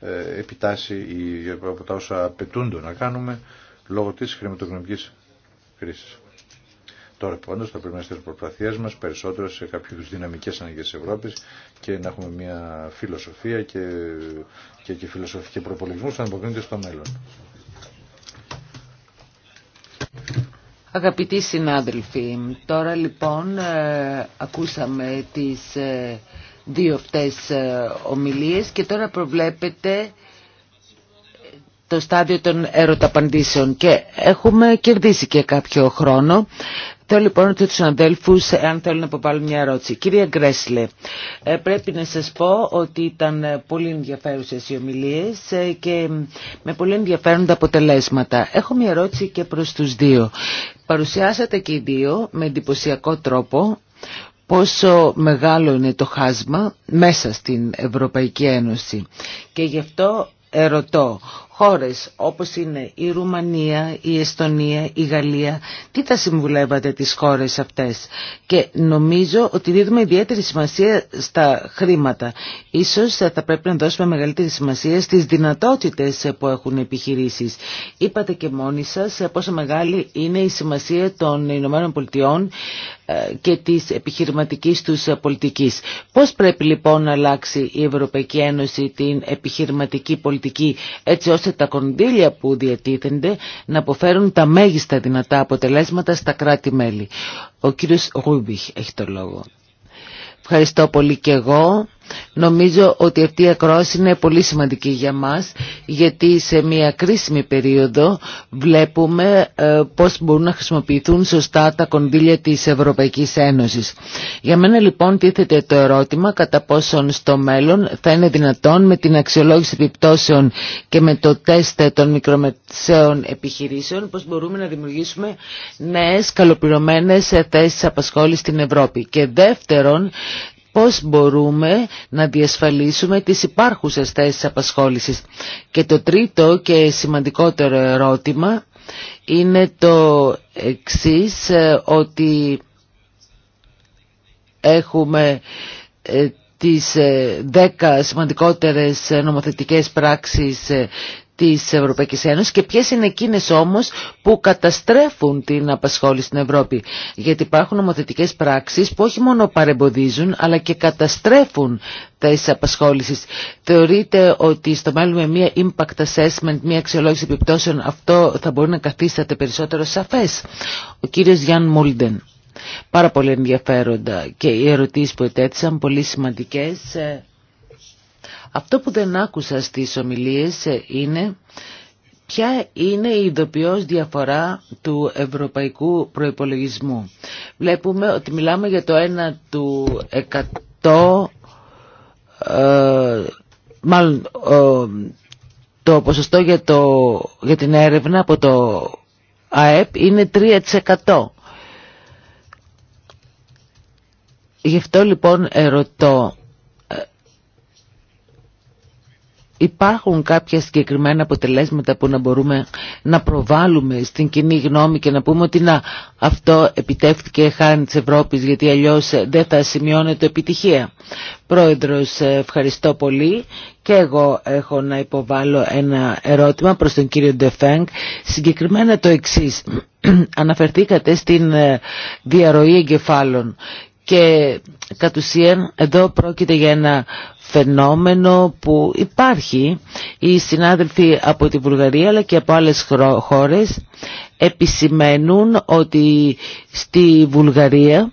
ε, επιτάσσει ή από τα όσα απαιτούνται να κάνουμε λόγω της χρηματοοικονομικής κρίσης. Τώρα πάντως, θα πρέπει να στείλουμε προσπαθίες μα περισσότερο σε κάποιου δυναμικές ανάγκες της Ευρώπη και να έχουμε μια φιλοσοφία και, και, και φιλοσοφική προπολογισμού που θα αποκρίνεται στο μέλλον. Αγαπητοί συνάδελφοι, τώρα λοιπόν ε, ακούσαμε τις ε, δύο αυτές ε, ομιλίες και τώρα προβλέπεται το στάδιο των ερωταπαντήσεων και έχουμε κερδίσει και κάποιο χρόνο. Θέλω λοιπόν ότι τους αδέλφους, αν θέλουν να αποβάλουν μια ερώτηση. Κυρία Γκρέσλε, ε, πρέπει να σας πω ότι ήταν πολύ ενδιαφέρουσες οι ομιλίες ε, και με πολύ ενδιαφέροντα αποτελέσματα. Έχω μια ερώτηση και προς τους δύο. Παρουσιάσατε και οι δύο με εντυπωσιακό τρόπο πόσο μεγάλο είναι το χάσμα μέσα στην Ευρωπαϊκή Ένωση. Και γι' αυτό ερωτώ, χώρες όπως είναι η Ρουμανία, η Εστονία, η Γαλλία, τι θα συμβουλεύατε τις χώρες αυτές. Και νομίζω ότι δίδουμε ιδιαίτερη σημασία στα χρήματα. Ίσως θα πρέπει να δώσουμε μεγαλύτερη σημασία στις δυνατότητες που έχουν επιχειρήσεις. Είπατε και μόνοι σας πόσο μεγάλη είναι η σημασία των Ηνωμένων Πολιτειών ε, και της επιχειρηματικής τους ε, πολιτικής. Πώς πρέπει λοιπόν να αλλάξει η Ευρωπαϊκή Ένωση την επιχειρηματική πολιτική έτσι ώστε τα κονδύλια που διατίθενται να αποφέρουν τα μέγιστα δυνατά αποτελέσματα στα κράτη-μέλη. Ο κύριος Ρούμπιχ έχει το λόγο. Ευχαριστώ πολύ και εγώ. Νομίζω ότι αυτή η ακρόαση είναι πολύ σημαντική για μας γιατί σε μια κρίσιμη περίοδο βλέπουμε ε, πώς μπορούν να χρησιμοποιηθούν σωστά τα κονδύλια της Ευρωπαϊκής Ένωσης. Για μένα λοιπόν τίθεται το ερώτημα κατά πόσον στο μέλλον θα είναι δυνατόν με την αξιολόγηση επιπτώσεων και με το τεστ των μικρομεσαίων επιχειρήσεων πώς μπορούμε να δημιουργήσουμε νέες καλοπληρωμένες θέσεις απασχόλησης στην Ευρώπη. Και δεύτερον πώς μπορούμε να διασφαλίσουμε τις υπάρχουσες θέσεις απασχόλησης. Και το τρίτο και σημαντικότερο ερώτημα είναι το εξής, ε, ότι έχουμε ε, τις ε, δέκα σημαντικότερες νομοθετικές πράξεις της Ευρωπαϊκής Ένωσης και ποιες είναι εκείνες όμως που καταστρέφουν την απασχόληση στην Ευρώπη. Γιατί υπάρχουν νομοθετικές πράξεις που όχι μόνο παρεμποδίζουν αλλά και καταστρέφουν τις απασχόλησης. Θεωρείτε ότι στο μέλλον με μία impact assessment, μία αξιολόγηση επιπτώσεων αυτό θα μπορεί να καθίσταται περισσότερο σαφές. Ο κύριος Γιάν Μούλντεν. Πάρα πολύ ενδιαφέροντα και οι ερωτήσεις που ετέθησαν πολύ σημαντικές. Ε, αυτό που δεν άκουσα στις ομιλίες ε, είναι ποια είναι η ειδοποιώς διαφορά του ευρωπαϊκού προϋπολογισμού. Βλέπουμε ότι μιλάμε για το 1 του 100, ε, μάλλον ε, το ποσοστό για, για την έρευνα από το ΑΕΠ είναι 3%. Γι' αυτό λοιπόν ερωτώ υπάρχουν κάποια συγκεκριμένα αποτελέσματα που να μπορούμε να προβάλλουμε στην κοινή γνώμη και να πούμε ότι να, αυτό επιτεύχθηκε χάρη της Ευρώπης γιατί αλλιώς δεν θα σημειώνεται επιτυχία. Πρόεδρος, ευχαριστώ πολύ και εγώ έχω να υποβάλω ένα ερώτημα προς τον κύριο Ντεφέγκ. Συγκεκριμένα το εξής. Αναφερθήκατε στην ε, διαρροή εγκεφάλων και κατ' ουσίαν εδώ πρόκειται για ένα φαινόμενο που υπάρχει. Οι συνάδελφοι από τη Βουλγαρία αλλά και από άλλες χώρες επισημαίνουν ότι στη Βουλγαρία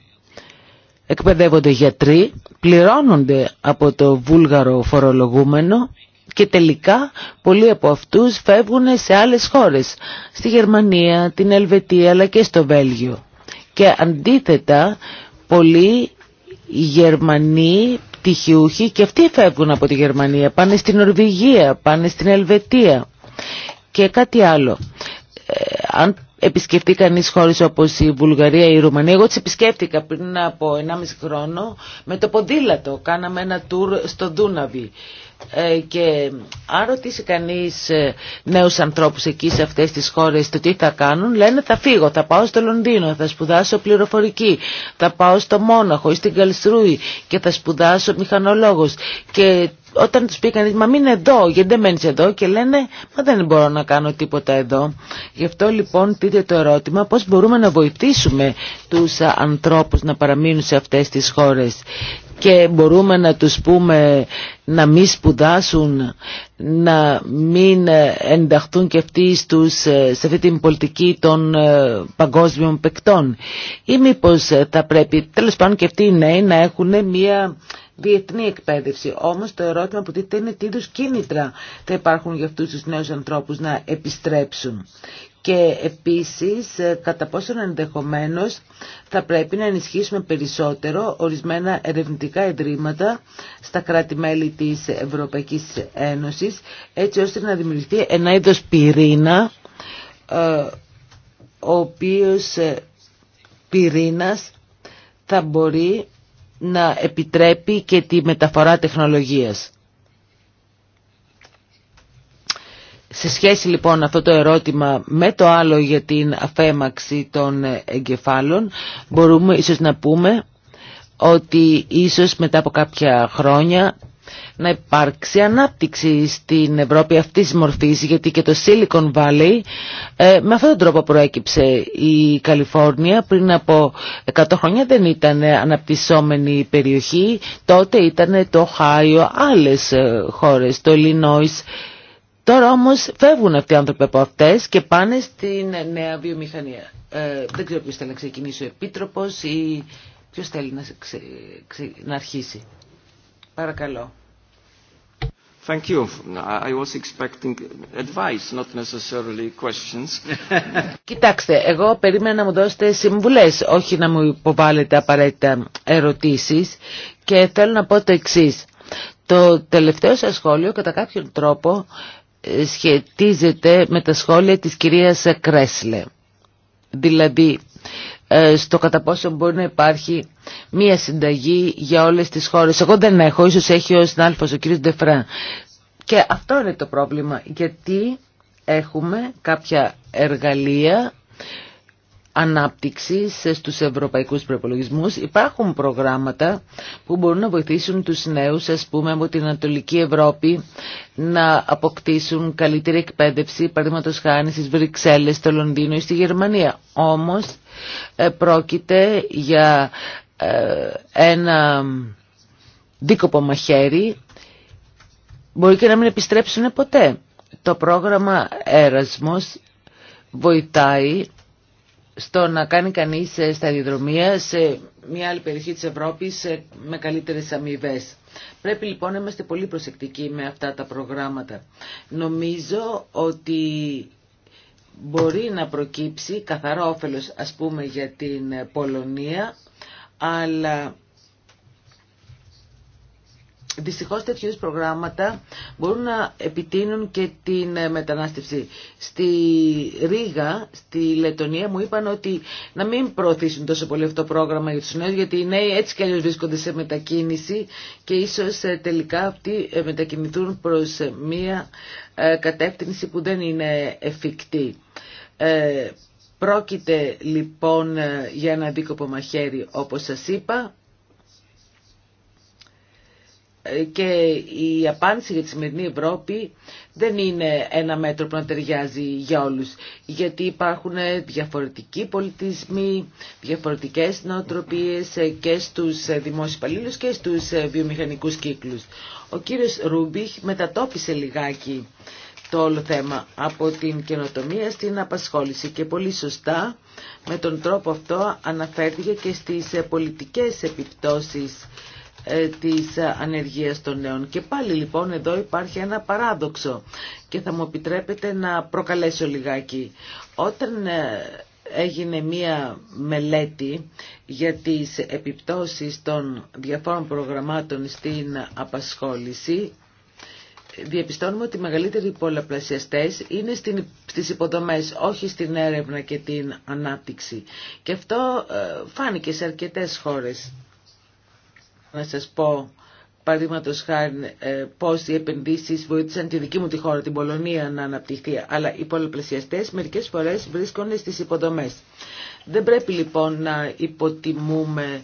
εκπαιδεύονται γιατροί, πληρώνονται από το βούλγαρο φορολογούμενο και τελικά πολλοί από αυτούς φεύγουν σε άλλες χώρες, στη Γερμανία, την Ελβετία αλλά και στο Βέλγιο. Και αντίθετα πολλοί Γερμανοί πτυχιούχοι και αυτοί φεύγουν από τη Γερμανία, πάνε στην Νορβηγία, πάνε στην Ελβετία και κάτι άλλο. Ε, αν επισκεφτεί κανείς χώρες όπως η Βουλγαρία ή η Ρουμανία, εγώ τις επισκέφτηκα πριν από 1,5 χρόνο με το ποδήλατο, κάναμε ένα τουρ στο Δούναβι ε, και αν ρωτήσει κανείς ε, νέους ανθρώπους εκεί σε αυτές τις χώρες το τι θα κάνουν λένε θα φύγω, θα πάω στο Λονδίνο, θα σπουδάσω πληροφορική θα πάω στο Μόναχο ή στην Καλστρούη και θα σπουδάσω μηχανολόγος και όταν τους πει κανείς μα μην εδώ γιατί δεν μένεις εδώ και λένε μα δεν μπορώ να κάνω τίποτα εδώ γι' αυτό λοιπόν πείτε το ερώτημα πώς μπορούμε να βοηθήσουμε τους ανθρώπους να παραμείνουν σε αυτές τις χώρες και μπορούμε να τους πούμε να μην σπουδάσουν, να μην ενταχθούν και αυτοί στους, σε αυτή την πολιτική των ε, παγκόσμιων παικτών ή μήπως ε, θα πρέπει τέλος πάντων και αυτοί οι νέοι να έχουν μια διεθνή εκπαίδευση. Όμως το ερώτημα που τίθεται είναι τι είδους κίνητρα θα υπάρχουν για αυτούς τους νέους ανθρώπους να επιστρέψουν και επίσης ε, κατά πόσο ενδεχομένως θα πρέπει να ενισχύσουμε περισσότερο ορισμένα ερευνητικά ιδρύματα στα κράτη-μέλη της Ευρωπαϊκής Ένωσης έτσι ώστε να δημιουργηθεί ένα είδος πυρήνα ε, ο οποίος ε, πυρήνας θα μπορεί να επιτρέπει και τη μεταφορά τεχνολογίας. Σε σχέση λοιπόν αυτό το ερώτημα με το άλλο για την αφέμαξη των εγκεφάλων μπορούμε ίσως να πούμε ότι ίσως μετά από κάποια χρόνια να υπάρξει ανάπτυξη στην Ευρώπη αυτής της μορφής γιατί και το Silicon Valley ε, με αυτόν τον τρόπο προέκυψε η Καλιφόρνια πριν από 100 χρόνια δεν ήταν αναπτυσσόμενη περιοχή τότε ήταν το Χάιο άλλες ε, χώρες, το Illinois Τώρα όμως φεύγουν αυτοί οι άνθρωποι από αυτές και πάνε στην νέα βιομηχανία. Ε, δεν ξέρω ποιος θέλει να ξεκινήσει ο Επίτροπος ή ποιος θέλει να, να αρχίσει. Παρακαλώ. Thank you. I was expecting advice, not necessarily questions. Κοιτάξτε, εγώ περίμενα να μου δώσετε συμβουλές, όχι να μου υποβάλλετε απαραίτητα ερωτήσεις και θέλω να πω το εξής. Το τελευταίο σας σχόλιο κατά κάποιον τρόπο σχετίζεται με τα σχόλια της κυρίας Κρέσλε. Δηλαδή, ε, στο κατά πόσο μπορεί να υπάρχει μία συνταγή για όλες τις χώρες. Εγώ δεν έχω, ίσως έχει ο συνάλφος ο κύριος Ντεφρά. Και αυτό είναι το πρόβλημα, γιατί έχουμε κάποια εργαλεία ανάπτυξης στους ευρωπαϊκούς προπολογισμούς. Υπάρχουν προγράμματα που μπορούν να βοηθήσουν τους νέους, ας πούμε, από την Ανατολική Ευρώπη να αποκτήσουν καλύτερη εκπαίδευση, παραδείγματο χάρη στις Βρυξέλλες, στο Λονδίνο ή στη Γερμανία. Όμως ε, πρόκειται για ε, ένα δίκοπο μαχαίρι, μπορεί και να μην επιστρέψουν ποτέ. Το πρόγραμμα Έρασμος βοηθάει στο να κάνει κανείς ε, σταδιοδρομία σε μια άλλη περιοχή της Ευρώπης ε, με καλύτερες αμοιβέ. Πρέπει λοιπόν να είμαστε πολύ προσεκτικοί με αυτά τα προγράμματα. Νομίζω ότι μπορεί να προκύψει καθαρό όφελος ας πούμε για την Πολωνία αλλά δυστυχώς τέτοιου προγράμματα μπορούν να επιτείνουν και την ε, μετανάστευση. Στη Ρήγα, στη Λετωνία μου είπαν ότι να μην προωθήσουν τόσο πολύ αυτό το πρόγραμμα για τους νέους γιατί οι νέοι έτσι κι αλλιώς βρίσκονται σε μετακίνηση και ίσως ε, τελικά αυτοί ε, μετακινηθούν προς μία κατεύθυνση που δεν είναι εφικτή. Πρόκειται λοιπόν για ένα δίκοπο μαχαίρι όπως σας είπα και η απάντηση για τη σημερινή Ευρώπη δεν είναι ένα μέτρο που να ταιριάζει για όλους γιατί υπάρχουν διαφορετικοί πολιτισμοί, διαφορετικές νοοτροπίες και στους δημόσιους υπαλλήλου και στους βιομηχανικούς κύκλους. Ο κύριος Ρούμπιχ μετατόπισε λιγάκι το όλο θέμα από την καινοτομία στην απασχόληση και πολύ σωστά με τον τρόπο αυτό αναφέρθηκε και στις πολιτικές επιπτώσεις ε, της ανεργίας των νέων. Και πάλι λοιπόν εδώ υπάρχει ένα παράδοξο και θα μου επιτρέπετε να προκαλέσω λιγάκι. Όταν ε, έγινε μία μελέτη για τις επιπτώσεις των διαφόρων προγραμμάτων στην απασχόληση διαπιστώνουμε ότι οι μεγαλύτεροι πολλαπλασιαστές είναι στην, στις υποδομές, όχι στην έρευνα και την ανάπτυξη. Και αυτό ε, φάνηκε σε αρκετές χώρες να σας πω παραδείγματο χάρη ε, πώ οι επενδύσει βοήθησαν τη δική μου τη χώρα, την Πολωνία, να αναπτυχθεί. Αλλά οι πολλαπλασιαστέ μερικέ φορέ βρίσκονται στι υποδομέ. Δεν πρέπει λοιπόν να υποτιμούμε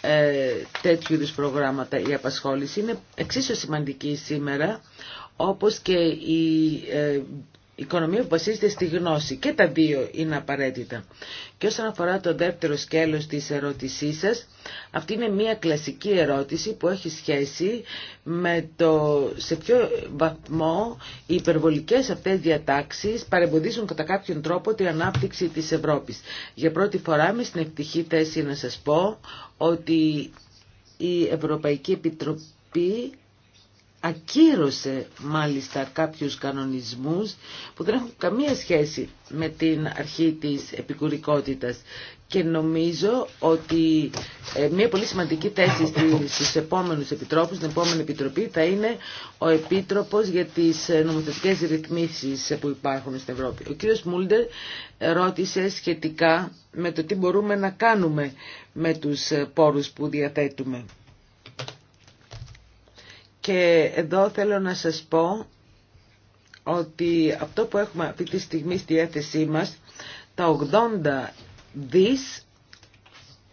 ε, τέτοιου είδου προγράμματα. Η απασχόληση είναι εξίσου σημαντική σήμερα όπως και η οικονομία που βασίζεται στη γνώση. Και τα δύο είναι απαραίτητα. Και όσον αφορά το δεύτερο σκέλος της ερώτησής σας, αυτή είναι μια κλασική ερώτηση που έχει σχέση με το σε ποιο βαθμό οι υπερβολικές αυτές διατάξεις παρεμποδίζουν κατά κάποιον τρόπο την ανάπτυξη της Ευρώπης. Για πρώτη φορά είμαι στην ευτυχή θέση να σας πω ότι η Ευρωπαϊκή Επιτροπή ακύρωσε μάλιστα κάποιους κανονισμούς που δεν έχουν καμία σχέση με την αρχή της επικουρικότητας και νομίζω ότι ε, μια πολύ σημαντική θέση στους επόμενους επιτρόπους, στην επόμενη επιτροπή θα είναι ο Επίτροπος για τις ε, νομοθετικές ρυθμίσεις που υπάρχουν στην Ευρώπη. Ο κ. Μούλντερ ρώτησε σχετικά με το τι μπορούμε να κάνουμε με τους ε, πόρους που διαθέτουμε. Και εδώ θέλω να σας πω ότι αυτό που έχουμε αυτή τη στιγμή στη διάθεσή μας, τα 80 δις,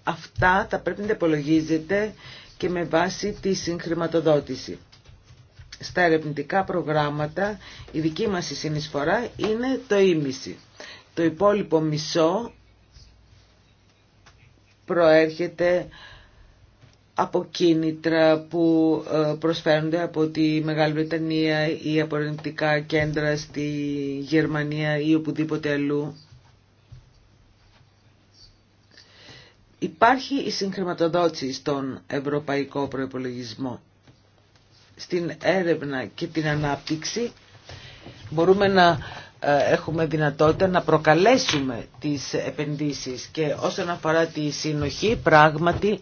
αυτά θα πρέπει να υπολογίζεται και με βάση τη συγχρηματοδότηση. Στα ερευνητικά προγράμματα η δική μας συνεισφορά είναι το ίμιση. Το υπόλοιπο μισό προέρχεται από κίνητρα που ε, προσφέρονται από τη Μεγάλη Βρετανία ή από ερευνητικά κέντρα στη Γερμανία ή οπουδήποτε αλλού. Υπάρχει η συγχρηματοδότηση στον ευρωπαϊκό προϋπολογισμό. Στην έρευνα και την ανάπτυξη μπορούμε να ε, έχουμε δυνατότητα να προκαλέσουμε τις επενδύσεις και όσον αφορά τη συνοχή πράγματι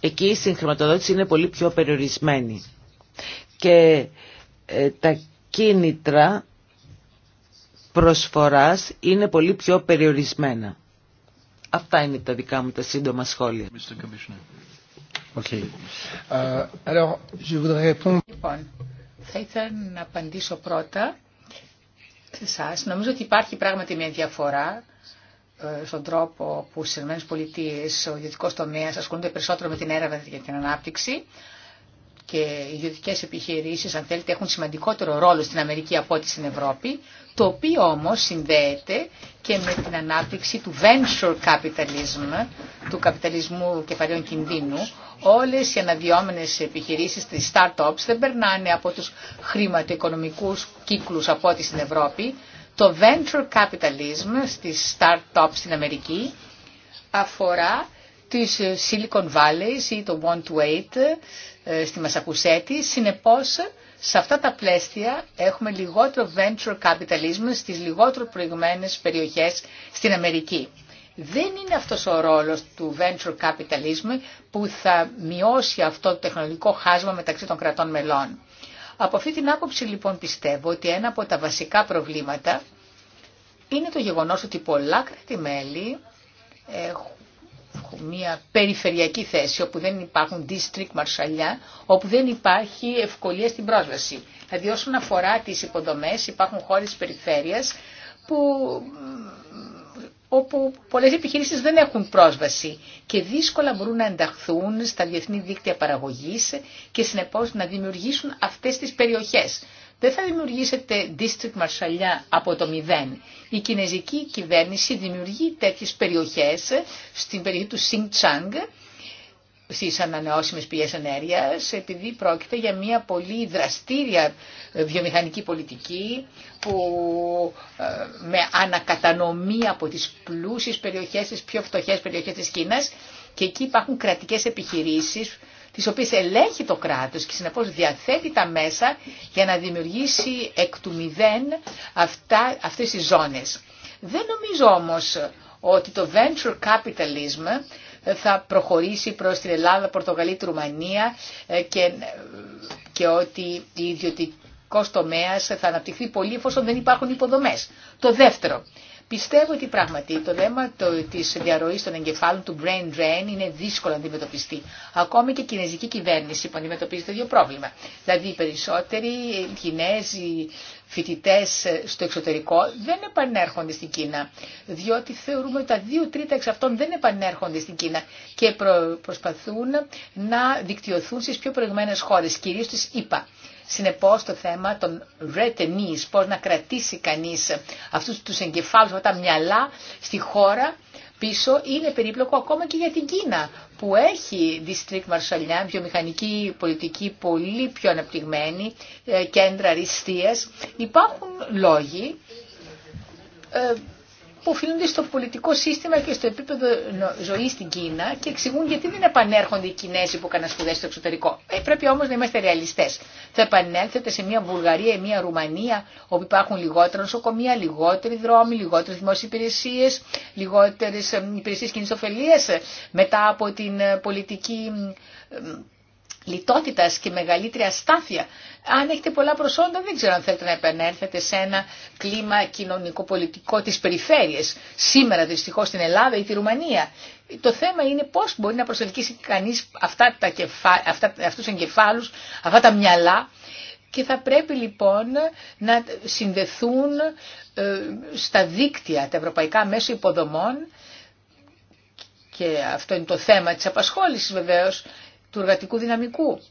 εκεί η συγχρηματοδότηση είναι πολύ πιο περιορισμένη και ε, τα κίνητρα προσφοράς είναι πολύ πιο περιορισμένα. Αυτά είναι τα δικά μου τα σύντομα σχόλια. Ε, alors, je Λοιπόν, θα ήθελα να απαντήσω πρώτα σε εσά. Νομίζω ότι υπάρχει πράγματι μια διαφορά ε, στον τρόπο που στι ΗΠΑ ο ιδιωτικό τομέα ασχολούνται περισσότερο με την έρευνα και την ανάπτυξη και ιδιωτικέ ιδιωτικές επιχειρήσεις, αν θέλετε, έχουν σημαντικότερο ρόλο στην Αμερική από ό,τι στην Ευρώπη, το οποίο όμως συνδέεται και με την ανάπτυξη του venture capitalism, του καπιταλισμού κεφαλαίων κινδύνου. Όλες οι αναδυόμενες επιχειρήσεις, τι startups, δεν περνάνε από τους χρηματοοικονομικούς κύκλους από ό,τι στην Ευρώπη. Το venture capitalism στις startups στην Αμερική αφορά της ε, Silicon Valley ή το Want to Wait ε, στη Μασακουσέτη. Συνεπώς, σε αυτά τα πλαίσια έχουμε λιγότερο venture capitalism στις λιγότερο προηγμένες περιοχές στην Αμερική. Δεν είναι αυτός ο ρόλος του venture capitalism που θα μειώσει αυτό το τεχνολογικό χάσμα μεταξύ των κρατών μελών. Από αυτή την άποψη λοιπόν πιστεύω ότι ένα από τα βασικά προβλήματα είναι το γεγονός ότι κρατημέλη έχουν μια περιφερειακή θέση όπου δεν υπάρχουν district μαρσαλιά, όπου δεν υπάρχει ευκολία στην πρόσβαση. Δηλαδή όσον αφορά τις υποδομές υπάρχουν χώρες περιφέρειας που, όπου πολλές επιχειρήσεις δεν έχουν πρόσβαση και δύσκολα μπορούν να ενταχθούν στα διεθνή δίκτυα παραγωγής και συνεπώς να δημιουργήσουν αυτές τις περιοχές δεν θα δημιουργήσετε district μαρσαλιά από το μηδέν. Η κινέζικη κυβέρνηση δημιουργεί τέτοιες περιοχές στην περιοχή του Σινγκ Στι στις ανανεώσιμες πηγές ενέργειας, επειδή πρόκειται για μια πολύ δραστήρια βιομηχανική πολιτική που ε, με ανακατανομή από τις πλούσιες περιοχές, τις πιο φτωχές περιοχές της Κίνας και εκεί υπάρχουν κρατικές επιχειρήσεις τις οποίες ελέγχει το κράτος και συνεπώς διαθέτει τα μέσα για να δημιουργήσει εκ του μηδέν αυτά, αυτές τις ζώνες. Δεν νομίζω όμως ότι το venture capitalism θα προχωρήσει προς την Ελλάδα, Πορτογαλία, τη Ρουμανία ε, ε, και, ότι η ιδιωτικό τομέα θα αναπτυχθεί πολύ εφόσον δεν υπάρχουν υποδομές. Το δεύτερο, Πιστεύω ότι πράγματι το θέμα τη της των εγκεφάλων του brain drain είναι δύσκολο να αντιμετωπιστεί. Ακόμη και η κινέζικη κυβέρνηση που αντιμετωπίζει το ίδιο πρόβλημα. Δηλαδή οι περισσότεροι Κινέζοι φοιτητέ ε, στο εξωτερικό δεν επανέρχονται στην Κίνα. Διότι θεωρούμε ότι τα δύο τρίτα εξ αυτών δεν επανέρχονται στην Κίνα και προσπαθούν να δικτυωθούν στις πιο προηγμένες χώρες, κυρίως στις ΗΠΑ. Συνεπώς το θέμα των retenees, πώς να κρατήσει κανείς αυτούς τους εγκεφάλους, αυτά τα μυαλά στη χώρα πίσω είναι περίπλοκο ακόμα και για την Κίνα που έχει district Μάρσαλιά, βιομηχανική πολιτική πολύ πιο αναπτυγμένη, ε, κέντρα αριστείας. Υπάρχουν λόγοι ε, που οφείλονται στο πολιτικό σύστημα και στο επίπεδο ζωή στην Κίνα και εξηγούν γιατί δεν επανέρχονται οι Κινέζοι που έκαναν σπουδέ στο εξωτερικό. Ε, πρέπει όμω να είμαστε ρεαλιστέ. Θα επανέλθετε σε μια Βουλγαρία ή μια Ρουμανία όπου υπάρχουν λιγότερα νοσοκομεία, λιγότεροι δρόμοι, λιγότερε δημόσιε υπηρεσίε, λιγότερε υπηρεσίε κοινή ωφελία ε, μετά από την ε, πολιτική λιτότητα και μεγαλύτερη αστάθεια αν έχετε πολλά προσόντα, δεν ξέρω αν θέλετε να επανέλθετε σε ένα κλίμα κοινωνικοπολιτικό τη περιφέρειας. Σήμερα δυστυχώ στην Ελλάδα ή τη Ρουμανία. Το θέμα είναι πώς μπορεί να προσελκύσει κανεί αυτά τα κεφα... αυτά... αυτούς τους αυτά τα μυαλά και θα πρέπει λοιπόν να συνδεθούν ε, στα δίκτυα τα ευρωπαϊκά μέσω υποδομών και αυτό είναι το θέμα της απασχόλησης βεβαίως του εργατικού δυναμικού.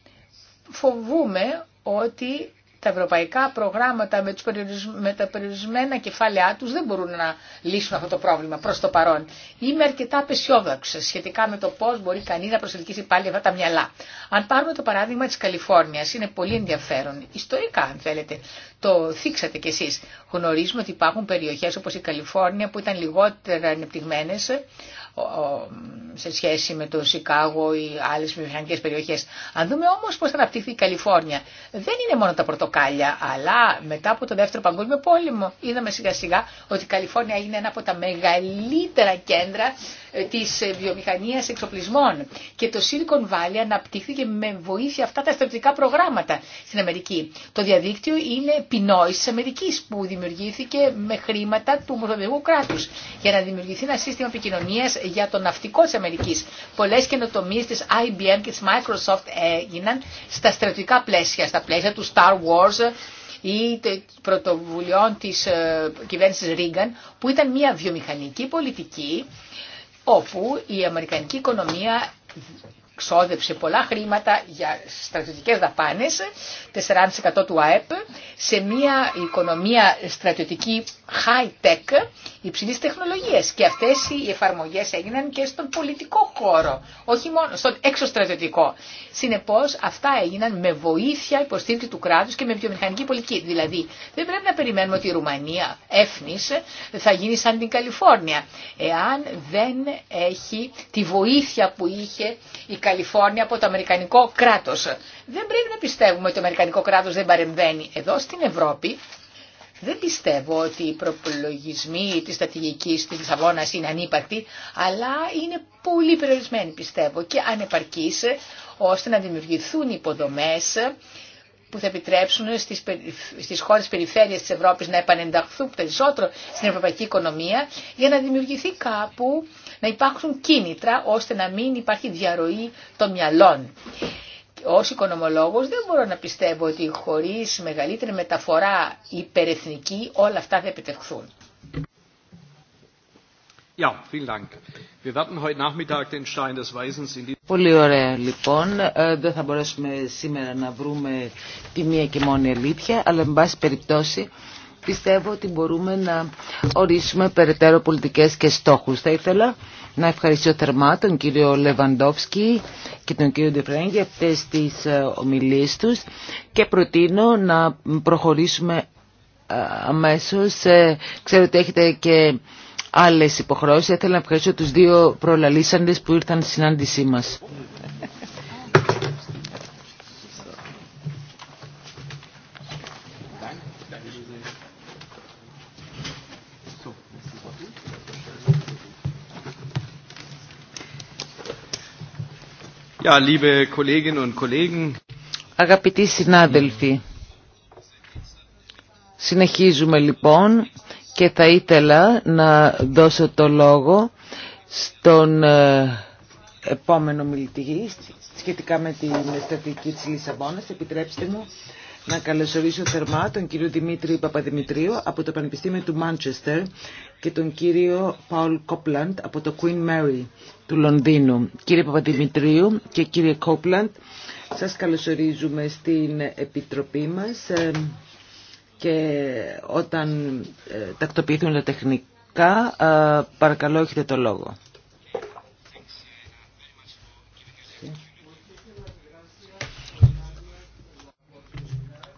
Φοβούμε ότι τα ευρωπαϊκά προγράμματα με, τα περιορισμένα κεφάλαιά τους δεν μπορούν να λύσουν αυτό το πρόβλημα προς το παρόν. Είμαι αρκετά απεσιόδοξη σχετικά με το πώς μπορεί κανείς να προσελκύσει πάλι αυτά τα μυαλά. Αν πάρουμε το παράδειγμα της Καλιφόρνιας, είναι πολύ ενδιαφέρον, ιστορικά αν θέλετε το θίξατε κι εσείς. Γνωρίζουμε ότι υπάρχουν περιοχές όπως η Καλιφόρνια που ήταν λιγότερα ανεπτυγμένες ε, σε σχέση με το Σικάγο ή άλλες βιομηχανικές περιοχές. Αν δούμε όμως πώς θα αναπτύχθη η Καλιφόρνια, δεν είναι μόνο τα πορτοκάλια, αλλά μετά από το Δεύτερο Παγκόσμιο Πόλεμο είδαμε σιγά αναπτυχθηκε η Καλιφόρνια είναι ένα από τα μεγαλύτερα κέντρα ε, της ε, βιομηχανίας εξοπλισμών και το Silicon Valley αναπτύχθηκε με βοήθεια αυτά τα στρατηγικά προγράμματα στην Αμερική. Το διαδίκτυο είναι τη Αμερική που δημιουργήθηκε με χρήματα του Μοσπονδιακού κράτου για να δημιουργηθεί ένα σύστημα επικοινωνία για το ναυτικό τη Αμερική. Πολλέ καινοτομίε τη IBM και της Microsoft έγιναν στα στρατιωτικά πλαίσια, στα πλαίσια του Star Wars ή πρωτοβουλειών της ε, κυβέρνησης Ρίγκαν που ήταν μια βιομηχανική πολιτική όπου η πρωτοβουλειων της κυβερνηση ριγαν που ηταν μια οικονομία ξόδεψε πολλά χρήματα για στρατιωτικές δαπάνες, 4% του ΑΕΠ, σε μια οικονομία στρατιωτική high-tech, υψηλή τεχνολογία. Και αυτές οι εφαρμογές έγιναν και στον πολιτικό χώρο, όχι μόνο στον εξωστρατιωτικό. Συνεπώς αυτά έγιναν με βοήθεια υποστήριξη του κράτους και με βιομηχανική πολιτική. Δηλαδή δεν πρέπει να περιμένουμε ότι η Ρουμανία έφνης θα γίνει σαν την Καλιφόρνια, εάν δεν έχει τη βοήθεια που είχε η Καλιφόρνια από το Αμερικανικό κράτο. Δεν πρέπει να πιστεύουμε ότι το Αμερικανικό κράτο δεν παρεμβαίνει. Εδώ στην Ευρώπη δεν πιστεύω ότι οι προπολογισμοί τη στρατηγική τη Λισαβόνα είναι ανύπαρκτοι, αλλά είναι πολύ περιορισμένοι πιστεύω και ανεπαρκείς ώστε να δημιουργηθούν υποδομές που θα επιτρέψουν στις, στις χώρες περιφέρειας της Ευρώπης να επανενταχθούν περισσότερο στην ευρωπαϊκή οικονομία για να δημιουργηθεί κάπου να υπάρχουν κίνητρα ώστε να μην υπάρχει διαρροή των μυαλών. Ως οικονομολόγος δεν μπορώ να πιστεύω ότι χωρίς μεγαλύτερη μεταφορά υπερεθνική όλα αυτά θα επιτευχθούν. Πολύ ωραία λοιπόν. Ε, δεν θα μπορέσουμε σήμερα να βρούμε τη μία και μόνη αλήθεια, αλλά με πάση περιπτώσει πιστεύω ότι μπορούμε να ορίσουμε περαιτέρω πολιτικές και στόχους. Θα ήθελα να ευχαριστήσω θερμά τον κύριο Λεβαντόφσκι και τον κύριο Ντεφρέν για αυτές τις ε, ομιλίες τους και προτείνω να προχωρήσουμε ε, αμέσως. Ε, ξέρω ότι έχετε και άλλες υποχρεώσεις. Θα ήθελα να ευχαριστήσω τους δύο προλαλήσαντες που ήρθαν στη συνάντησή μας. liebe Kolleginnen und Kollegen. Αγαπητοί συνάδελφοι, συνεχίζουμε λοιπόν και θα ήθελα να δώσω το λόγο στον ε, επόμενο μιλητή σχετικά με την στρατηγική της Λισαβόνας. Επιτρέψτε μου να καλωσορίσω θερμά τον κύριο Δημήτρη Παπαδημητρίου από το Πανεπιστήμιο του Μάντσεστερ και τον κύριο Παουλ Κόπλαντ από το Queen Mary του Λονδίνου. Κύριε Παπαδημητρίου και κύριε Κόπλαντ, σας καλωσορίζουμε στην Επιτροπή μας ε, και όταν ε, τακτοποιηθούν τα τεχνικά ε, παρακαλώ έχετε το λόγο.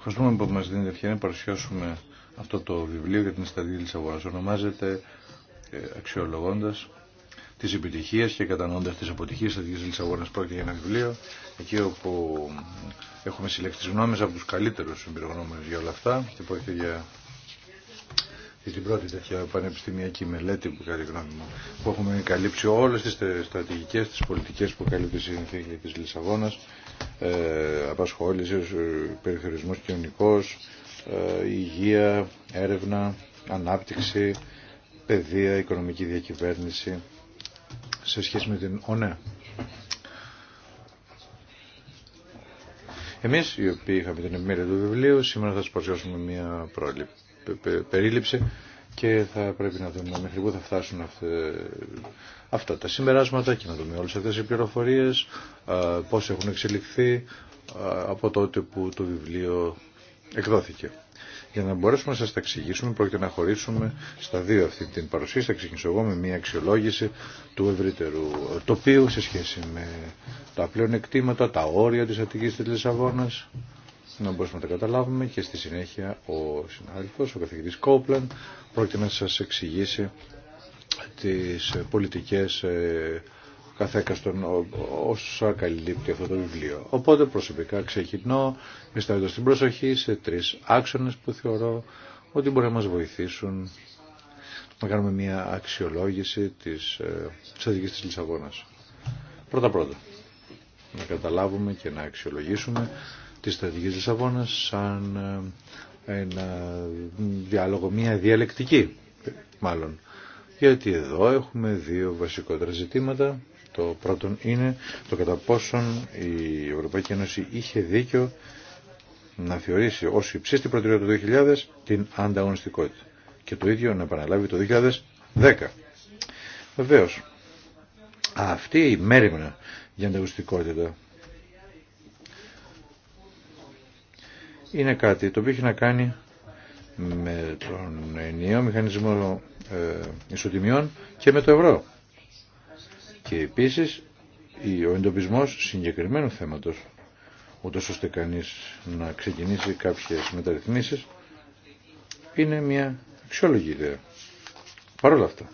Ευχαριστούμε που μας δίνετε ευκαιρία να παρουσιάσουμε αυτό το βιβλίο για την στρατηγική της αγοράς. Ονομάζεται ε, αξιολογώντας τις επιτυχίες και κατανοώντας τις αποτυχίες της στρατηγικής αγοράς. Πρόκειται για ένα βιβλίο εκεί όπου έχουμε συλλέξει τις γνώμες από τους καλύτερους εμπειρογνώμενους για όλα αυτά και πρόκειται για την πρώτη τέτοια πανεπιστημιακή μελέτη που κάνει γνώμη μου που έχουμε καλύψει όλες τις στρατηγικές, τις πολιτικές που καλύπτει η συνθήκη της Λισαβόνας ε, απασχόληση, ε, περιθωρισμός κοινωνικός, ε, υγεία, έρευνα, ανάπτυξη, παιδεία, οικονομική διακυβέρνηση σε σχέση με την ΩΝΕ. Εμείς οι οποίοι είχαμε την εμπειρία του βιβλίου, σήμερα θα σας παρουσιάσουμε μια περίληψη και θα πρέπει να δούμε μέχρι πού θα φτάσουν αυτά, αυτά τα συμπεράσματα και να δούμε όλες αυτές οι πληροφορίες, πώς έχουν εξελιχθεί από τότε που το βιβλίο εκδόθηκε. Για να μπορέσουμε να σας τα εξηγήσουμε, πρόκειται να χωρίσουμε στα δύο αυτή την παρουσίαση. Θα ξεκινήσω εγώ με μια αξιολόγηση του ευρύτερου τοπίου σε σχέση με τα πλέον εκτήματα, τα όρια της Αττικής της Λισαβόνας, να μπορούμε να τα καταλάβουμε και στη συνέχεια ο συνάδελφος, ο καθηγητής Κόπλαν, πρόκειται να σας εξηγήσει τις πολιτικές ε, καθέκαστον όσα καλύπτει αυτό το βιβλίο. Οπότε προσωπικά ξεκινώ εστάζοντας την προσοχή σε τρεις άξονες που θεωρώ ότι μπορεί να μας βοηθήσουν να κάνουμε μια αξιολόγηση της ε, στρατηγικής της Λισαβόνας. Πρώτα πρώτα, να καταλάβουμε και να αξιολογήσουμε της στρατηγική Λισαβόνα σαν ε, ένα διάλογο, μια διαλεκτική μάλλον. Γιατί εδώ έχουμε δύο βασικότερα ζητήματα. Το πρώτο είναι το κατά πόσον η Ευρωπαϊκή Ένωση είχε δίκιο να θεωρήσει ως υψίστη προτεραιότητα του 2000 την ανταγωνιστικότητα. Και το ίδιο να επαναλάβει το 2010. Βεβαίω, αυτή η μέρημνα για ανταγωνιστικότητα είναι κάτι το οποίο έχει να κάνει με τον ενιαίο μηχανισμό ε, ισοτιμιών και με το ευρώ. Και επίσης ο εντοπισμός συγκεκριμένου θέματος, ούτως ώστε κανείς να ξεκινήσει κάποιες μεταρρυθμίσεις, είναι μια αξιόλογη ιδέα. Παρ' όλα αυτά,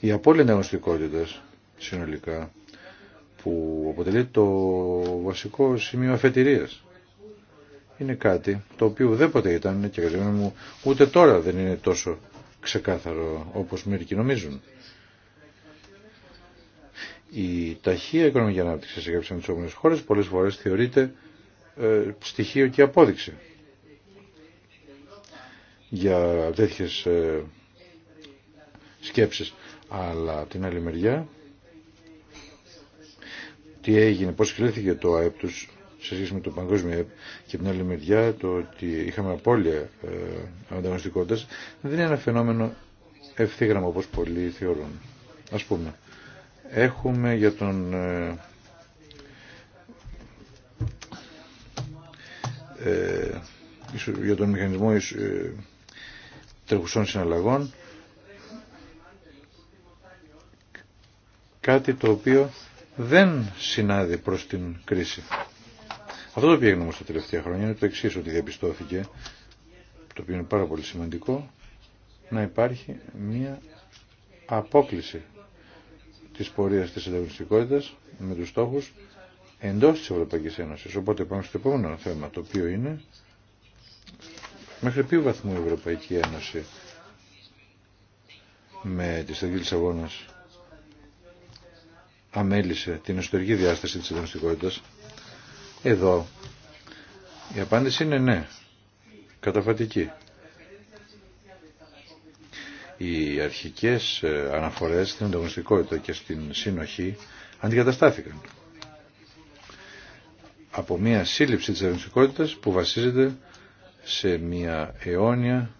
η απόλυτη αγωνιστικότητα συνολικά που αποτελεί το βασικό σημείο αφετηρίας. Είναι κάτι το οποίο δεν ποτέ ήταν και κατά μου ούτε τώρα δεν είναι τόσο ξεκάθαρο όπως μερικοί νομίζουν. Η ταχεία οικονομική ανάπτυξη σε κάποιες ανθρώπινες χώρες πολλές φορές θεωρείται ε, στοιχείο και απόδειξη για τέτοιες ε, σκέψεις. Αλλά από την άλλη μεριά τι έγινε, πώς κλείθηκε το ΑΕΠ τους σε σχέση με το παγκόσμιο ΑΕΠ και την άλλη μεριά το ότι είχαμε απώλεια ε, ανταγωνιστικότητας δεν είναι ένα φαινόμενο ευθύγραμμα όπως πολλοί θεωρούν. Ας πούμε, έχουμε για τον... Ε, ε για τον μηχανισμό ε, τρεχουσών συναλλαγών κάτι το οποίο δεν συνάδει προς την κρίση. Αυτό το οποίο έγινε όμως τα τελευταία χρόνια είναι το εξή ότι διαπιστώθηκε, το οποίο είναι πάρα πολύ σημαντικό, να υπάρχει μία απόκληση της πορείας της ανταγωνιστικότητας με τους στόχους εντός της Ευρωπαϊκής Ένωσης. Οπότε πάμε στο επόμενο θέμα, το οποίο είναι μέχρι ποιο βαθμό η Ευρωπαϊκή Ένωση με τη αγγίλες αγώνας αμέλησε την ιστορική διάσταση της ανταγωνιστικότητας. Εδώ η απάντηση είναι ναι, καταφατική. Οι αρχικές ε, αναφορές στην ανταγωνιστικότητα και στην συνοχή αντικαταστάθηκαν από μια σύλληψη της ανταγωνιστικότητας που βασίζεται σε μια αιώνια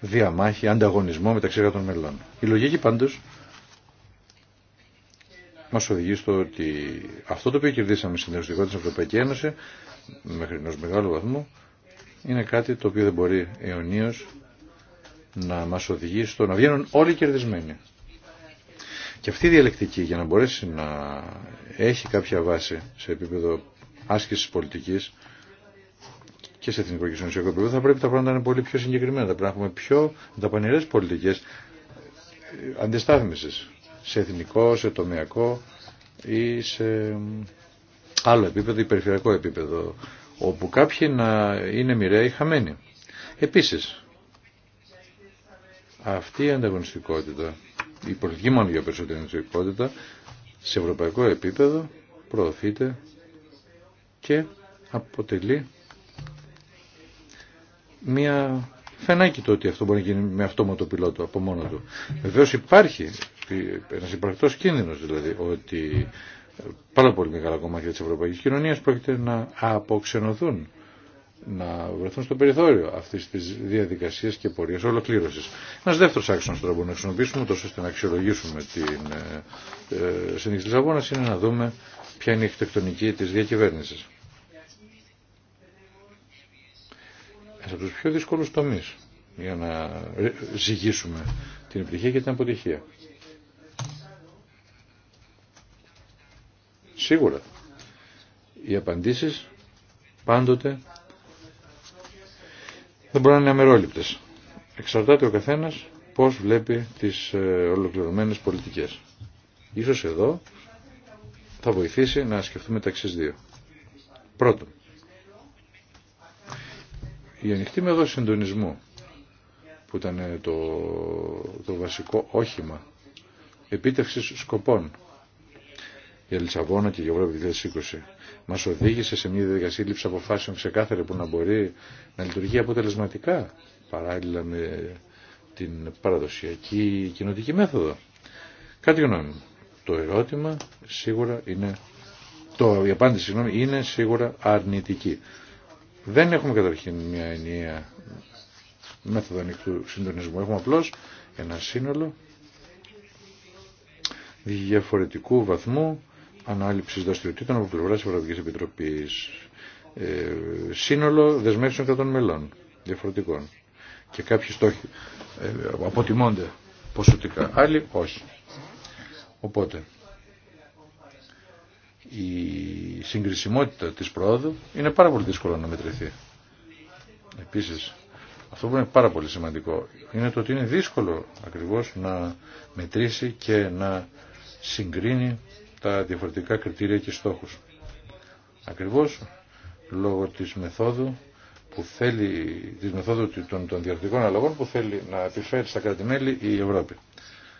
διαμάχη, ανταγωνισμό μεταξύ των μελών. Η λογική πάντως Μα οδηγεί στο ότι αυτό το οποίο κερδίσαμε στην τη Ευρωπαϊκή Ένωση μέχρι ενό μεγάλου βαθμού είναι κάτι το οποίο δεν μπορεί αιωνίω να μα οδηγεί στο να βγαίνουν όλοι κερδισμένοι. Και αυτή η διαλεκτική για να μπορέσει να έχει κάποια βάση σε επίπεδο άσκηση πολιτική και σε εθνικό και συνολικό επίπεδο θα πρέπει τα πράγματα να είναι πολύ πιο συγκεκριμένα. Θα πρέπει να έχουμε πιο δαπανηρέ πολιτικέ αντιστάθμισης σε εθνικό, σε τομεακό ή σε άλλο επίπεδο, ή περιφερειακό επίπεδο, όπου κάποιοι να είναι μοιραίοι χαμένοι. Επίσης, αυτή η ανταγωνιστικότητα, η πολιτική μόνο για περισσότερη ανταγωνιστικότητα, σε ευρωπαϊκό επίπεδο προωθείται και αποτελεί μια φαινάκι το ότι αυτό μπορεί να γίνει με αυτόματο πιλότο από μόνο του. Βεβαίω υπάρχει ένα υπαρκτό κίνδυνο, δηλαδή ότι πάρα πολύ μεγάλα κομμάτια τη Ευρωπαϊκή Κοινωνία πρόκειται να αποξενωθούν να βρεθούν στο περιθώριο αυτή τη διαδικασία και πορεία ολοκλήρωση. Ένα δεύτερο άξονα τώρα που να χρησιμοποιήσουμε, τόσο ώστε να αξιολογήσουμε την ε, ε συνήθεια τη αγώνα, είναι να δούμε ποια είναι η αρχιτεκτονική τη διακυβέρνηση. Ένα από του πιο δύσκολου τομεί για να ζυγίσουμε την επιτυχία και την αποτυχία. Σίγουρα. Οι απαντήσεις πάντοτε δεν μπορούν να είναι αμερόληπτες. Εξαρτάται ο καθένας πώς βλέπει τις ε, ολοκληρωμένες πολιτικές. Ίσως εδώ θα βοηθήσει να σκεφτούμε τα εξής δύο. Πρώτον, η ανοιχτή εδώ συντονισμού που ήταν το, το βασικό όχημα επίτευξης σκοπών η Λισαβόνα και η Ευρώπη 2020 μα οδήγησε σε μια διαδικασία λήψη αποφάσεων ξεκάθαρη που να μπορεί να λειτουργεί αποτελεσματικά παράλληλα με την παραδοσιακή κοινωτική μέθοδο. Κάτι γνώμη μου. Το ερώτημα σίγουρα είναι, το, η απάντηση συγγνώμη, είναι σίγουρα αρνητική. Δεν έχουμε καταρχήν μια ενιαία μέθοδο ανοιχτού συντονισμού. Έχουμε απλώς ένα σύνολο διαφορετικού βαθμού ανάληψη δραστηριοτήτων από πλευρά τη Ευρωπαϊκή Επιτροπή Ε, σύνολο δεσμεύσεων των μελών διαφορετικών. Και κάποιοι στόχοι ε, αποτιμώνται ποσοτικά, άλλοι όχι. Οπότε, η συγκρισιμότητα της προόδου είναι πάρα πολύ δύσκολο να μετρηθεί. Επίσης, αυτό που είναι πάρα πολύ σημαντικό είναι το ότι είναι δύσκολο ακριβώς να μετρήσει και να συγκρίνει τα διαφορετικά κριτήρια και στόχους. Ακριβώς λόγω της μεθόδου που θέλει, της μεθόδου των, των διαρκτικών αλλαγών που θέλει να επιφέρει στα κράτη-μέλη η Ευρώπη.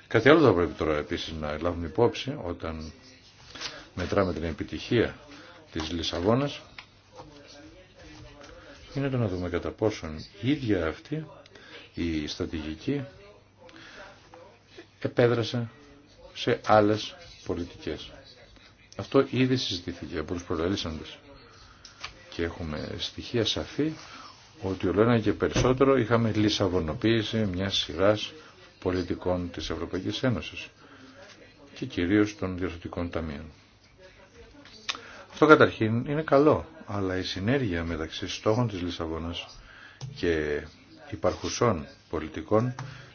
Κάτι άλλο θα πρέπει τώρα επίσης να λάβουμε υπόψη όταν μετράμε την επιτυχία της Λισαβόνας είναι το να δούμε κατά πόσον η ίδια αυτή η στρατηγική επέδρασε σε άλλες αυτό ήδη συζητήθηκε από τους προλαλήσαντες. Και έχουμε στοιχεία σαφή ότι ολένα και περισσότερο είχαμε λισαβονοποίηση μια σειράς πολιτικών της Ευρωπαϊκής Ένωσης και κυρίως των διορθωτικών ταμείων. Αυτό καταρχήν είναι καλό, αλλά η συνέργεια μεταξύ στόχων της Λισαβόνας και υπαρχουσών πολιτικών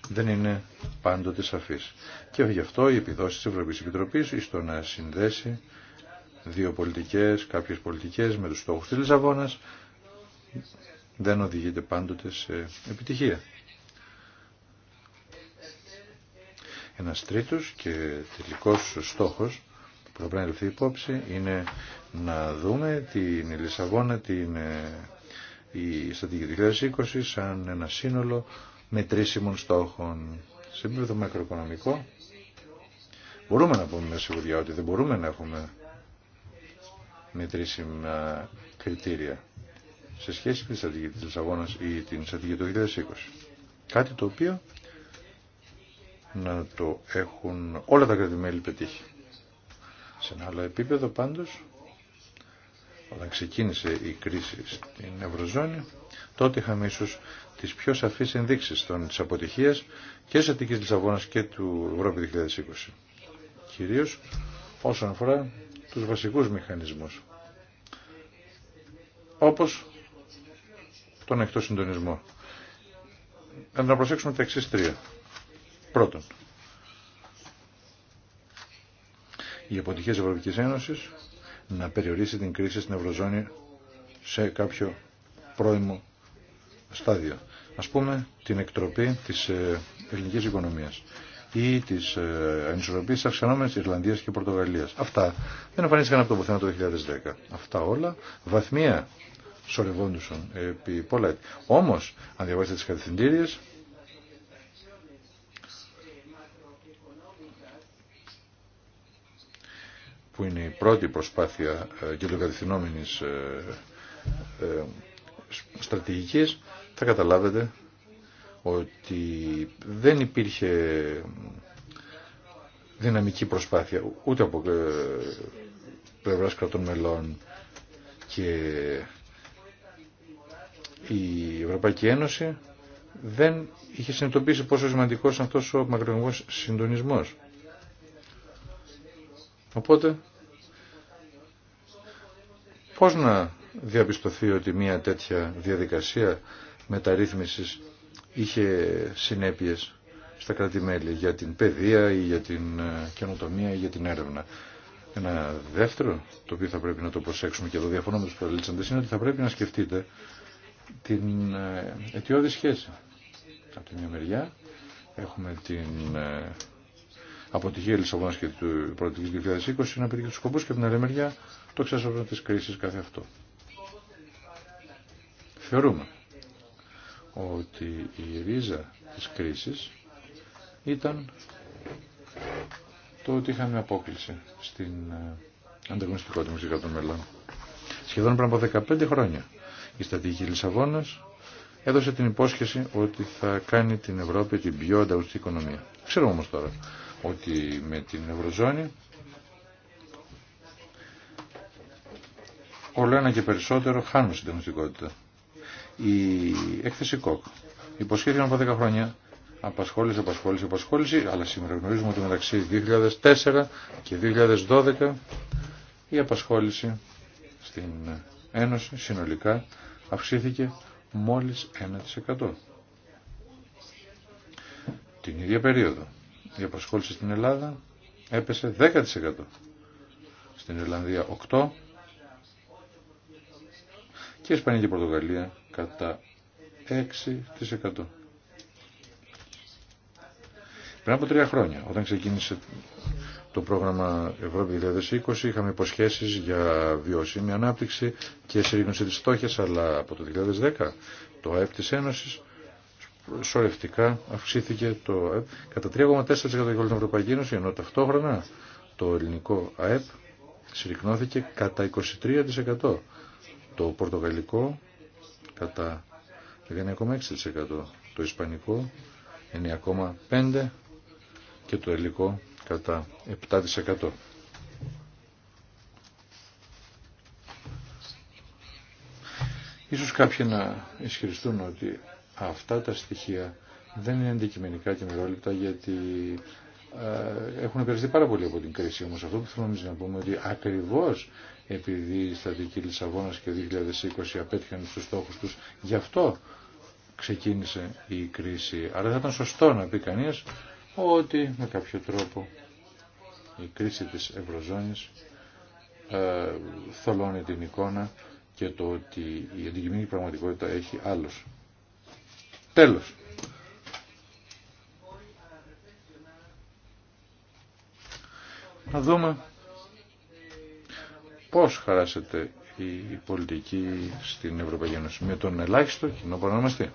δεν είναι πάντοτε σαφής. Και γι' αυτό οι επιδόσεις της Ευρωπαϊκής Επιτροπής στο να συνδέσει δύο πολιτικές, κάποιες πολιτικές με τους στόχους της Λισαβόνας δεν οδηγείται πάντοτε σε επιτυχία. Ένας τρίτος και τελικός στόχος που θα πρέπει να υπόψη είναι να δούμε την Λισαβόνα, την ε, η στρατηγική 2020 σαν ένα σύνολο μετρήσιμων στόχων. Σε επίπεδο μακροοικονομικό μπορούμε να πούμε με σιγουριά ότι δεν μπορούμε να έχουμε μετρήσιμα κριτήρια σε σχέση με τη στρατηγική της Λισαβόνας ή την στρατηγική του 2020. Κάτι το οποίο να το έχουν όλα τα κρατημέλη πετύχει. Σε ένα άλλο επίπεδο πάντως, όταν ξεκίνησε η κρίση στην Ευρωζώνη, τότε είχαμε ίσω τις πιο σαφείς ενδείξεις των, αποτυχία και τη Αττική Λισαβόνα και του Ευρώπη 2020. Κυρίως όσον αφορά τους βασικούς μηχανισμούς. Όπως τον εκτό συντονισμό. Ε, να προσέξουμε τα εξή τρία. Πρώτον, η αποτυχία της Ευρωπαϊκής Ένωσης να περιορίσει την κρίση στην Ευρωζώνη σε κάποιο πρώιμο στάδιο. Ας πούμε την εκτροπή της ε, ελληνικής οικονομίας ή τη ε, ανισορροπή τη αυξανόμενη Ιρλανδία και Πορτογαλίας Αυτά δεν εμφανίστηκαν από το πουθενά το 2010. Αυτά όλα βαθμία σορευόντουσαν επί πολλά έτη. Όμω, αν διαβάσετε τι κατευθυντήριε, που είναι η πρώτη προσπάθεια ε, και κατευθυνόμενης στρατηγικής, θα καταλάβετε ότι δεν υπήρχε δυναμική προσπάθεια ούτε από ε, πλευράς κρατών μελών και η Ευρωπαϊκή Ένωση δεν είχε συνειδητοποιήσει πόσο σημαντικός είναι αυτός ο μακρονομικός συντονισμός. Οπότε, πώς να διαπιστωθεί ότι μια τέτοια διαδικασία μεταρρύθμισης είχε συνέπειες στα κρατη για την παιδεία ή για την ε, καινοτομία ή για την έρευνα. Ένα δεύτερο, το οποίο θα πρέπει να το προσέξουμε και εδώ διαφωνώ με τους είναι ότι θα πρέπει να σκεφτείτε την ε, αιτιώδη σχέση. Από τη μια μεριά έχουμε την ε, αποτυχία Λισαβόνας και του Πρωτοβουλίου 2020 να και του σκοπούς και από την άλλη μεριά το εξάσωμα τη κρίση κάθε αυτό. Θεωρούμε ότι η ρίζα της κρίσης ήταν το ότι είχαμε απόκληση στην ε, ανταγωνιστικότητα μας των μελών. Σχεδόν πριν από 15 χρόνια η στατική Λισαβόνας έδωσε την υπόσχεση ότι θα κάνει την Ευρώπη την πιο ανταγωνιστική οικονομία. Ξέρουμε όμως τώρα ότι με την Ευρωζώνη όλο ένα και περισσότερο χάνουμε στην ανταγωνιστικότητα. Η έκθεση ΚΟΚ υποσχέθηκε από 10 χρόνια απασχόληση, απασχόληση, απασχόληση, αλλά σήμερα γνωρίζουμε ότι μεταξύ 2004 και 2012 η απασχόληση στην Ένωση συνολικά αυξήθηκε μόλις 1%. Την ίδια περίοδο η απασχόληση στην Ελλάδα έπεσε 10%. Στην Ιρλανδία 8% και η Ισπανία και η Πορτογαλία κατά 6%. Πριν από τρία χρόνια, όταν ξεκίνησε το πρόγραμμα Ευρώπη 2020, είχαμε υποσχέσεις για βιώσιμη ανάπτυξη και συρρήγνωση της στόχης, αλλά από το 2010 το ΑΕΠ της Ένωσης σωρευτικά αυξήθηκε το ΑΕΠ κατά 3,4% για όλη την Ευρωπαϊκή Ένωση, ενώ ταυτόχρονα το ελληνικό ΑΕΠ συρρυκνώθηκε κατά 23%. Το πορτογαλικό κατά 19,6%. Το ισπανικό 9,5% και το ελληνικό κατά 7%. Ίσως κάποιοι να ισχυριστούν ότι αυτά τα στοιχεία δεν είναι αντικειμενικά και μερόληπτα γιατί ε, έχουν επηρεαστεί πάρα πολύ από την κρίση. Όμως αυτό που θέλουμε να πούμε ότι ακριβώς επειδή η στατική Λισαβόνα και 2020 απέτυχαν στους στόχους τους, γι' αυτό ξεκίνησε η κρίση. Άρα θα ήταν σωστό να πει κανεί ότι με κάποιο τρόπο η κρίση της Ευρωζώνης ε, θολώνει την εικόνα και το ότι η αντικειμενική πραγματικότητα έχει άλλος. Τέλος. να δούμε πώς χαράσεται η πολιτική στην Ευρωπαϊκή Ένωση με τον ελάχιστο κοινό παρονομαστή.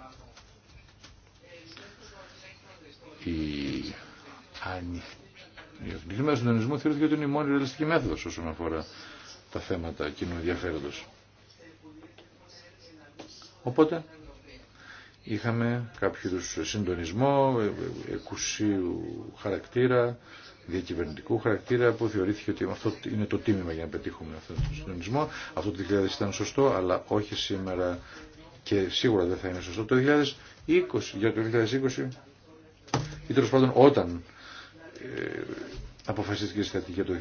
Η ανοιχτή του συντονισμού ότι είναι η μόνη ρεαλιστική μέθοδος όσον αφορά τα θέματα κοινού ενδιαφέροντος. Οπότε είχαμε κάποιο συντονισμό ε, ε, εκουσίου χαρακτήρα διακυβερνητικού χαρακτήρα που θεωρήθηκε ότι αυτό είναι το τίμημα για να πετύχουμε αυτόν τον συντονισμό. Αυτό το 2000 ήταν σωστό, αλλά όχι σήμερα και σίγουρα δεν θα είναι σωστό το 2020, για το 2020 ή τέλο πάντων όταν ε, αποφασίστηκε η τελο παντων οταν ε αποφασιστηκε η στρατηγικη το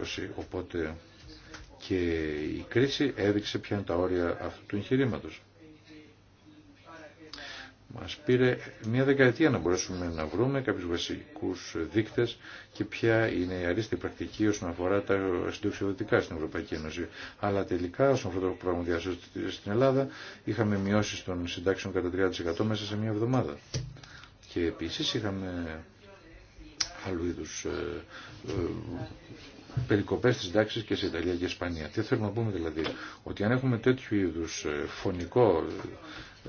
2020. Οπότε και η κρίση έδειξε ποια είναι τα όρια αυτού του εγχειρήματο. Μας πήρε μια δεκαετία να μπορέσουμε να βρούμε κάποιους βασικούς δείκτες και ποια είναι η αρίστη πρακτική όσον αφορά τα συντοξιδοτικά στην Ευρωπαϊκή Ένωση. Αλλά τελικά, όσον αφορά το πρόγραμμα διάσωσης στην Ελλάδα, είχαμε μειώσει των συντάξεων κατά 30% μέσα σε μια εβδομάδα. Και επίσης είχαμε άλλου είδους ε, ε, περικοπές της τάξης και σε Ιταλία και Ισπανία. Τι θέλουμε να πούμε δηλαδή, ότι αν έχουμε τέτοιου είδους ε, φωνικό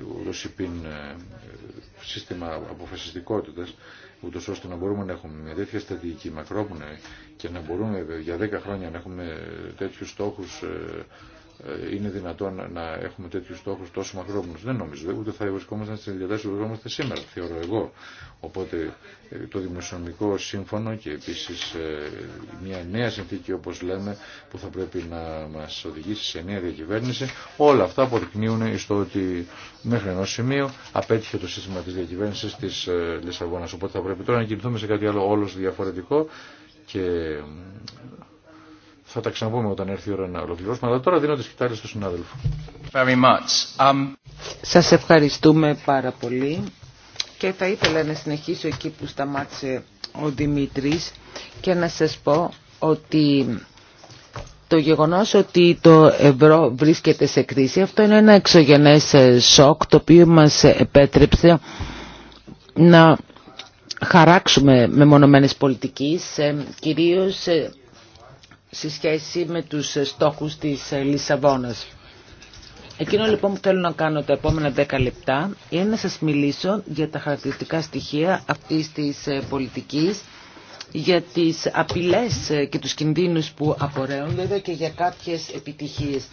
ούτως ε, σύστημα αποφασιστικότητας ούτως ώστε να μπορούμε να έχουμε μια τέτοια στρατηγική μακρόπνοη και να μπορούμε για 10 χρόνια να έχουμε τέτοιους στόχους ε, ε, είναι δυνατόν να έχουμε τέτοιου στόχου τόσο μακρόπνου. Δεν νομίζω. Ούτε θα βρισκόμαστε στι διαδράσει που βρισκόμαστε σήμερα, θεωρώ εγώ. Οπότε ε, το δημοσιονομικό σύμφωνο και επίση ε, μια νέα συνθήκη όπω λέμε που θα πρέπει να μα οδηγήσει σε νέα διακυβέρνηση. Όλα αυτά αποδεικνύουν στο ότι μέχρι ενό σημείου απέτυχε το σύστημα τη διακυβέρνηση τη Λισαβόνα. Οπότε θα πρέπει τώρα να κινηθούμε σε κάτι άλλο όλο διαφορετικό και θα τα ξαναπούμε όταν έρθει η ώρα να ολοκληρώσουμε, αλλά τώρα δίνω τη σκητάλη στον συνάδελφο. Um, σας ευχαριστούμε πάρα πολύ και θα ήθελα να συνεχίσω εκεί που σταμάτησε ο Δημήτρης και να σας πω ότι το γεγονός ότι το ευρώ βρίσκεται σε κρίση αυτό είναι ένα εξωγενές σοκ το οποίο μας επέτρεψε να χαράξουμε μεμονωμένες πολιτικής ε, κυρίως ε, σε σχέση με τους στόχους της Λισαβόνας. Εκείνο λοιπόν που θέλω να κάνω τα επόμενα 10 λεπτά είναι να σας μιλήσω για τα χαρακτηριστικά στοιχεία αυτής της ε, πολιτικής, για τις απειλές ε, και τους κινδύνους που απορρέουν βέβαια και για κάποιες επιτυχίες.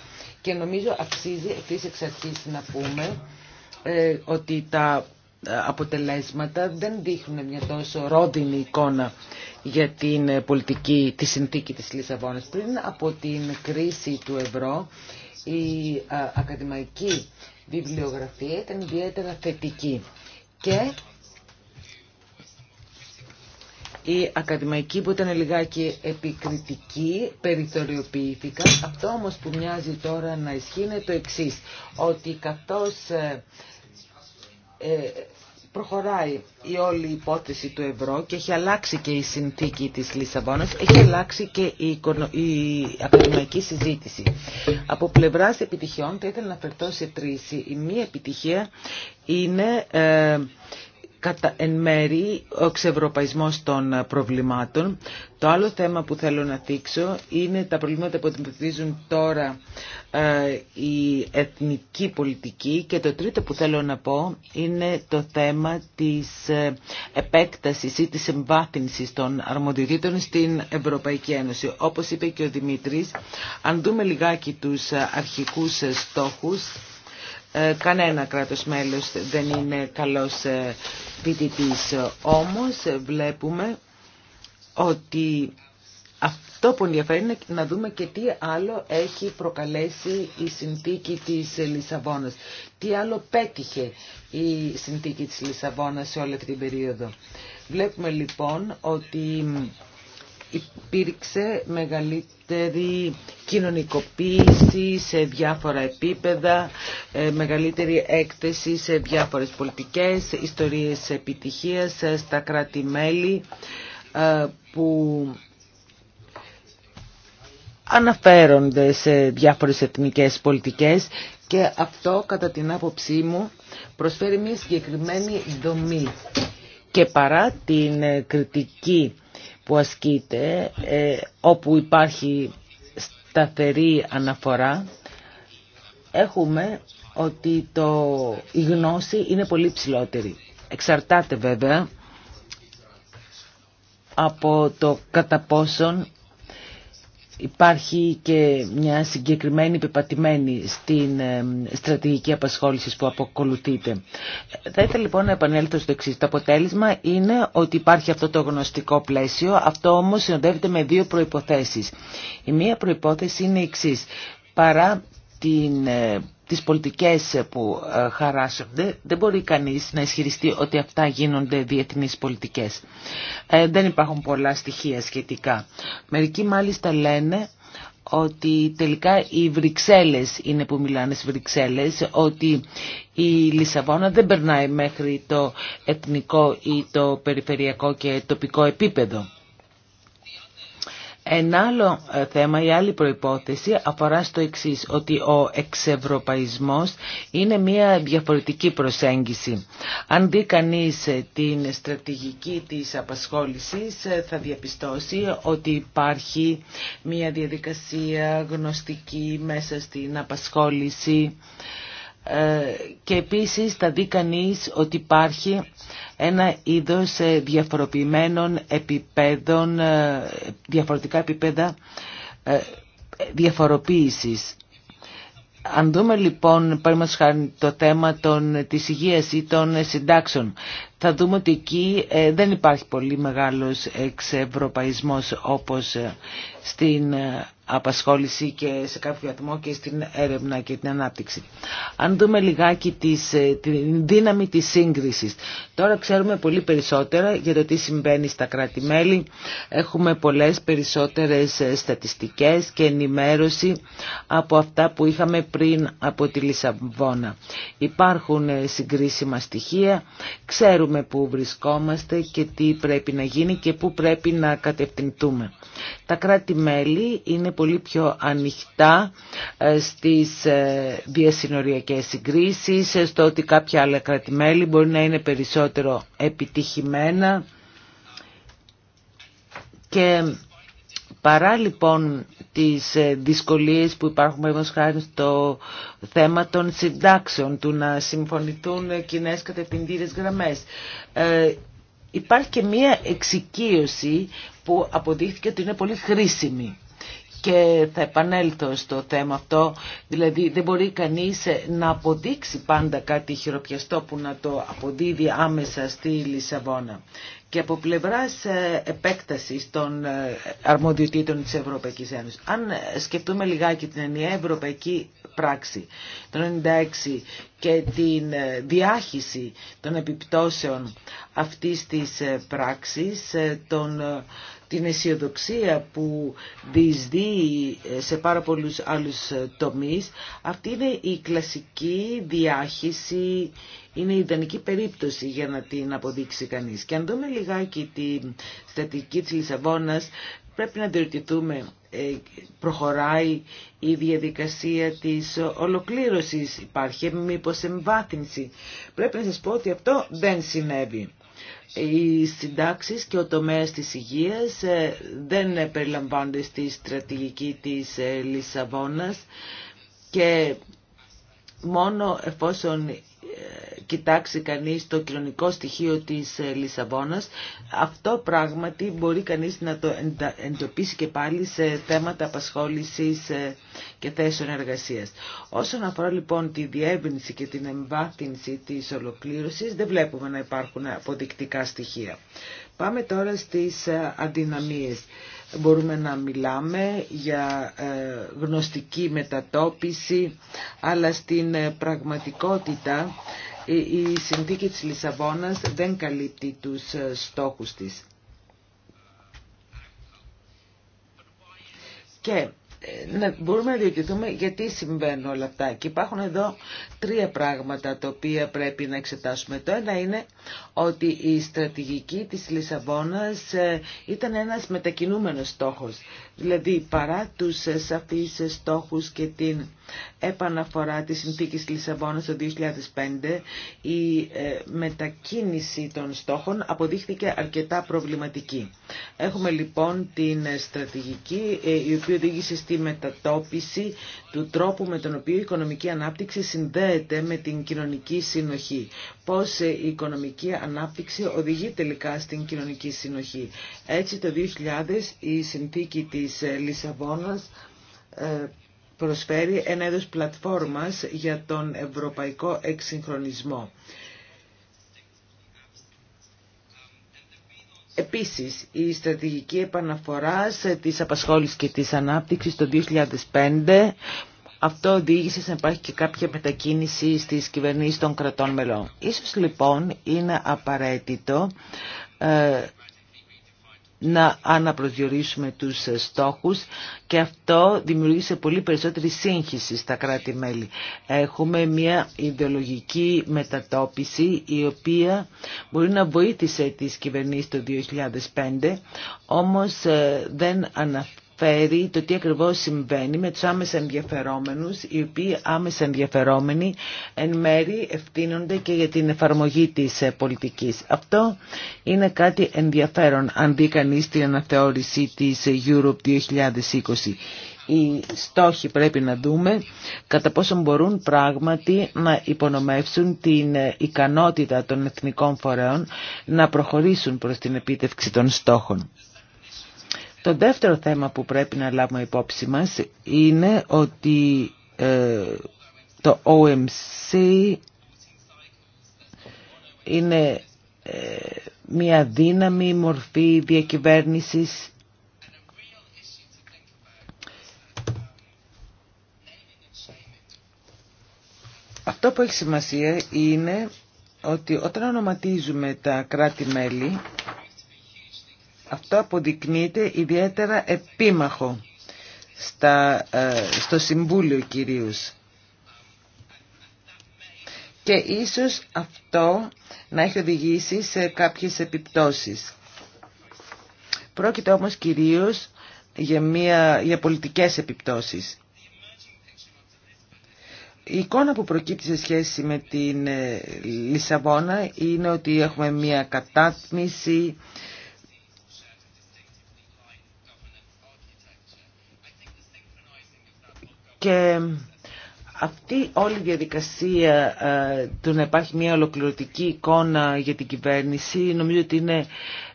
Και νομίζω αξίζει ευθύς εξ αρχής να πούμε ε, ότι τα αποτελέσματα δεν δείχνουν μια τόσο ρόδινη εικόνα για την ε, πολιτική, τη συνθήκη της Λισαβόνας. Πριν από την κρίση του ευρώ, η ε, ακαδημαϊκή βιβλιογραφία ήταν ιδιαίτερα θετική και η ακαδημαϊκοί που ήταν λιγάκι επικριτικοί περιθωριοποιήθηκαν. Αυτό όμως που μοιάζει τώρα να ισχύει είναι το εξής, ότι καθώς ε, προχωράει η όλη υπόθεση του ευρώ και έχει αλλάξει και η συνθήκη της Λισαβόνας, έχει αλλάξει και η, οικονο... η ακαδημαϊκή συζήτηση. Από πλευράς επιτυχιών θα ήθελα να φερθώ σε τρεις. Η μία επιτυχία είναι ε, κατά εν μέρη ο εξευρωπαϊσμός των προβλημάτων. Το άλλο θέμα που θέλω να θίξω είναι τα προβλήματα που αντιμετωπίζουν τώρα η ε, εθνική πολιτική και το τρίτο που θέλω να πω είναι το θέμα της ε, επέκτασης ή της εμβάθυνσης των αρμοδιοτήτων στην Ευρωπαϊκή Ένωση. Όπως είπε και ο Δημήτρης, αν δούμε λιγάκι τους ε, αρχικούς στόχους, ε, κανένα κράτος μέλος δεν είναι καλός ε, ποιτητής. Όμως ε, βλέπουμε ότι αυτό που ενδιαφέρει είναι να δούμε και τι άλλο έχει προκαλέσει η συνθήκη της Λισαβόνας. Τι άλλο πέτυχε η συνθήκη της Λισαβόνας σε όλη αυτή την περίοδο. Βλέπουμε λοιπόν ότι υπήρξε μεγαλύτερη κοινωνικοποίηση σε διάφορα επίπεδα, ε, μεγαλύτερη έκθεση σε διάφορες πολιτικές, ιστορίες επιτυχίας ε, στα κράτη-μέλη ε, που αναφέρονται σε διάφορες εθνικές πολιτικές και αυτό κατά την άποψή μου προσφέρει μια συγκεκριμένη δομή και παρά την κριτική που ασκείται ε, όπου υπάρχει σταθερή αναφορά έχουμε ότι το, η γνώση είναι πολύ ψηλότερη. Εξαρτάται βέβαια από το κατά πόσον Υπάρχει και μια συγκεκριμένη πεπατημένη στην ε, στρατηγική απασχόληση που αποκολουθείται. Θα ήθελα λοιπόν να επανέλθω στο εξή. Το αποτέλεσμα είναι ότι υπάρχει αυτό το γνωστικό πλαίσιο, αυτό όμως συνοδεύεται με δύο προϋποθέσεις. Η μία προϋπόθεση είναι η εξή. Παρά την ε, τις πολιτικές που ε, χαράσσονται δεν μπορεί κανείς να ισχυριστεί ότι αυτά γίνονται διεθνείς πολιτικές. Ε, δεν υπάρχουν πολλά στοιχεία σχετικά. Μερικοί μάλιστα λένε ότι τελικά οι Βρυξέλλες είναι που μιλάνε στις Βρυξέλλες, ότι η Λισαβόνα δεν περνάει μέχρι το εθνικό ή το περιφερειακό και τοπικό επίπεδο. Ένα άλλο ε, θέμα, η άλλη προϋπόθεση αφορά στο εξής, ότι ο εξευρωπαϊσμός είναι μια διαφορετική προσέγγιση. Αν δει κανείς ε, την στρατηγική της απασχόλησης ε, θα διαπιστώσει ότι υπάρχει μια διαδικασία γνωστική μέσα στην απασχόληση και επίσης θα δει κανείς ότι υπάρχει ένα είδος ε, διαφοροποιημένων επιπέδων, ε, διαφορετικά επίπεδα ε, διαφοροποίησης. Αν δούμε λοιπόν χάρη το θέμα των, της υγείας ή των συντάξεων, θα δούμε ότι εκεί δεν υπάρχει πολύ μεγάλος εξευρωπαϊσμός όπως στην απασχόληση και σε κάποιο βαθμό και στην έρευνα και την ανάπτυξη. Αν δούμε λιγάκι τις, ε, την δύναμη της σύγκρισης. Τώρα ξέρουμε πολύ περισσότερα για το τι συμβαίνει στα κράτη-μέλη. Έχουμε πολλές περισσότερες ε, στατιστικές και ενημέρωση από αυτά που είχαμε πριν από τη Λισαβόνα. Υπάρχουν ε, συγκρίσιμα στοιχεία. Ξέρουμε πού βρισκόμαστε και τι πρέπει να γίνει και πού πρέπει να κατευθυντούμε. Τα κράτη-μέλη είναι πολύ πιο ανοιχτά ε, στις ε, διασυνοριακές συγκρίσεις, ε, στο ότι κάποια άλλα κράτη-μέλη μπορεί να είναι περισσότερο επιτυχημένα και παρά λοιπόν τις δυσκολίες που υπάρχουν παραδείγματος χάρη στο θέμα των συντάξεων, του να συμφωνηθούν κοινέ κατευθυντήρες γραμμές. υπάρχει και μία εξοικείωση που αποδείχθηκε ότι είναι πολύ χρήσιμη. Και θα επανέλθω στο θέμα αυτό, δηλαδή δεν μπορεί κανείς να αποδείξει πάντα κάτι χειροπιαστό που να το αποδίδει άμεσα στη Λισαβόνα. Και από πλευράς ε, επέκτασης των ε, αρμοδιοτήτων της Ευρωπαϊκής Ένωσης. Αν ε, σκεφτούμε λιγάκι την ενιαία ευρωπαϊκή πράξη, το 96 και την διάχυση των επιπτώσεων αυτής της πράξης, των την αισιοδοξία που διεισδύει ε, σε πάρα πολλούς άλλους ε, τομείς. Αυτή είναι η κλασική διάχυση, είναι η ιδανική περίπτωση για να την αποδείξει κανείς. Και αν δούμε λιγάκι τη στατική της Λισαβόνας, πρέπει να διορτιτούμε. Ε, προχωράει η διαδικασία της ολοκλήρωσης, υπάρχει μήπως εμβάθυνση. Πρέπει να σας πω ότι αυτό δεν συνέβη οι συντάξεις και ο τομέας της υγείας ε, δεν περιλαμβάνονται στη στρατηγική της ε, Λισαβόνας και μόνο εφόσον κοιτάξει κανείς το κοινωνικό στοιχείο της ε, Λισαβόνας, αυτό πράγματι μπορεί κανείς να το εντοπίσει και πάλι σε θέματα απασχόλησης ε, και θέσεων εργασίας. Όσον αφορά λοιπόν τη διεύρυνση και την εμβάθυνση της ολοκλήρωσης, δεν βλέπουμε να υπάρχουν αποδεικτικά στοιχεία. Πάμε τώρα στις ε, αδυναμίες μπορούμε να μιλάμε για ε, γνωστική μετατόπιση, αλλά στην ε, πραγματικότητα η συνθήκη της Λισαβόνας δεν καλύπτει τους ε, στόχους της. Και να μπορούμε να διοικηθούμε γιατί συμβαίνουν όλα αυτά. Και υπάρχουν εδώ τρία πράγματα τα οποία πρέπει να εξετάσουμε. Το ένα είναι ότι η στρατηγική της Λισαβόνας ε, ήταν ένας μετακινούμενος στόχος. Δηλαδή παρά τους ε, σαφείς ε, στόχους και την επαναφορά της συνθήκης Λισαβόνας το 2005 η ε, μετακίνηση των στόχων αποδείχθηκε αρκετά προβληματική. Έχουμε λοιπόν την στρατηγική ε, η οποία οδήγησε στη μετατόπιση του τρόπου με τον οποίο η οικονομική ανάπτυξη συνδέεται με την κοινωνική συνοχή. Πώς ε, η οικονομική ανάπτυξη οδηγεί τελικά στην κοινωνική συνοχή. Έτσι το 2000 η συνθήκη της Λισαβόνας προσφέρει ένα είδο πλατφόρμας για τον ευρωπαϊκό εξυγχρονισμό. Επίσης, η στρατηγική επαναφορά της απασχόλησης και της ανάπτυξης το 2005 αυτό οδήγησε σε να υπάρχει και κάποια μετακίνηση στις κυβερνήσεις των κρατών μελών. Ίσως λοιπόν είναι απαραίτητο ε, να αναπροσδιορίσουμε τους ε, στόχους και αυτό δημιουργήσε πολύ περισσότερη σύγχυση στα κράτη-μέλη. Έχουμε μια ιδεολογική μετατόπιση η οποία μπορεί να βοήθησε τις κυβερνήσεις το 2005 όμως ε, δεν αναφέρει το τι ακριβώς συμβαίνει με τους άμεσα ενδιαφερόμενους, οι οποίοι άμεσα ενδιαφερόμενοι εν μέρη ευθύνονται και για την εφαρμογή της ε, πολιτικής. Αυτό είναι κάτι ενδιαφέρον, αν δει κανεί την αναθεώρηση της ε, Europe 2020 οι στόχοι πρέπει να δούμε κατά πόσο μπορούν πράγματι να υπονομεύσουν την ε, ικανότητα των εθνικών φορέων να προχωρήσουν προς την επίτευξη των στόχων. Το δεύτερο θέμα που πρέπει να λάβουμε υπόψη μας είναι ότι ε, το OMC είναι ε, μια δύναμη μορφή διακυβέρνησης Αυτό που έχει σημασία είναι ότι όταν ονοματίζουμε τα κράτη-μέλη αυτό αποδεικνύεται ιδιαίτερα επίμαχο στα, ε, στο Συμβούλιο κυρίως. Και ίσως αυτό να έχει οδηγήσει σε κάποιες επιπτώσεις. Πρόκειται όμως κυρίως για, μια, για πολιτικές επιπτώσεις. Η εικόνα που προκύπτει σε σχέση με την ε, Λισαβόνα είναι ότι έχουμε μια κατάτμιση Και αυτή όλη η διαδικασία ε, του να υπάρχει μια ολοκληρωτική εικόνα για την κυβέρνηση νομίζω ότι είναι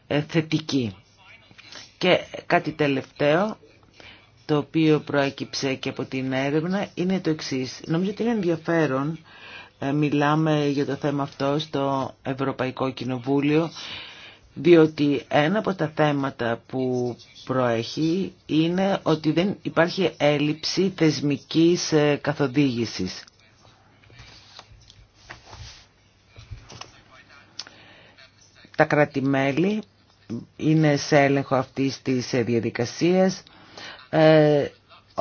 ε, θετική. Και κάτι τελευταίο το οποίο προέκυψε και από την έρευνα είναι το εξής. Νομίζω ότι είναι ενδιαφέρον ε, μιλάμε για το θέμα αυτό στο Ευρωπαϊκό Κοινοβούλιο διότι ένα από τα θέματα που προέχει είναι ότι δεν υπάρχει έλλειψη θεσμικής ε, καθοδήγησης. Τα κράτη-μέλη είναι σε έλεγχο αυτής της ε, διαδικασίας. Ε,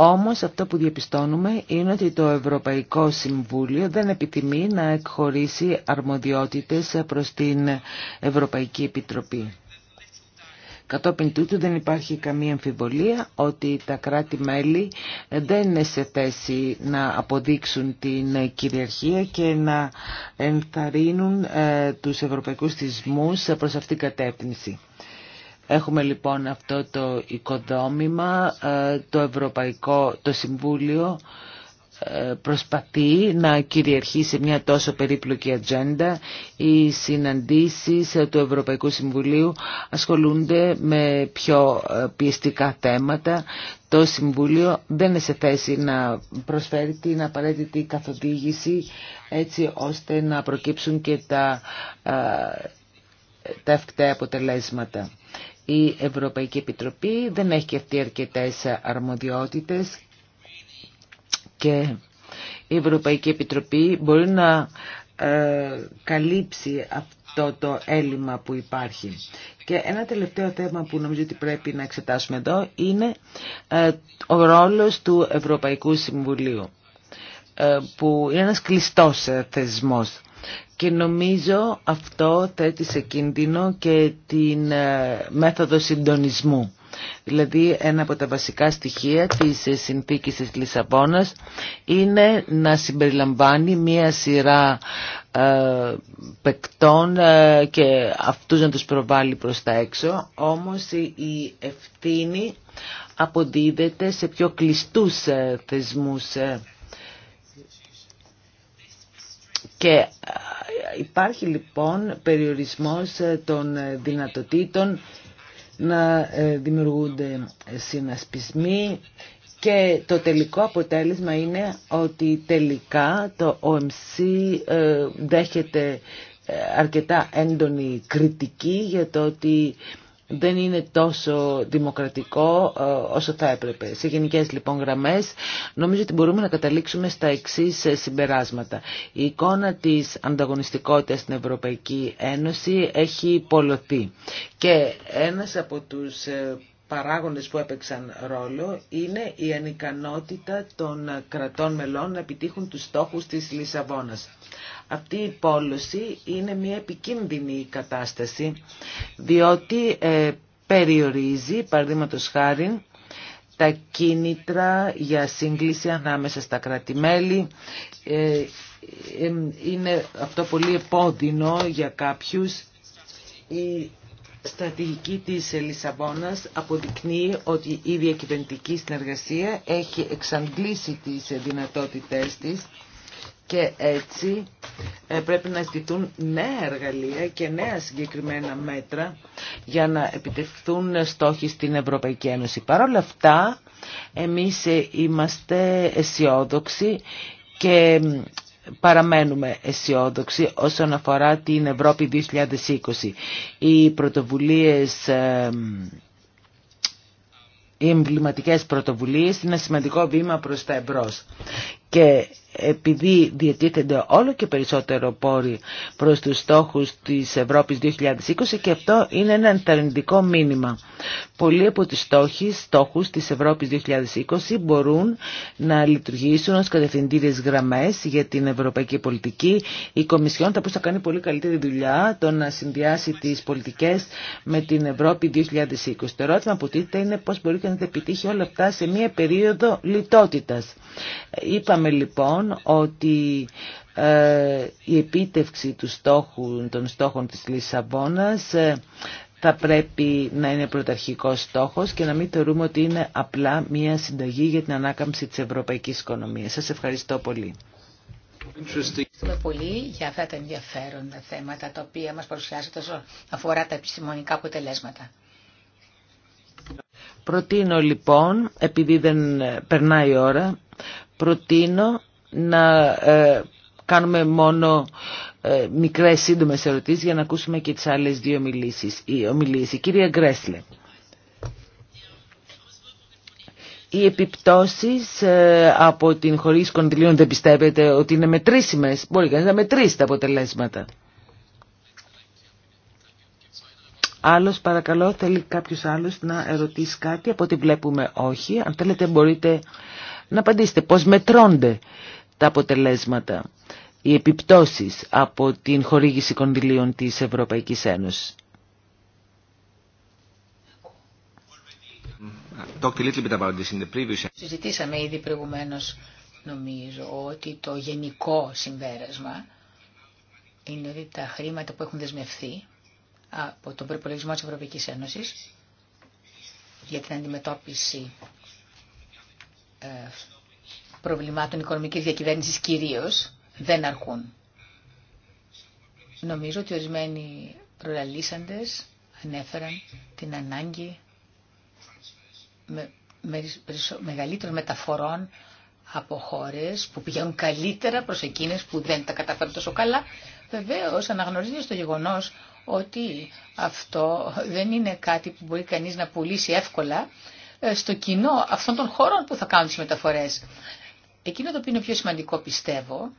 όμως αυτό που διαπιστώνουμε είναι ότι το Ευρωπαϊκό Συμβούλιο δεν επιθυμεί να εκχωρήσει αρμοδιότητες προς την Ευρωπαϊκή Επιτροπή. Κατόπιν τούτου δεν υπάρχει καμία αμφιβολία ότι τα κράτη-μέλη δεν είναι σε θέση να αποδείξουν την κυριαρχία και να ενθαρρύνουν ε, τους ευρωπαϊκούς θυσμούς προς αυτήν την κατεύθυνση. Έχουμε λοιπόν αυτό το οικοδόμημα, ε, το Ευρωπαϊκό, το Συμβούλιο ε, προσπαθεί να κυριαρχεί σε μια τόσο περίπλοκη ατζέντα. Οι συναντήσεις ε, του Ευρωπαϊκού Συμβουλίου ασχολούνται με πιο πιεστικά θέματα. Το Συμβούλιο δεν είναι σε θέση να προσφέρει την απαραίτητη καθοδήγηση έτσι ώστε να προκύψουν και τα, τα ευκταία αποτελέσματα. Η Ευρωπαϊκή Επιτροπή δεν έχει και αρκετές αρμοδιότητες και η Ευρωπαϊκή Επιτροπή μπορεί να ε, καλύψει αυτό το έλλειμμα που υπάρχει. Και ένα τελευταίο θέμα που νομίζω ότι πρέπει να εξετάσουμε εδώ είναι ε, ο ρόλος του Ευρωπαϊκού Συμβουλίου ε, που είναι ένας κλειστός θεσμός. Και νομίζω αυτό θέτει σε κίνδυνο και την ε, μέθοδο συντονισμού. Δηλαδή ένα από τα βασικά στοιχεία της ε, συνθήκης της Λισαβόνας είναι να συμπεριλαμβάνει μία σειρά ε, παικτών ε, και αυτούς να τους προβάλλει προς τα έξω. Όμως η ευθύνη αποδίδεται σε πιο κλειστούς ε, θεσμούς και ε, υπάρχει λοιπόν περιορισμός ε, των ε, δυνατοτήτων να δημιουργούνται συνασπισμοί και το τελικό αποτέλεσμα είναι ότι τελικά το OMC δέχεται αρκετά έντονη κριτική για το ότι δεν είναι τόσο δημοκρατικό ε, όσο θα έπρεπε. Σε γενικές λοιπόν γραμμές νομίζω ότι μπορούμε να καταλήξουμε στα εξής ε, συμπεράσματα. Η εικόνα της ανταγωνιστικότητας στην Ευρωπαϊκή Ένωση έχει πολλωθεί και ένας από τους ε, παράγοντες που έπαιξαν ρόλο είναι η ανικανότητα των κρατών μελών να επιτύχουν τους στόχους της Λισαβόνας. Αυτή η πόλωση είναι μια επικίνδυνη κατάσταση, διότι ε, περιορίζει, παραδείγματος χάρη, τα κίνητρα για σύγκληση ανάμεσα στα κρατημέλη. Ε, ε, ε, είναι αυτό πολύ επώδυνο για κάποιους στρατηγική της Λισαβόνας αποδεικνύει ότι η διακυβερνητική συνεργασία έχει εξαντλήσει τις δυνατότητές της και έτσι ε, πρέπει να ζητηθούν νέα εργαλεία και νέα συγκεκριμένα μέτρα για να επιτευχθούν στόχοι στην Ευρωπαϊκή Ένωση. Παρ' όλα αυτά, εμείς ε, είμαστε αισιόδοξοι και παραμένουμε αισιόδοξοι όσον αφορά την Ευρώπη 2020. Οι πρωτοβουλίες οι εμβληματικέ πρωτοβουλίες είναι σημαντικό βήμα προς τα εμπρός και επειδή διαιτήθενται όλο και περισσότερο πόροι προς τους στόχους της Ευρώπης 2020 και αυτό είναι ένα ενθαρρυντικό μήνυμα. Πολλοί από τους στόχοι, στόχους της Ευρώπης 2020 μπορούν να λειτουργήσουν ως κατευθυντήριες γραμμές για την ευρωπαϊκή πολιτική. Η Κομισιόν θα πρέπει να κάνει πολύ καλύτερη δουλειά το να συνδυάσει τις πολιτικές με την Ευρώπη 2020. Το ερώτημα που τίθεται είναι πώς μπορεί να επιτύχει όλα αυτά σε μια περίοδο λιτότητας. Είπα Είπαμε λοιπόν ότι ε, η επίτευξη του στόχου, των στόχων της Λισαβόνας ε, θα πρέπει να είναι πρωταρχικός στόχος και να μην θεωρούμε ότι είναι απλά μια συνταγή για την ανάκαμψη της ευρωπαϊκής οικονομίας. Σας ευχαριστώ πολύ. Ευχαριστούμε πολύ για αυτά τα ενδιαφέροντα θέματα τα οποία μας παρουσιάζεται όσο αφορά τα επιστημονικά αποτελέσματα. Προτείνω λοιπόν, επειδή δεν περνάει η ώρα, προτείνω να ε, κάνουμε μόνο ε, μικρές σύντομες ερωτήσεις για να ακούσουμε και τις άλλες δύο μιλήσεις, η ομιλήση, κυρία Γκρέσλε. Οι επιπτώσεις ε, από την χωρίς κονδυλίων δεν πιστεύετε ότι είναι μετρήσιμες. Μπορεί κανείς να μετρήσει τα αποτελέσματα. Άλλος παρακαλώ, θέλει κάποιος άλλος να ερωτήσει κάτι, από ό,τι βλέπουμε όχι. Αν θέλετε μπορείτε να απαντήσετε πώς μετρώνται τα αποτελέσματα, οι επιπτώσεις από την χορήγηση κονδυλίων της Ευρωπαϊκής Ένωσης. Συζητήσαμε ήδη προηγουμένως νομίζω ότι το γενικό συμπέρασμα είναι ότι τα χρήματα που έχουν δεσμευθεί από τον προπολογισμό της Ευρωπαϊκής Ένωσης για την αντιμετώπιση ε, προβλημάτων οικονομικής διακυβέρνησης κυρίως δεν αρχούν. Νομίζω ότι ορισμένοι προλαλήσαντες ανέφεραν την ανάγκη με, μεγαλύτερων μεταφορών από χώρε που πηγαίνουν καλύτερα προς εκείνες που δεν τα καταφέρουν τόσο καλά. Βεβαίως αναγνωρίζεται στο γεγονός ότι αυτό δεν είναι κάτι που μπορεί κανείς να πουλήσει εύκολα ε, στο κοινό αυτών των χωρών που θα κάνουν τις μεταφορές. Εκείνο το οποίο είναι πιο σημαντικό πιστεύω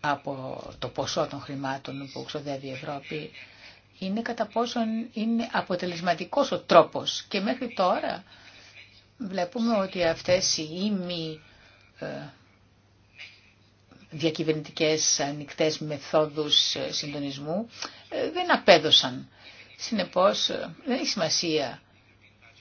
από το ποσό των χρημάτων που ξοδεύει η Ευρώπη είναι κατά πόσον είναι αποτελεσματικός ο τρόπος. Και μέχρι τώρα βλέπουμε ότι αυτές οι ήμοι ε, διακυβερνητικές ανοιχτές μεθόδους ε, συντονισμού δεν απέδωσαν. Συνεπώς ε, δεν έχει σημασία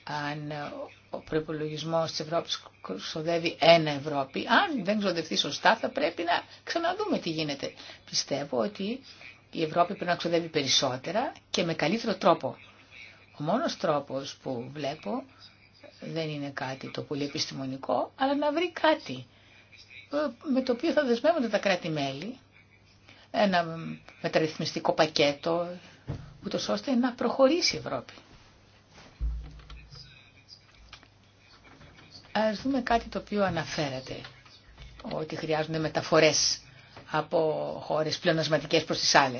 αν ε, ο προπολογισμό της Ευρώπης ξοδεύει ένα Ευρώπη. Αν δεν ξοδευτεί σωστά θα πρέπει να ξαναδούμε τι γίνεται. Πιστεύω ότι η Ευρώπη πρέπει να ξοδεύει περισσότερα και με καλύτερο τρόπο. Ο μόνος τρόπος που βλέπω δεν είναι κάτι το πολύ επιστημονικό, αλλά να βρει κάτι ε, με το οποίο θα δεσμεύονται τα κράτη-μέλη. Ένα μεταρρυθμιστικό πακέτο ούτω ώστε να προχωρήσει η Ευρώπη. Ας δούμε κάτι το οποίο αναφέρατε, ότι χρειάζονται μεταφορές από χώρες πλεονασματικέ προ τι άλλε.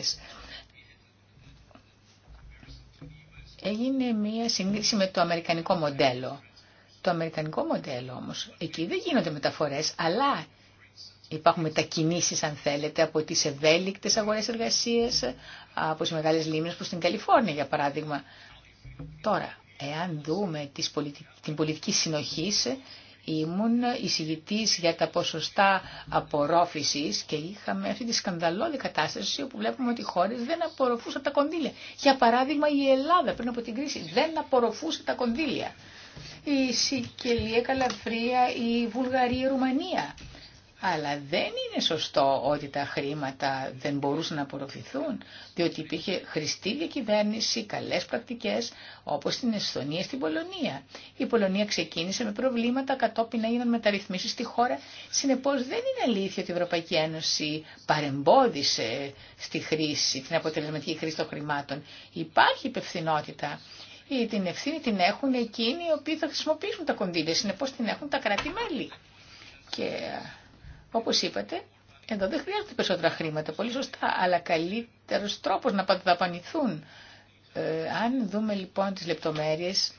Έγινε μία συγκρίση με το αμερικανικό μοντέλο. Το αμερικανικό μοντέλο όμως, εκεί δεν γίνονται μεταφορές, αλλά υπάρχουν μετακινήσεις αν θέλετε από τις ευέλικτες αγορές εργασίας από τις μεγάλες λίμνες προς την Καλιφόρνια για παράδειγμα. Τώρα, εάν δούμε την πολιτική συνοχή ήμουν εισηγητής για τα ποσοστά απορρόφησης και είχαμε αυτή τη σκανδαλώδη κατάσταση όπου βλέπουμε ότι οι χώρες δεν απορροφούσαν τα κονδύλια. Για παράδειγμα η Ελλάδα πριν από την κρίση δεν απορροφούσε τα κονδύλια. Η Σικελία, Καλαβρία, η Βουλγαρία, η Ρουμανία αλλά δεν είναι σωστό ότι τα χρήματα δεν μπορούσαν να απορροφηθούν, διότι υπήρχε χρηστή διακυβέρνηση, καλές πρακτικές, όπως στην Εσθονία, στην Πολωνία. Η Πολωνία ξεκίνησε με προβλήματα, κατόπιν να έγιναν μεταρρυθμίσεις στη χώρα. Συνεπώς δεν είναι αλήθεια ότι η Ευρωπαϊκή Ένωση παρεμπόδισε στη χρήση, την αποτελεσματική χρήση των χρημάτων. Υπάρχει υπευθυνότητα. Ή την ευθύνη την έχουν εκείνοι οι οποίοι θα χρησιμοποιήσουν τα κονδύλια, συνεπώς την έχουν τα κράτη-μέλη. Και όπως είπατε, εδώ δεν χρειάζονται περισσότερα χρήματα, πολύ σωστά, αλλά καλύτερος τρόπος να δαπανηθούν. Ε, αν δούμε λοιπόν τις λεπτομέρειες,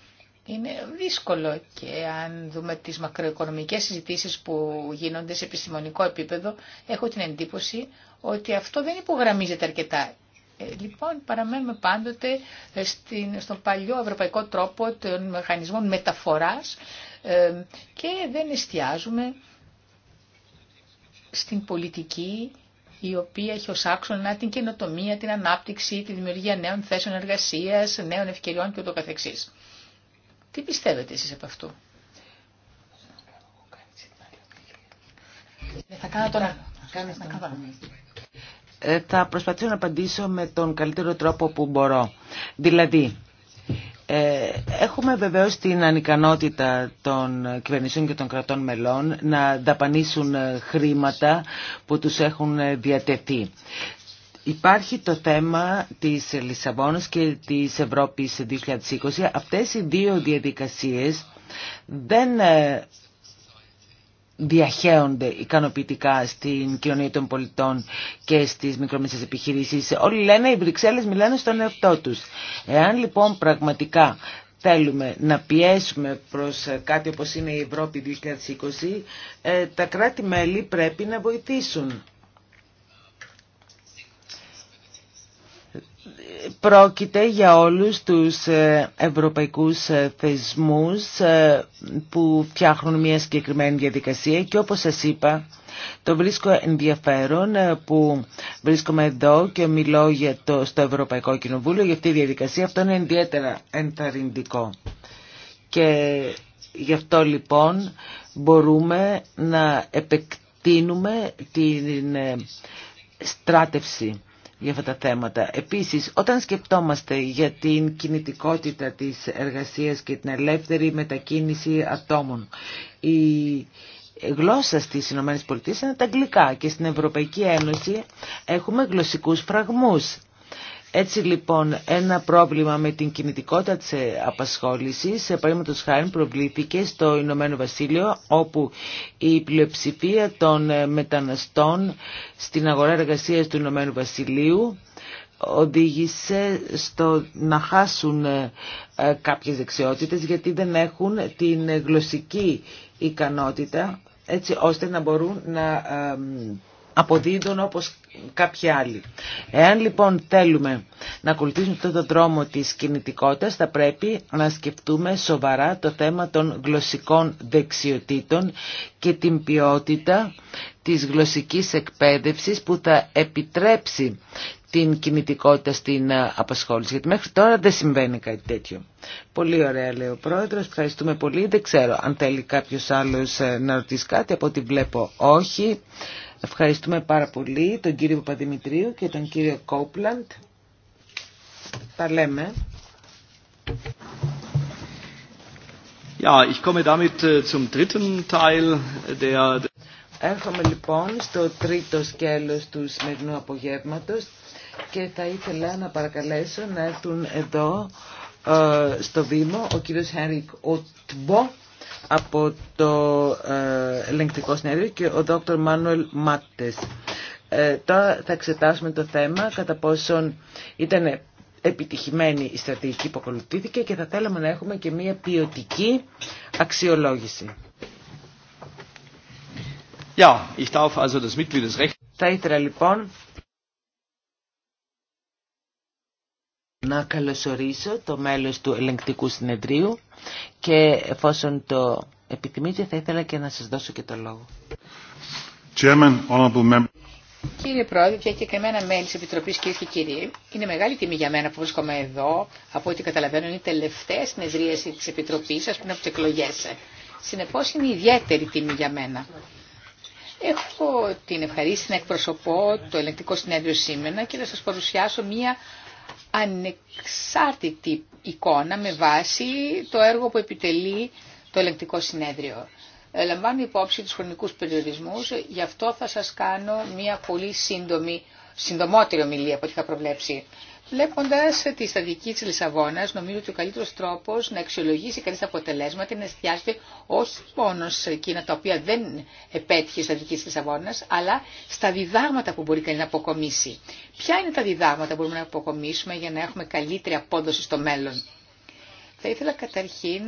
είναι δύσκολο και αν δούμε τις μακροοικονομικές συζητήσεις που γίνονται σε επιστημονικό επίπεδο, έχω την εντύπωση ότι αυτό δεν υπογραμμίζεται αρκετά. Ε, λοιπόν, παραμένουμε πάντοτε ε, στον παλιό ευρωπαϊκό τρόπο των μηχανισμών μεταφοράς και δεν εστιάζουμε στην πολιτική η οποία έχει ως άξονα την καινοτομία, την ανάπτυξη, τη δημιουργία νέων θέσεων εργασίας, νέων ευκαιριών και ούτω καθεξής. Τι πιστεύετε εσείς από αυτού. Ε, θα κάνω τώρα. Ε, θα προσπαθήσω να απαντήσω με τον καλύτερο τρόπο που μπορώ. Δηλαδή, ε, έχουμε βεβαίως την ανικανότητα των κυβερνησίων και των κρατών μελών να δαπανίσουν ε, χρήματα που τους έχουν ε, διατεθεί. Υπάρχει το θέμα της Λισαβόνας και της Ευρώπης 2020. Αυτές οι δύο διαδικασίες δεν διαχέονται ικανοποιητικά στην κοινωνία των πολιτών και στις μικρομεσαίες επιχειρήσεις. Όλοι λένε, οι Βρυξέλλες μιλάνε στον εαυτό τους. Εάν λοιπόν πραγματικά θέλουμε να πιέσουμε προς κάτι όπως είναι η Ευρώπη 2020, ε, τα κράτη-μέλη πρέπει να βοηθήσουν. Πρόκειται για όλους τους ε, ευρωπαϊκούς ε, θεσμούς ε, που φτιάχνουν μια συγκεκριμένη διαδικασία και όπως σας είπα το βρίσκω ενδιαφέρον που βρίσκομαι εδώ και μιλώ για στο Ευρωπαϊκό Κοινοβούλιο για αυτή τη διαδικασία. Αυτό είναι ιδιαίτερα ενθαρρυντικό. Και γι' αυτό λοιπόν μπορούμε να επεκτείνουμε την στράτευση για αυτά τα θέματα. Επίσης, όταν σκεπτόμαστε για την κινητικότητα της εργασίας και την ελεύθερη μετακίνηση ατόμων, η γλώσσα στις ΗΠΑ είναι τα αγγλικά και στην Ευρωπαϊκή Ένωση έχουμε γλωσσικούς φραγμούς. Έτσι λοιπόν ένα πρόβλημα με την κινητικότητα της ε, απασχόλησης σε παρήματος χάρη προβλήθηκε στο Ηνωμένο Βασίλειο όπου η πλειοψηφία των ε, μεταναστών στην αγορά εργασίας του Ηνωμένου Βασιλείου οδήγησε στο να χάσουν ε, κάποιες δεξιότητες γιατί δεν έχουν την γλωσσική ικανότητα έτσι ώστε να μπορούν να αποδίδουν όπως κάποιοι άλλοι. Εάν λοιπόν θέλουμε να ακολουθήσουμε αυτόν τον δρόμο της κινητικότητας θα πρέπει να σκεφτούμε σοβαρά το θέμα των γλωσσικών δεξιοτήτων και την ποιότητα της γλωσσικής εκπαίδευσης που θα επιτρέψει την κινητικότητα στην ε, απασχόληση. Γιατί μέχρι τώρα δεν συμβαίνει κάτι τέτοιο. Πολύ ωραία λέει ο πρόεδρος. Ευχαριστούμε πολύ. Δεν ξέρω αν θέλει κάποιος άλλος ε, να ρωτήσει κάτι. Από ό,τι βλέπω όχι. Ευχαριστούμε πάρα πολύ τον κύριο Παπαδημητρίου και τον κύριο Κόπλαντ. Τα λέμε. Ja, ich komme damit äh, zum dritten Teil der... Έρχομαι λοιπόν στο τρίτο σκέλος του σημερινού απογεύματος και θα ήθελα να παρακαλέσω να έρθουν εδώ ε, στο βήμα ο κύριος Χένρικ Οτμπό από το ε, ελεγκτικό συνέδριο και ο Δόκτωρ Μάνουελ Μάτες. Ε, τώρα θα εξετάσουμε το θέμα κατά πόσον ήταν επιτυχημένη η στρατηγική που ακολουθήθηκε και θα θέλαμε να έχουμε και μια ποιοτική αξιολόγηση. Θα ήθελα λοιπόν Να καλωσορίσω το μέλος του ελεγκτικού συνεδρίου και εφόσον το επιθυμείτε θα ήθελα και να σας δώσω και το λόγο. Κύριε Πρόεδρε, πια και μέλη τη Επιτροπή, κυρίε και κύριοι, είναι μεγάλη τιμή για μένα που βρίσκομαι εδώ. Από ό,τι καταλαβαίνω, είναι η τελευταία συνεδρίαση τη Επιτροπή σα πριν από τι εκλογέ. Συνεπώ, είναι ιδιαίτερη τιμή για μένα. Έχω την ευχαρίστηση να εκπροσωπώ το ελεγκτικό συνέδριο σήμερα και να σα παρουσιάσω μία ανεξάρτητη εικόνα με βάση το έργο που επιτελεί το ελεγκτικό συνέδριο. Ε, λαμβάνω υπόψη τους χρονικούς περιορισμούς, γι' αυτό θα σας κάνω μια πολύ σύντομη, συντομότερη ομιλία ό,τι είχα προβλέψει. Βλέποντα τη στρατηγική τη Λισαβόνα, νομίζω ότι ο καλύτερο τρόπο να αξιολογήσει κανεί τα αποτελέσματα είναι να εστιάζεται όχι μόνο σε εκείνα τα οποία δεν επέτυχε η στρατηγική τη Λισαβόνας, αλλά στα διδάγματα που μπορεί κανεί να αποκομίσει. Ποια είναι τα διδάγματα που μπορούμε να αποκομίσουμε για να έχουμε καλύτερη απόδοση στο μέλλον. Θα ήθελα καταρχήν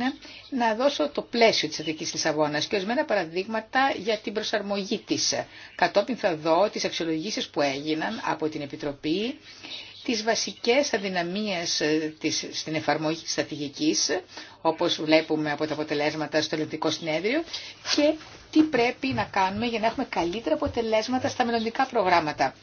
να δώσω το πλαίσιο της Αττικής Λισαβόνας και ορισμένα παραδείγματα για την προσαρμογή της. Κατόπιν θα δω τις αξιολογήσεις που έγιναν από την Επιτροπή τις βασικές αδυναμίες ε, της, στην εφαρμογή στρατηγικής, όπως βλέπουμε από τα αποτελέσματα στο ελληνικό συνέδριο, και τι πρέπει να κάνουμε για να έχουμε καλύτερα αποτελέσματα στα μελλοντικά προγράμματα.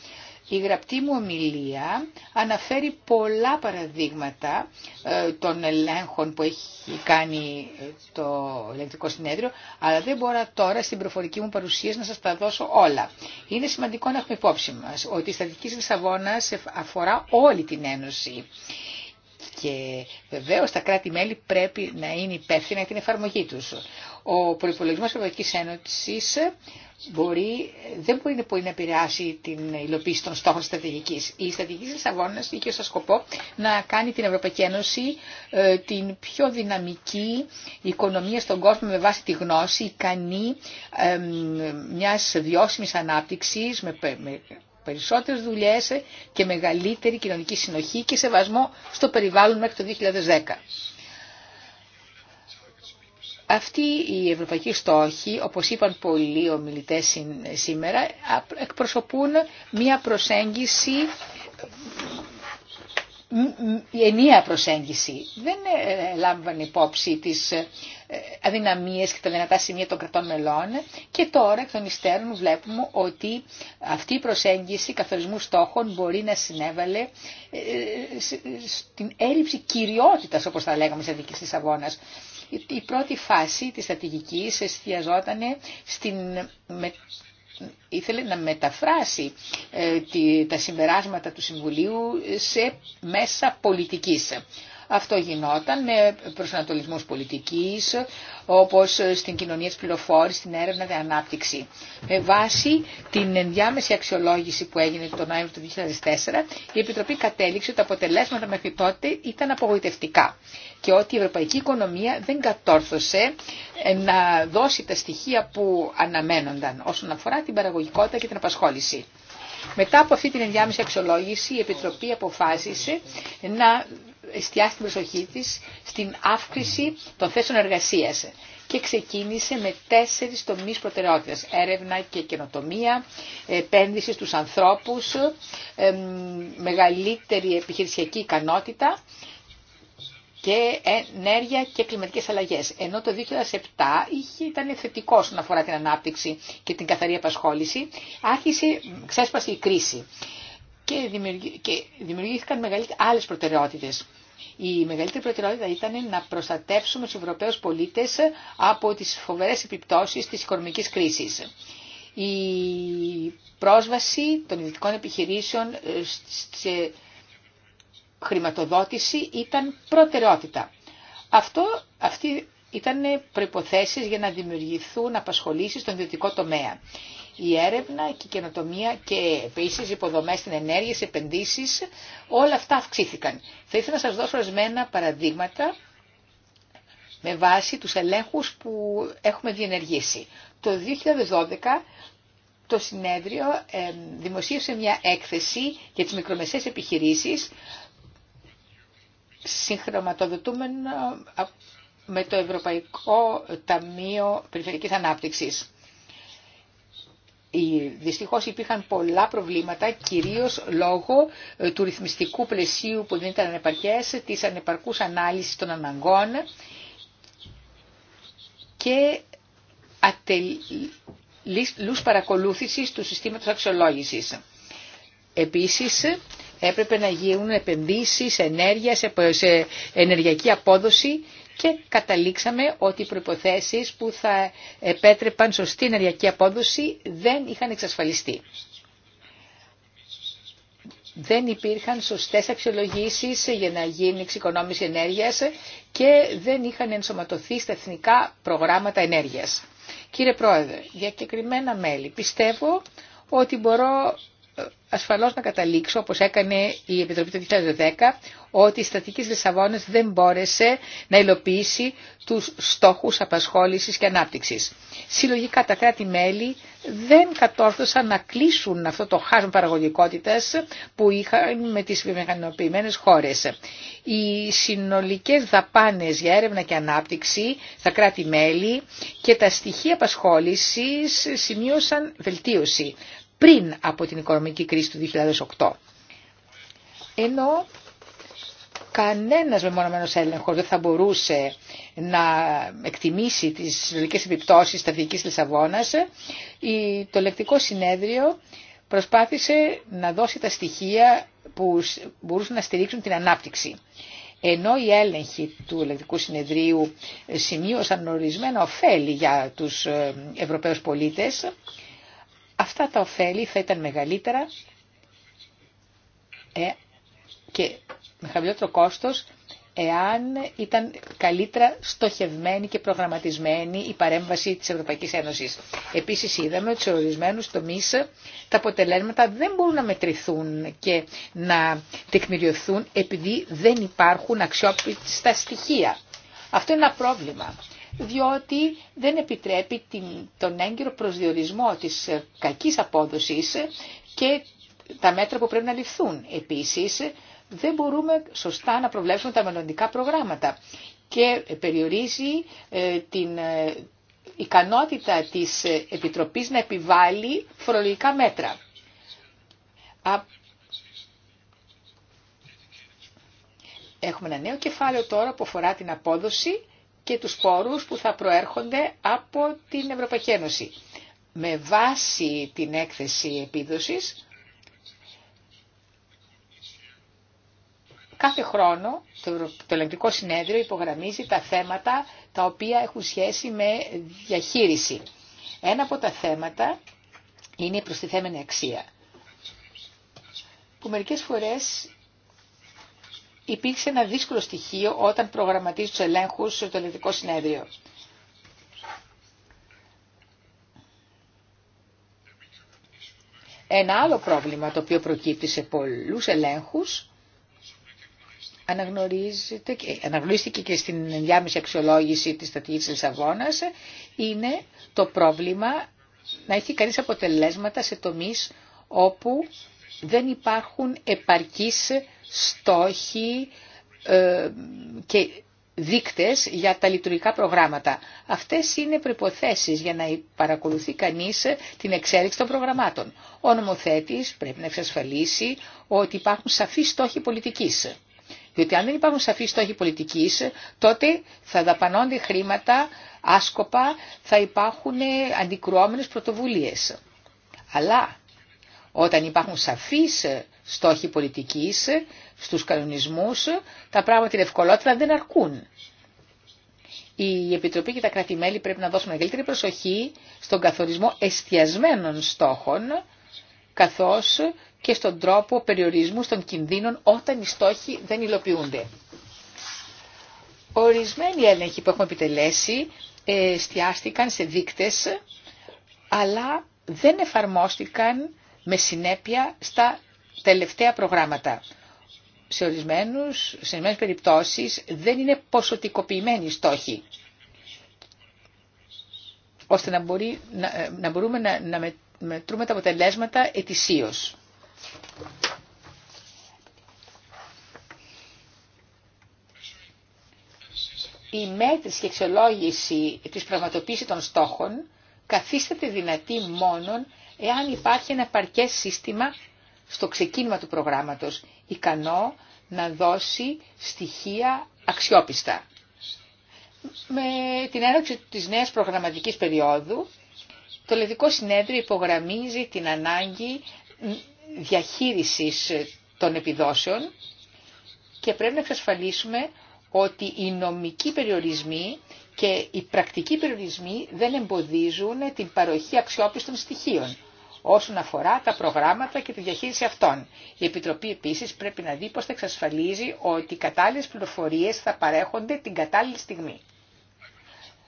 Η γραπτή μου ομιλία αναφέρει πολλά παραδείγματα ε, των ελέγχων που έχει κάνει ε, το ηλεκτρικό συνέδριο, αλλά δεν μπορώ τώρα στην προφορική μου παρουσίαση να σας τα δώσω όλα. Είναι σημαντικό να έχουμε υπόψη μας ότι η στατική της αφορά όλη την Ένωση. Και βεβαίω τα κράτη-μέλη πρέπει να είναι υπεύθυνα για την εφαρμογή του. Ο προϋπολογισμός της Ευρωπαϊκής μπορεί, δεν μπορεί να, επηρεάσει την υλοποίηση των στόχων στρατηγική. Η στρατηγική της Αγώνα είχε ως σκοπό να κάνει την Ευρωπαϊκή Ένωση ε, την πιο δυναμική οικονομία στον κόσμο με βάση τη γνώση, ικανή ε, μιας βιώσιμη με, με περισσότερες δουλειές και μεγαλύτερη κοινωνική συνοχή και σεβασμό στο περιβάλλον μέχρι το 2010. Αυτοί οι ευρωπαϊκοί στόχοι, όπως είπαν πολλοί ομιλητές σήμερα, εκπροσωπούν μια προσέγγιση η ενιαία προσέγγιση δεν ε, λάμβανε υπόψη τις ε, αδυναμίες και τα δυνατά σημεία των κρατών μελών και τώρα εκ των υστέρων βλέπουμε ότι αυτή η προσέγγιση καθορισμού στόχων μπορεί να συνέβαλε ε, στην έλλειψη κυριότητας όπως τα λέγαμε σε δίκη της Αβώνας. Η πρώτη φάση της στρατηγικής εστιαζόταν στην ήθελε να μεταφράσει ε, τα συμπεράσματα του Συμβουλίου σε μέσα πολιτικής. Αυτό γινόταν με προσανατολισμούς πολιτικής, όπως στην κοινωνία της πληροφόρησης, στην έρευνα και ανάπτυξη. Με βάση την ενδιάμεση αξιολόγηση που έγινε τον Νοέμβριο του 2004, η Επιτροπή κατέληξε ότι τα αποτελέσματα μέχρι τότε ήταν απογοητευτικά και ότι η ευρωπαϊκή οικονομία δεν κατόρθωσε να δώσει τα στοιχεία που αναμένονταν όσον αφορά την παραγωγικότητα και την απασχόληση. Μετά από αυτή την ενδιάμεση αξιολόγηση η Επιτροπή αποφάσισε να εστιάσει την προσοχή της στην αύξηση των θέσεων εργασίας και ξεκίνησε με τέσσερις τομείς προτεραιότητας. Έρευνα και καινοτομία, επένδυση στους ανθρώπους, μεγαλύτερη επιχειρησιακή ικανότητα και ενέργεια και κλιματικές αλλαγές. Ενώ το 2007 ήταν θετικό όσον αφορά την ανάπτυξη και την καθαρή απασχόληση, άρχισε, ξέσπασε η κρίση και, και δημιουργήθηκαν άλλε προτεραιότητες. Η μεγαλύτερη προτεραιότητα ήταν να προστατεύσουμε του Ευρωπαίου πολίτες από τις φοβερέ επιπτώσεις της οικονομική κρίσης. Η πρόσβαση των ιδιωτικών επιχειρήσεων ε, σε χρηματοδότηση ήταν προτεραιότητα. Αυτό, αυτή ήταν προϋποθέσεις για να δημιουργηθούν απασχολήσεις στον ιδιωτικό τομέα η έρευνα και η καινοτομία και επίσης υποδομές στην ενέργεια, σε επενδύσεις, όλα αυτά αυξήθηκαν. Θα ήθελα να σα δώσω ορισμένα παραδείγματα με βάση τους ελέγχους που έχουμε διενεργήσει. Το 2012 το συνέδριο ε, δημοσίευσε μια έκθεση για τις μικρομεσαίες επιχειρήσεις συγχρωματοδοτούμενο με το Ευρωπαϊκό Ταμείο Περιφερικής Ανάπτυξης. Δυστυχώς υπήρχαν πολλά προβλήματα, κυρίως λόγω ε, του ρυθμιστικού πλαισίου που δεν ήταν ανεπαρκές, της ανεπαρκούς ανάλυσης των αναγκών και ατελούς παρακολούθησης του συστήματος αξιολόγησης. Επίσης, έπρεπε να γίνουν επενδύσεις, ενέργεια, σε ενεργειακή απόδοση και καταλήξαμε ότι οι προϋποθέσεις που θα επέτρεπαν σωστή ενεργειακή απόδοση δεν είχαν εξασφαλιστεί. Δεν υπήρχαν σωστές αξιολογήσεις για να γίνει εξοικονόμηση ενέργειας και δεν είχαν ενσωματωθεί στα εθνικά προγράμματα ενέργειας. Κύριε Πρόεδρε, διακεκριμένα μέλη, πιστεύω ότι μπορώ ασφαλώς να καταλήξω, όπως έκανε η Επιτροπή το 2010, ότι η Στατική Λισαβόνας δεν μπόρεσε να υλοποιήσει τους στόχους απασχόλησης και ανάπτυξης. Συλλογικά τα κράτη-μέλη δεν κατόρθωσαν να κλείσουν αυτό το χάσμα παραγωγικότητας που είχαν με τις βιομηχανοποιημένες χώρες. Οι συνολικές δαπάνες για έρευνα και ανάπτυξη στα κράτη-μέλη και τα στοιχεία απασχόλησης σημείωσαν βελτίωση πριν από την οικονομική κρίση του 2008. Ενώ κανένας μεμονωμένος έλεγχο δεν θα μπορούσε να εκτιμήσει τις συλλογικές επιπτώσεις της στρατηγικής Λισαβόνας, το λεκτικό συνέδριο προσπάθησε να δώσει τα στοιχεία που μπορούσαν να στηρίξουν την ανάπτυξη. Ενώ οι έλεγχοι του ελεκτικού συνεδρίου σημείωσαν ορισμένα ωφέλη για τους ε, Ευρωπαίους πολίτες, Αυτά τα ωφέλη θα ήταν μεγαλύτερα ε, και με χαμηλότερο κόστος εάν ήταν καλύτερα στοχευμένη και προγραμματισμένη η παρέμβαση της Ευρωπαϊκής Ένωσης. Επίσης είδαμε ότι σε ορισμένου τομείς τα αποτελέσματα δεν μπορούν να μετρηθούν και να τεκμηριωθούν επειδή δεν υπάρχουν στα στοιχεία. Αυτό είναι ένα πρόβλημα διότι δεν επιτρέπει τον έγκυρο προσδιορισμό της κακής απόδοσης και τα μέτρα που πρέπει να ληφθούν. Επίσης, δεν μπορούμε σωστά να προβλέψουμε τα μελλοντικά προγράμματα και περιορίζει ε, την ε, ικανότητα της Επιτροπής να επιβάλλει φορολογικά μέτρα. Έχουμε ένα νέο κεφάλαιο τώρα που αφορά την απόδοση και τους πόρους που θα προέρχονται από την Ευρωπαϊκή Ένωση. Με βάση την έκθεση επίδοσης, κάθε χρόνο το Ελεγκτικό Συνέδριο υπογραμμίζει τα θέματα τα οποία έχουν σχέση με διαχείριση. Ένα από τα θέματα είναι η προστιθέμενη αξία, που μερικές φορές υπήρξε ένα δύσκολο στοιχείο όταν προγραμματίζει τους ελέγχους στο Ελληνικό Συνέδριο. Ένα άλλο πρόβλημα το οποίο προκύπτει σε πολλούς ελέγχους αναγνωρίστηκε και στην ενδιάμεση αξιολόγηση της στρατηγικής Λισαβόνας είναι το πρόβλημα να έχει κανείς αποτελέσματα σε τομείς όπου δεν υπάρχουν επαρκείς στόχοι ε, και δείκτες για τα λειτουργικά προγράμματα. Αυτές είναι προϋποθέσεις για να παρακολουθεί κανείς ε, την εξέλιξη των προγραμμάτων. Ο νομοθέτης πρέπει να εξασφαλίσει ότι υπάρχουν σαφείς στόχοι πολιτικής. Διότι αν δεν υπάρχουν σαφείς στόχοι πολιτικής, τότε θα δαπανώνται χρήματα άσκοπα, θα υπάρχουν ε, αντικρουόμενες πρωτοβουλίες. Αλλά όταν υπάρχουν σαφείς στόχοι πολιτικής, στους κανονισμούς, τα πράγματα είναι ευκολότερα, δεν αρκούν. Η Επιτροπή και τα κρατη πρέπει να δώσουν μεγαλύτερη προσοχή στον καθορισμό εστιασμένων στόχων, καθώς και στον τρόπο περιορισμού των κινδύνων όταν οι στόχοι δεν υλοποιούνται. Ορισμένοι έλεγχοι που έχουμε επιτελέσει ε, εστιάστηκαν σε δείκτες, αλλά δεν εφαρμόστηκαν με συνέπεια στα τελευταία προγράμματα. Σε, ορισμένους, σε ορισμένες περιπτώσεις δεν είναι ποσοτικοποιημένοι οι στόχοι ώστε να, ε, να, μπορούμε να, να μετρούμε τα αποτελέσματα ετησίως. η μέτρηση και αξιολόγηση της πραγματοποίησης των στόχων καθίσταται δυνατή μόνον εάν υπάρχει ένα παρκές σύστημα στο ξεκίνημα του προγράμματος, ικανό να δώσει στοιχεία αξιόπιστα. Με την έναρξη της νέας προγραμματικής περίοδου, το Λεδικό Συνέδριο υπογραμμίζει την ανάγκη διαχείρισης των επιδόσεων και πρέπει να εξασφαλίσουμε ότι οι νομικοί περιορισμοί και οι πρακτικοί περιορισμοί δεν εμποδίζουν την παροχή αξιόπιστων στοιχείων όσον αφορά τα προγράμματα και τη διαχείριση αυτών. Η Επιτροπή επίσης πρέπει να δει πώ θα εξασφαλίζει ότι οι κατάλληλε πληροφορίες θα παρέχονται την κατάλληλη στιγμή.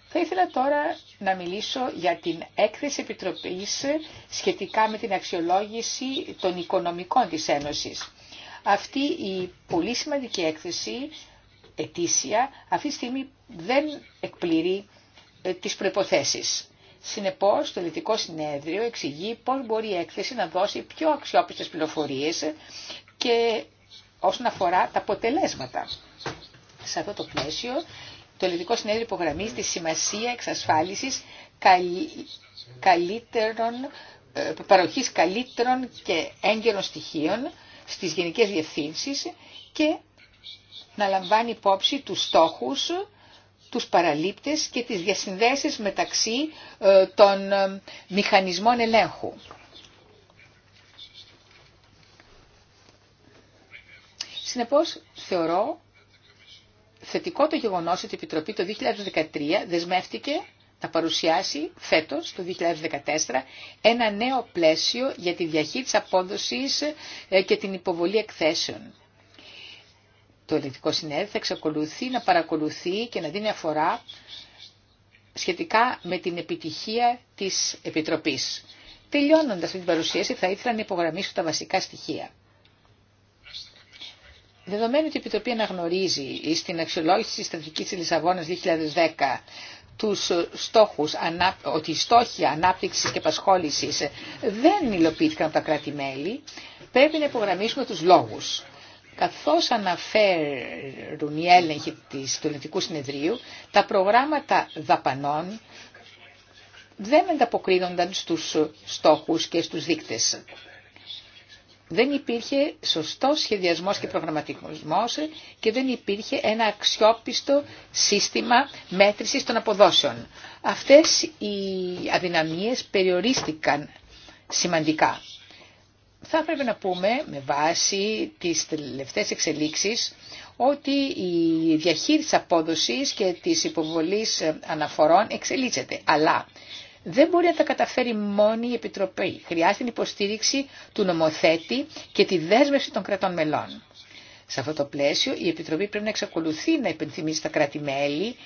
Θα ήθελα τώρα να μιλήσω για την έκθεση Επιτροπής σχετικά με την αξιολόγηση των οικονομικών της Ένωσης. Αυτή η πολύ σημαντική έκθεση, ετήσια, αυτή τη στιγμή δεν εκπληρεί ε, τις προϋποθέσεις. Συνεπώς, το Λιτικό Συνέδριο εξηγεί πώς μπορεί η έκθεση να δώσει πιο αξιόπιστες πληροφορίες και όσον αφορά τα αποτελέσματα. Σε αυτό το πλαίσιο, το Ελληνικό Συνέδριο υπογραμμίζει τη σημασία εξασφάλισης καλύτερων, ε, παροχής καλύτερων και έγκαιρων στοιχείων στις γενικές διευθύνσεις και να λαμβάνει υπόψη τους στόχους τους παραλήπτες και τις διασυνδέσεις μεταξύ ε, των ε, μηχανισμών ελέγχου. Συνεπώς, θεωρώ θετικό το γεγονός ότι η Επιτροπή το 2013 δεσμεύτηκε να παρουσιάσει φέτος, το 2014, ένα νέο πλαίσιο για τη διαχείριση απόδοσης ε, και την υποβολή εκθέσεων. Το ελληνικό συνέδριο θα εξακολουθεί να παρακολουθεί και να δίνει αφορά σχετικά με την επιτυχία της Επιτροπής. Τελειώνοντας αυτή την παρουσίαση θα ήθελα να υπογραμμίσω τα βασικά στοιχεία. Δεδομένου ότι η Επιτροπή αναγνωρίζει στην αξιολόγηση τη στρατηγικής τη Λισαβόνας 2010 τους στόχους, ότι οι στόχοι ανάπτυξης και απασχόλησης δεν υλοποιήθηκαν από τα κράτη-μέλη, πρέπει να υπογραμμίσουμε τους λόγους καθώς αναφέρουν οι έλεγχοι του Ελληνικού Συνεδρίου, τα προγράμματα δαπανών δεν ανταποκρίνονταν στους στόχους και στους δείκτες. Δεν υπήρχε σωστό σχεδιασμός και προγραμματισμός και δεν υπήρχε ένα αξιόπιστο σύστημα μέτρησης των αποδόσεων. Αυτές οι αδυναμίες περιορίστηκαν σημαντικά θα έπρεπε να πούμε με βάση τις τελευταίες εξελίξεις ότι η διαχείριση απόδοσης και της υποβολής ε, αναφορών εξελίσσεται. Αλλά δεν μπορεί να τα καταφέρει μόνη η Επιτροπή. Χρειάζεται την υποστήριξη του νομοθέτη και τη δέσμευση των κρατών μελών. Σε αυτό το πλαίσιο η Επιτροπή πρέπει να εξακολουθεί να υπενθυμίζει στα κράτη-μέλη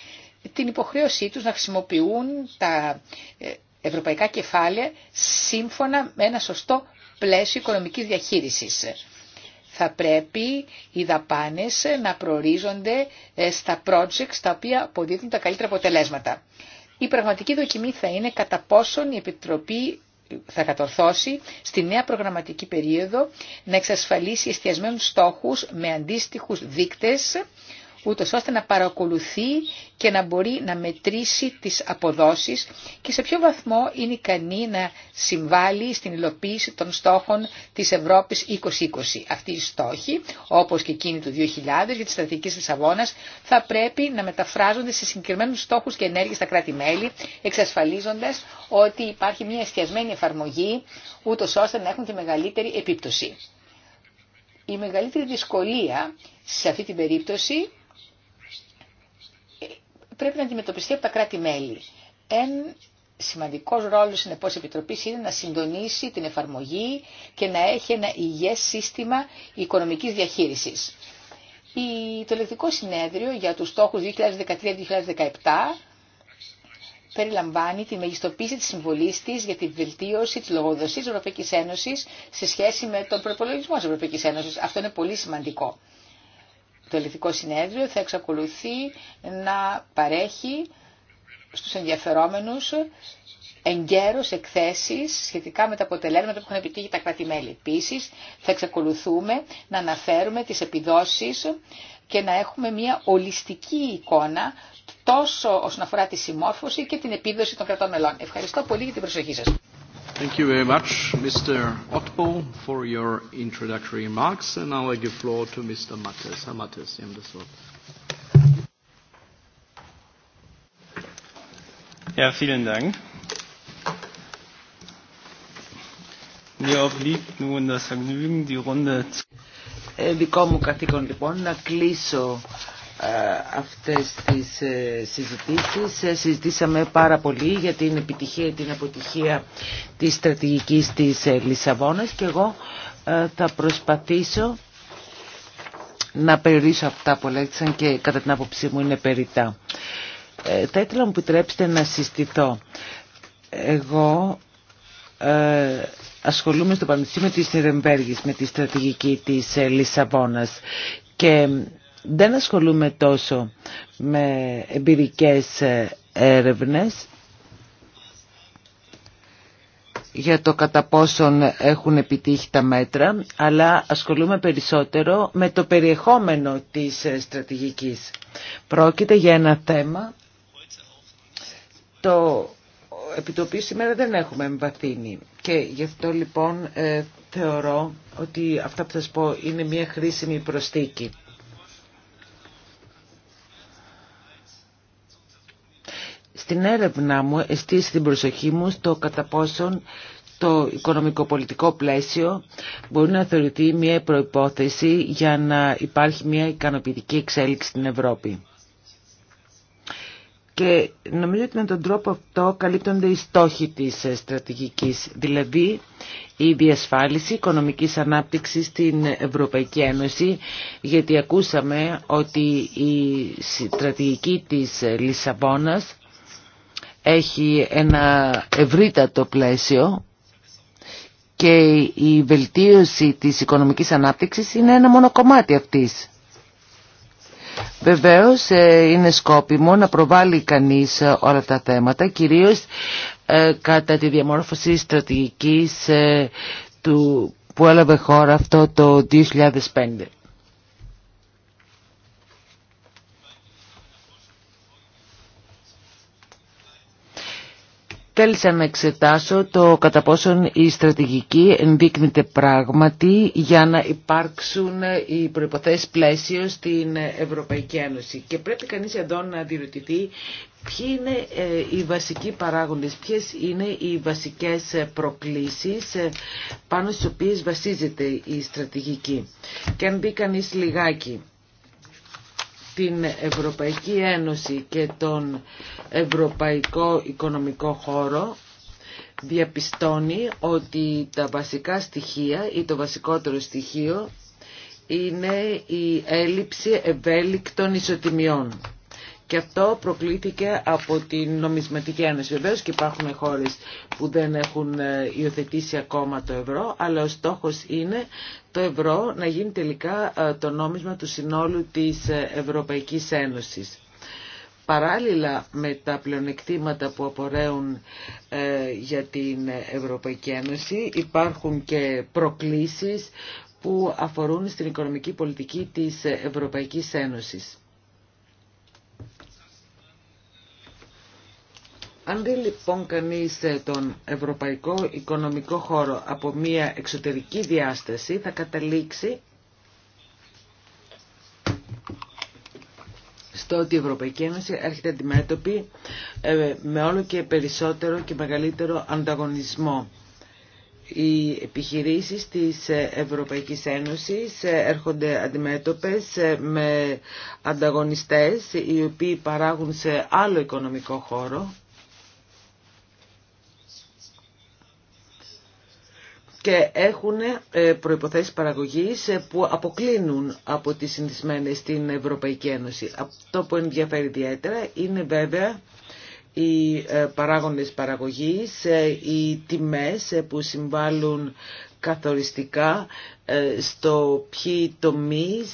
την υποχρέωσή τους να χρησιμοποιούν τα ε, ευρωπαϊκά κεφάλαια σύμφωνα με ένα σωστό πλαίσιο οικονομικής διαχείρισης. Θα πρέπει οι δαπάνες να προορίζονται ε, στα projects τα οποία αποδίδουν τα καλύτερα αποτελέσματα. Η πραγματική δοκιμή θα είναι κατά πόσον η Επιτροπή θα κατορθώσει στη νέα προγραμματική περίοδο να εξασφαλίσει εστιασμένους στόχους με αντίστοιχους δείκτες ούτως ώστε να παρακολουθεί και να μπορεί να μετρήσει τις αποδόσεις και σε ποιο βαθμό είναι ικανή να συμβάλλει στην υλοποίηση των στόχων της Ευρώπης 2020. Αυτοί οι στόχοι, όπως και εκείνοι του 2000 για τη στρατηγική της Αβώνας, θα πρέπει να μεταφράζονται σε συγκεκριμένους στόχους και ενέργειες στα κράτη-μέλη, εξασφαλίζοντας ότι υπάρχει μια εστιασμένη εφαρμογή, ούτως ώστε να έχουν τη μεγαλύτερη επίπτωση. Η μεγαλύτερη δυσκολία σε αυτή την περίπτωση πρέπει να αντιμετωπιστεί από τα κράτη-μέλη. Ένα σημαντικό ρόλο συνεπώ τη Επιτροπή είναι να συντονίσει την εφαρμογή και να έχει ένα υγιέ σύστημα οικονομική διαχείριση. Το ελεκτικό συνέδριο για τους στόχους 2013-2017 περιλαμβάνει τη μεγιστοποίηση της συμβολής της για τη βελτίωση της λογοδοσίας της Ευρωπαϊκής Ένωσης σε σχέση με τον προπολογισμό της Ευρωπαϊκής Ένωσης. Αυτό είναι πολύ σημαντικό το ελληνικό συνέδριο θα εξακολουθεί να παρέχει στους ενδιαφερόμενους εγκαίρως εκθέσεις σχετικά με τα αποτελέσματα που έχουν επιτύχει τα κράτη-μέλη. Επίση, θα εξακολουθούμε να αναφέρουμε τις επιδόσεις και να έχουμε μια ολιστική εικόνα τόσο όσον αφορά τη συμμόρφωση και την επίδοση των κρατών μελών. Ευχαριστώ πολύ για την προσοχή σας. Thank you very much, Mr. Otto, for your introductory remarks. And now I give floor to Mr. Mattes. Herr Mattes, Sie haben das Wort. Ja, vielen Dank. Mir obliegt nun das Vergnügen, die Runde zu... Δικό μου καθήκον λοιπόν να κλείσω ε, αυτές τις ε, συζητήσεις. Ε, συζητήσαμε πάρα πολύ για την επιτυχία την αποτυχία της στρατηγικής της Λισαβόνας και εγώ θα προσπαθήσω να περιορίσω αυτά που λέξαν και κατά την άποψή μου είναι περιτά. Θα ήθελα να μου επιτρέψετε να συστηθώ. Εγώ ασχολούμαι στο Πανεπιστήμιο της Νιρεμβέργης με τη στρατηγική της Λισαβόνας και δεν ασχολούμαι τόσο με εμπειρικές έρευνες για το κατά πόσον έχουν επιτύχει τα μέτρα, αλλά ασχολούμαι περισσότερο με το περιεχόμενο της στρατηγικής. Πρόκειται για ένα θέμα το επί το οποίο σήμερα δεν έχουμε εμβαθύνει. Και γι' αυτό λοιπόν ε, θεωρώ ότι αυτά που σας πω είναι μια χρήσιμη προστίκη. Στην έρευνά μου την προσοχή μου στο κατά πόσον το οικονομικοπολιτικό πλαίσιο μπορεί να θεωρηθεί μια προϋπόθεση για να υπάρχει μια ικανοποιητική εξέλιξη στην Ευρώπη. Και νομίζω ότι με τον τρόπο αυτό καλύπτονται οι στόχοι της στρατηγικής, δηλαδή η διασφάλιση οικονομικής ανάπτυξης στην Ευρωπαϊκή Ένωση, γιατί ακούσαμε ότι η στρατηγική της Λισαβόνας έχει ένα ευρύτατο πλαίσιο και η βελτίωση της οικονομικής ανάπτυξης είναι ένα μόνο κομμάτι αυτής. Βεβαίως ε, είναι σκόπιμο να προβάλλει κανείς ε, όλα τα θέματα, κυρίως ε, κατά τη διαμόρφωση στρατηγικής του, που έλαβε χώρα αυτό το 2005. Θέλησα να εξετάσω το κατά πόσον η στρατηγική ενδείκνυται πράγματι για να υπάρξουν οι προϋποθέσεις πλαίσιο στην Ευρωπαϊκή Ένωση. Και πρέπει κανείς εδώ να αντιρωτηθεί ποιοι είναι ε, οι βασικοί παράγοντες, ποιες είναι οι βασικές προκλήσεις ε, πάνω στις οποίες βασίζεται η στρατηγική. Και αν μπει κανείς λιγάκι την Ευρωπαϊκή Ένωση και τον Ευρωπαϊκό Οικονομικό Χώρο διαπιστώνει ότι τα βασικά στοιχεία ή το βασικότερο στοιχείο είναι η έλλειψη ευέλικτων ισοτιμιών. Και αυτό προκλήθηκε από την νομισματική ένωση. Βεβαίω και υπάρχουν χώρε που δεν έχουν ε, υιοθετήσει ακόμα το ευρώ, αλλά ο στόχο είναι το ευρώ να γίνει τελικά ε, το νόμισμα του συνόλου της ε, Ευρωπαϊκής Ένωσης. Παράλληλα με τα πλεονεκτήματα που απορρέουν για την Ευρωπαϊκή Ένωση υπάρχουν και προκλήσεις που αφορούν στην οικονομική πολιτική της Ευρωπαϊκής Ένωσης. Αν δει λοιπόν κανείς ε, τον ευρωπαϊκό οικονομικό χώρο από μια εξωτερική διάσταση θα καταλήξει στο ότι η Ευρωπαϊκή Ένωση έρχεται αντιμέτωπη ε, με όλο και περισσότερο και μεγαλύτερο ανταγωνισμό. Οι επιχειρήσεις της ε, Ευρωπαϊκής Ένωσης έρχονται αντιμέτωπες με ανταγωνιστές οι οποίοι παράγουν σε άλλο οικονομικό χώρο και έχουν ε, προϋποθέσεις παραγωγής ε, που αποκλίνουν από τις συνδυσμένες στην Ευρωπαϊκή Ένωση. Αυτό που ενδιαφέρει ιδιαίτερα είναι βέβαια οι ε, παράγοντες παραγωγής, οι τιμές που συμβάλλουν καθοριστικά στο ποιοι τομείς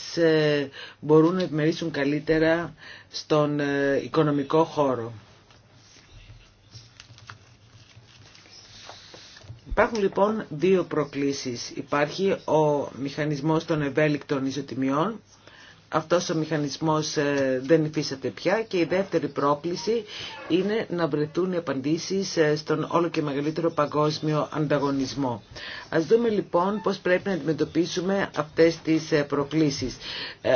μπορούν να επιμερίσουν καλύτερα στον οικονομικό χώρο. Υπάρχουν λοιπόν δύο προκλήσεις. Υπάρχει ο μηχανισμός των ευέλικτων ισοτιμιών. Αυτός ο μηχανισμός ε, δεν υφίσταται πια και η δεύτερη πρόκληση είναι να βρεθούν απαντήσεις ε, στον όλο και μεγαλύτερο παγκόσμιο ανταγωνισμό. Ας δούμε λοιπόν πώς πρέπει να αντιμετωπίσουμε αυτές τις ε, προκλήσεις.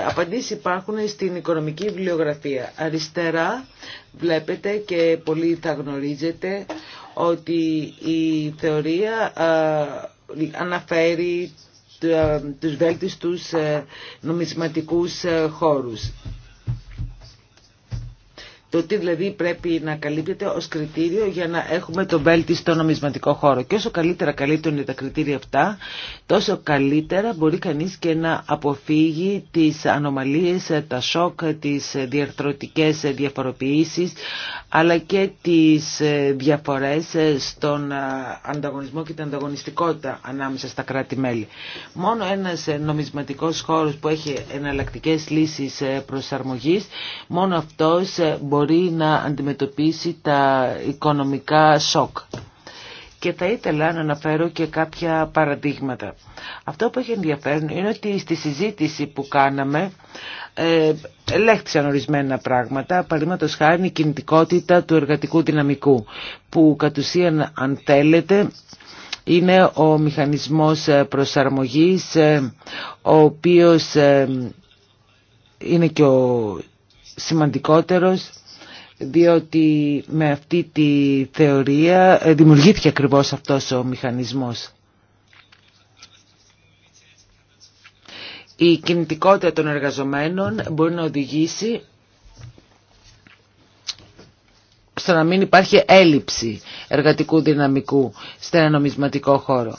Απαντήσεις υπάρχουν στην οικονομική βιβλιογραφία. Αριστερά βλέπετε και πολλοί θα γνωρίζετε ότι η θεωρία αναφέρει τους βέλτιστους ε, νομισματικούς ε, χώρους. Το τι δηλαδή πρέπει να καλύπτεται ως κριτήριο για να έχουμε το βέλτιστο νομισματικό χώρο. Και όσο καλύτερα καλύπτουν τα κριτήρια αυτά, τόσο καλύτερα μπορεί κανείς και να αποφύγει τις ανομαλίες, τα σοκ, τις διαρθρωτικές διαφοροποιήσεις, αλλά και τις διαφορές στον ανταγωνισμό και την ανταγωνιστικότητα ανάμεσα στα κράτη-μέλη. Μόνο ένας νομισματικός χώρος που έχει εναλλακτικές λύσεις προσαρμογής, μόνο αυτός μπορεί μπορεί να αντιμετωπίσει τα οικονομικά σοκ. Και θα ήθελα να αναφέρω και κάποια παραδείγματα. Αυτό που έχει ενδιαφέρον είναι ότι στη συζήτηση που κάναμε ε, ελέγχθησαν ορισμένα πράγματα, παραδείγματο χάρη η κινητικότητα του εργατικού δυναμικού, που κατ' ουσίαν αν θέλετε είναι ο μηχανισμός ε, προσαρμογής, ε, ο οποίος ε, είναι και ο σημαντικότερος διότι με αυτή τη θεωρία ε, δημιουργήθηκε ακριβώς αυτός ο μηχανισμός. Η κινητικότητα των εργαζομένων μπορεί να οδηγήσει στο να μην υπάρχει έλλειψη εργατικού δυναμικού ένα νομισματικό χώρο.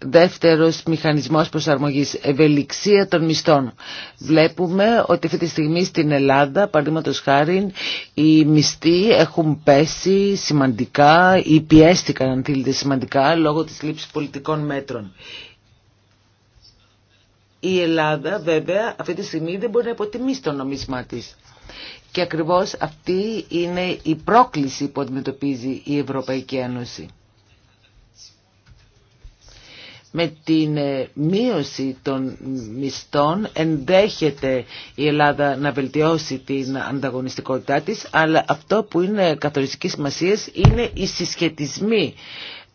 Δεύτερος μηχανισμός προσαρμογής, ευελιξία των μισθών. Βλέπουμε ότι αυτή τη στιγμή στην Ελλάδα, παραδείγματο χάρη, οι μισθοί έχουν πέσει σημαντικά ή πιέστηκαν αν θέλετε σημαντικά λόγω της λήψης πολιτικών μέτρων. Η Ελλάδα βέβαια αυτή τη στιγμή δεν μπορεί να υποτιμήσει το νομίσμα της. Και ακριβώς αυτή είναι η πρόκληση που αντιμετωπίζει η Ευρωπαϊκή Ένωση με την ε, μείωση των μισθών ενδέχεται η Ελλάδα να βελτιώσει την ανταγωνιστικότητά της, αλλά αυτό που είναι καθοριστική σημασία είναι οι συσχετισμοί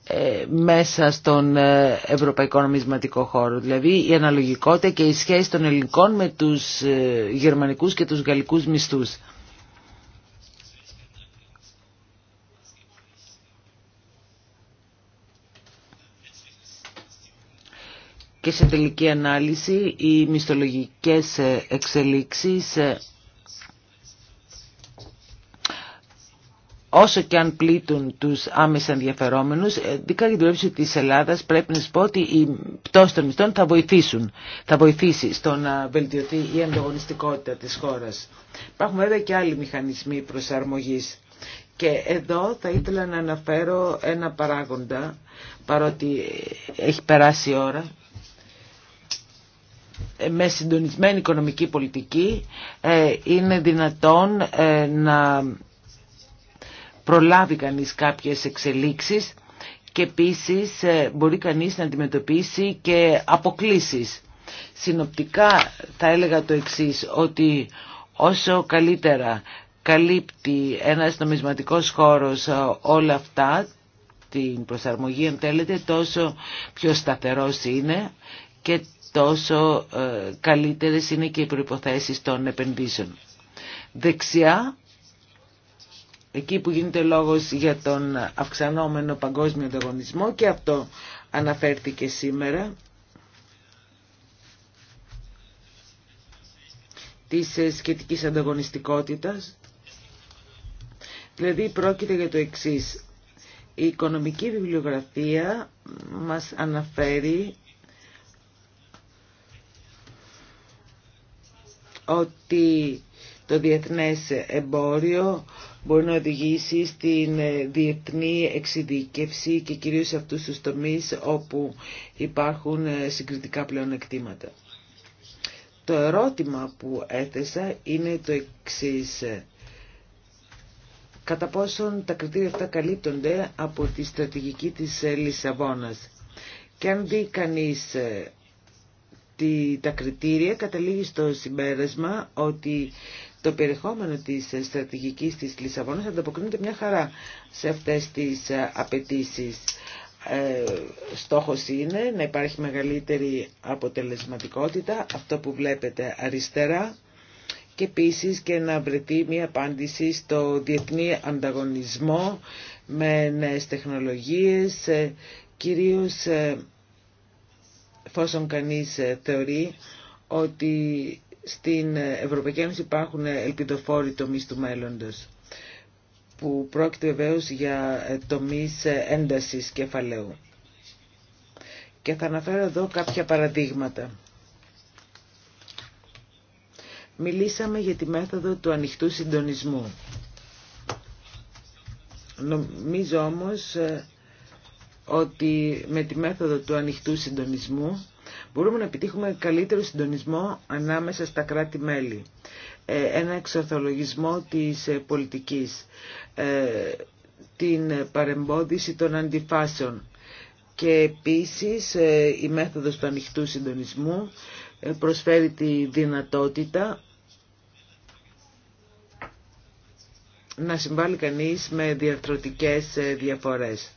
ε, μέσα στον ε, Ευρωπαϊκό Νομισματικό Χώρο. Δηλαδή η αναλογικότητα και η σχέση των ελληνικών με τους γερμανικούς και τους γαλλικούς μισθούς. και σε τελική ανάλυση οι μισθολογικές ε, εξελίξεις ε, όσο και αν πλήττουν τους άμεσα ενδιαφερόμενους, ε, δικά για την δουλειά της Ελλάδας πρέπει να σου πω ότι η πτώση των μισθών θα βοηθήσουν, θα βοηθήσει στο να βελτιωθεί η ανταγωνιστικότητα της χώρας. Υπάρχουν βέβαια και άλλοι μηχανισμοί προσαρμογής. Και εδώ θα ήθελα να αναφέρω ένα παράγοντα, παρότι έχει περάσει η ώρα, ε, με συντονισμένη οικονομική πολιτική ε, είναι δυνατόν ε, να προλάβει κανείς κάποιες εξελίξεις και επίσης μπορεί κανείς να αντιμετωπίσει και αποκλίσεις. Συνοπτικά θα έλεγα το εξής, ότι όσο καλύτερα καλύπτει ένας νομισματικός χώρος όλα αυτά, την προσαρμογή αν θέλετε, τόσο πιο σταθερός είναι και τόσο ε, καλύτερες είναι και οι προϋποθέσεις των επενδύσεων. Δεξιά, εκεί που γίνεται λόγος για τον αυξανόμενο παγκόσμιο ανταγωνισμό και αυτό αναφέρθηκε σήμερα, της ε, σχετικής ανταγωνιστικότητας. Δηλαδή πρόκειται για το εξής. Η οικονομική βιβλιογραφία μας αναφέρει ότι το διεθνές εμπόριο μπορεί να οδηγήσει στην διεθνή εξειδικευσή και κυρίως σε αυτούς τους τομείς όπου υπάρχουν συγκριτικά πλεονεκτήματα. Το ερώτημα που έθεσα είναι το εξής. Κατά πόσον τα κριτήρια αυτά καλύπτονται από τη στρατηγική της Λισαβόνας. Και αν δει κανείς τα κριτήρια καταλήγει στο συμπέρασμα ότι το περιεχόμενο της στρατηγικής της Λισαβόνας ανταποκρίνεται μια χαρά σε αυτές τις απαιτήσει. Ε, στόχος είναι να υπάρχει μεγαλύτερη αποτελεσματικότητα, αυτό που βλέπετε αριστερά, και επίση και να βρεθεί μια απάντηση στο διεθνή ανταγωνισμό με νέες τεχνολογίες, ε, κυρίως ε, εφόσον κανείς ε, θεωρεί ότι στην Ευρωπαϊκή Ένωση υπάρχουν ε, ελπιδοφόροι τομείς του μέλλοντος που πρόκειται βεβαίω για ε, τομείς έντασης κεφαλαίου. Και θα αναφέρω εδώ κάποια παραδείγματα. Μιλήσαμε για τη μέθοδο του ανοιχτού συντονισμού. Νομίζω όμως ότι με τη μέθοδο του ανοιχτού συντονισμού μπορούμε να επιτύχουμε καλύτερο συντονισμό ανάμεσα στα κράτη-μέλη. Ε, ένα εξορθολογισμό της ε, πολιτικής, ε, την παρεμπόδιση των αντιφάσεων και επίσης η μέθοδος του ανοιχτού συντονισμού προσφέρει τη δυνατότητα να συμβάλλει κανείς με διαρθρωτικές διαφορές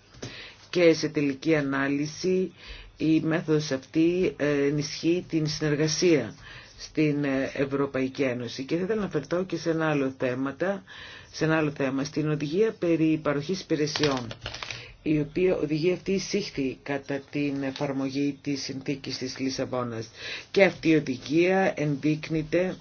και σε τελική ανάλυση η μέθοδος αυτή ενισχύει την συνεργασία στην Ευρωπαϊκή Ένωση. Και θα ήθελα να φερθώ και σε ένα άλλο, σε θέμα, στην οδηγία περί παροχής υπηρεσιών η οποία οδηγία αυτή εισήχθη κατά την εφαρμογή της συνθήκης της Λισαβόνας. Και αυτή η οδηγία ενδείκνυται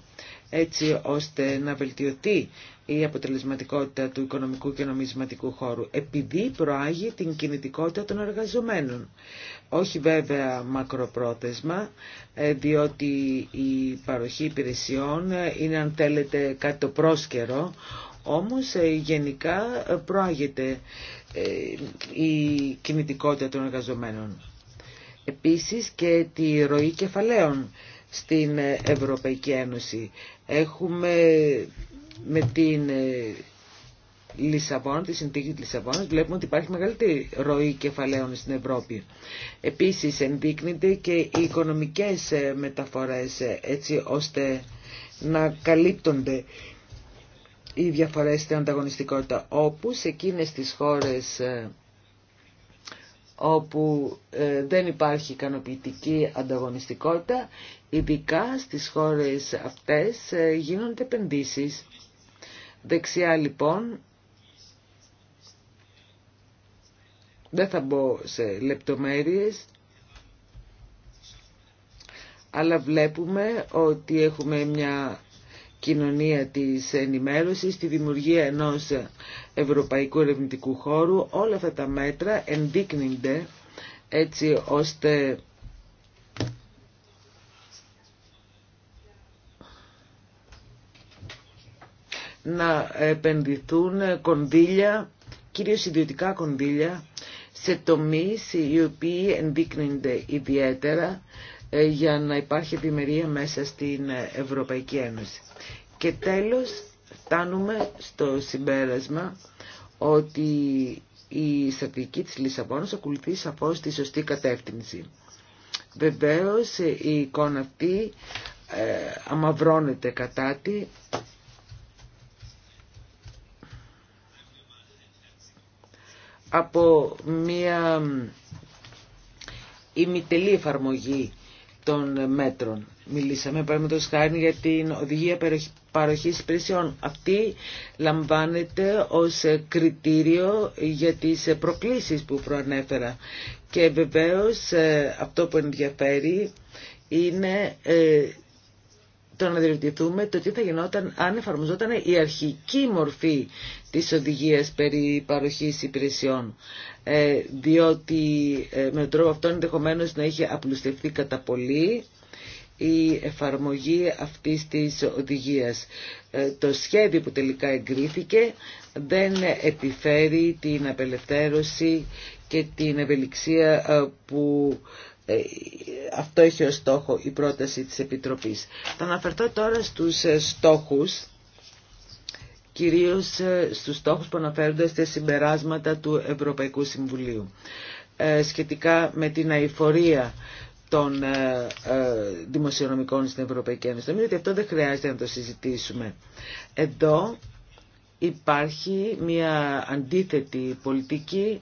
έτσι ώστε να βελτιωθεί η αποτελεσματικότητα του οικονομικού και νομισματικού χώρου, επειδή προάγει την κινητικότητα των εργαζομένων. Όχι βέβαια μακροπρόθεσμα, ε, διότι η παροχή υπηρεσιών είναι αν θέλετε κάτι το πρόσκαιρο, όμως ε, γενικά ε, προάγεται η κινητικότητα των εργαζομένων. Επίσης και τη ροή κεφαλαίων στην Ευρωπαϊκή Ένωση. Έχουμε με την ε, Λισαβόνα, τη συνθήκη της Λισαβόνας, βλέπουμε ότι υπάρχει μεγαλύτερη ροή κεφαλαίων στην Ευρώπη. Επίσης ενδείκνύται και οι οικονομικές ε, μεταφορές ε, έτσι ώστε να καλύπτονται οι διαφορές στην ανταγωνιστικότητα όπου σε εκείνες τις χώρες όπου δεν υπάρχει ικανοποιητική ανταγωνιστικότητα, ειδικά στις χώρες αυτές γίνονται επενδύσεις Δεξιά λοιπόν, δεν θα μπω σε λεπτομέρειες, αλλά βλέπουμε ότι έχουμε μια κοινωνία της ενημέρωσης, τη δημιουργία ενός ευρωπαϊκού ερευνητικού χώρου. Όλα αυτά τα μέτρα ενδείκνυνται έτσι ώστε να επενδυθούν κονδύλια, κυρίως ιδιωτικά κονδύλια, σε τομείς οι οποίοι ενδείκνυνται ιδιαίτερα ε, για να υπάρχει επιμερία μέσα στην Ευρωπαϊκή Ένωση. Και τέλος φτάνουμε στο συμπέρασμα ότι η στρατηγική της Λισαβόνας ακολουθεί σαφώς τη σωστή κατεύθυνση. Βεβαίως η εικόνα αυτή ε, αμαυρώνεται κατά τη από μια ημιτελή εφαρμογή των μέτρων. Μιλήσαμε παραδείγματο χάρη για την οδηγία παροχή υπηρεσιών. Αυτή λαμβάνεται ως κριτήριο για τι προκλήσει που προανέφερα. Και βεβαίω ε, αυτό που ενδιαφέρει είναι ε, το να διευθυνθούμε το τι θα γινόταν αν εφαρμοζόταν η αρχική μορφή της οδηγίας περί παροχής υπηρεσιών. Ε, διότι ε, με τον τρόπο αυτό ενδεχομένω να είχε απλουστευτεί κατά πολύ η εφαρμογή αυτής της οδηγίας. Ε, το σχέδιο που τελικά εγκρίθηκε δεν επιφέρει την απελευθέρωση και την ευελιξία ε, που ε, αυτό έχει ως στόχο η πρόταση της Επιτροπής. Θα αναφερθώ τώρα στους ε, στόχους, κυρίως ε, στους στόχους που αναφέρονται στα συμπεράσματα του Ευρωπαϊκού Συμβουλίου σχετικά με την αηφορία των δημοσιονομικών στην Ευρωπαϊκή Ένωση. Νομίζω ότι αυτό δεν χρειάζεται να το συζητήσουμε. Εδώ υπάρχει μια αντίθετη πολιτική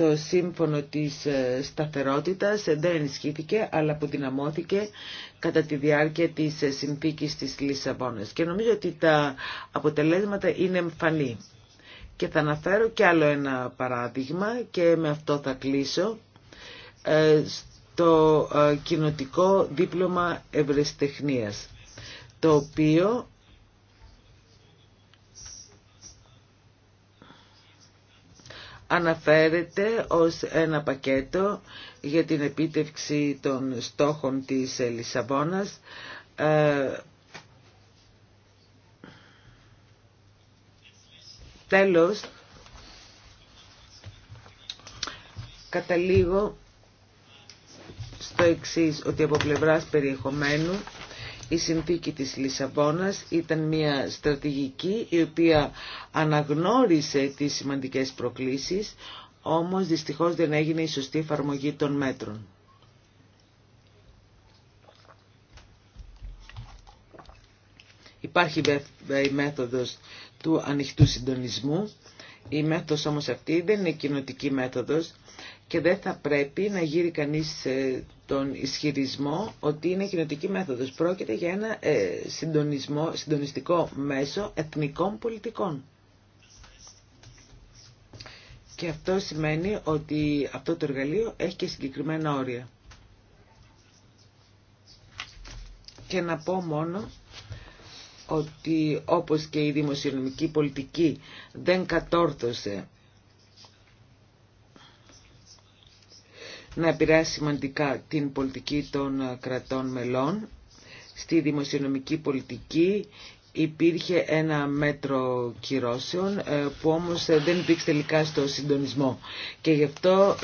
το σύμφωνο της ε, σταθερότητας ε, δεν ενισχύθηκε αλλά αποδυναμώθηκε κατά τη διάρκεια της ε, συνθήκης της Λισαβόνας. Και νομίζω ότι τα αποτελέσματα είναι εμφανή. Και θα αναφέρω και άλλο ένα παράδειγμα και με αυτό θα κλείσω στο κοινοτικό δίπλωμα ευρεστεχνίας, το οποίο αναφέρεται ως ένα πακέτο για την επίτευξη των στόχων της Λισαβόνας. Ε, τέλος, καταλήγω στο εξής, ότι από πλευράς περιεχομένου η συνθήκη της Λισαβόνας ήταν μια στρατηγική η οποία αναγνώρισε τις σημαντικές προκλήσεις, όμως δυστυχώς δεν έγινε η σωστή εφαρμογή των μέτρων. Υπάρχει η μέθοδος του ανοιχτού συντονισμού. Η μέθοδος όμως αυτή δεν είναι κοινοτική μέθοδος και δεν θα πρέπει να γύρει κανείς ε, τον ισχυρισμό ότι είναι κοινωτική μέθοδος. Πρόκειται για ένα ε, συντονισμό, συντονιστικό μέσο εθνικών πολιτικών. Και αυτό σημαίνει ότι αυτό το εργαλείο έχει και συγκεκριμένα όρια. Και να πω μόνο ότι όπως και η δημοσιονομική πολιτική δεν κατόρθωσε να επηρεάσει σημαντικά την πολιτική των ε, κρατών μελών. Στη δημοσιονομική πολιτική υπήρχε ένα μέτρο κυρώσεων ε, που όμως ε, δεν υπήρξε τελικά στο συντονισμό. Και γι' αυτό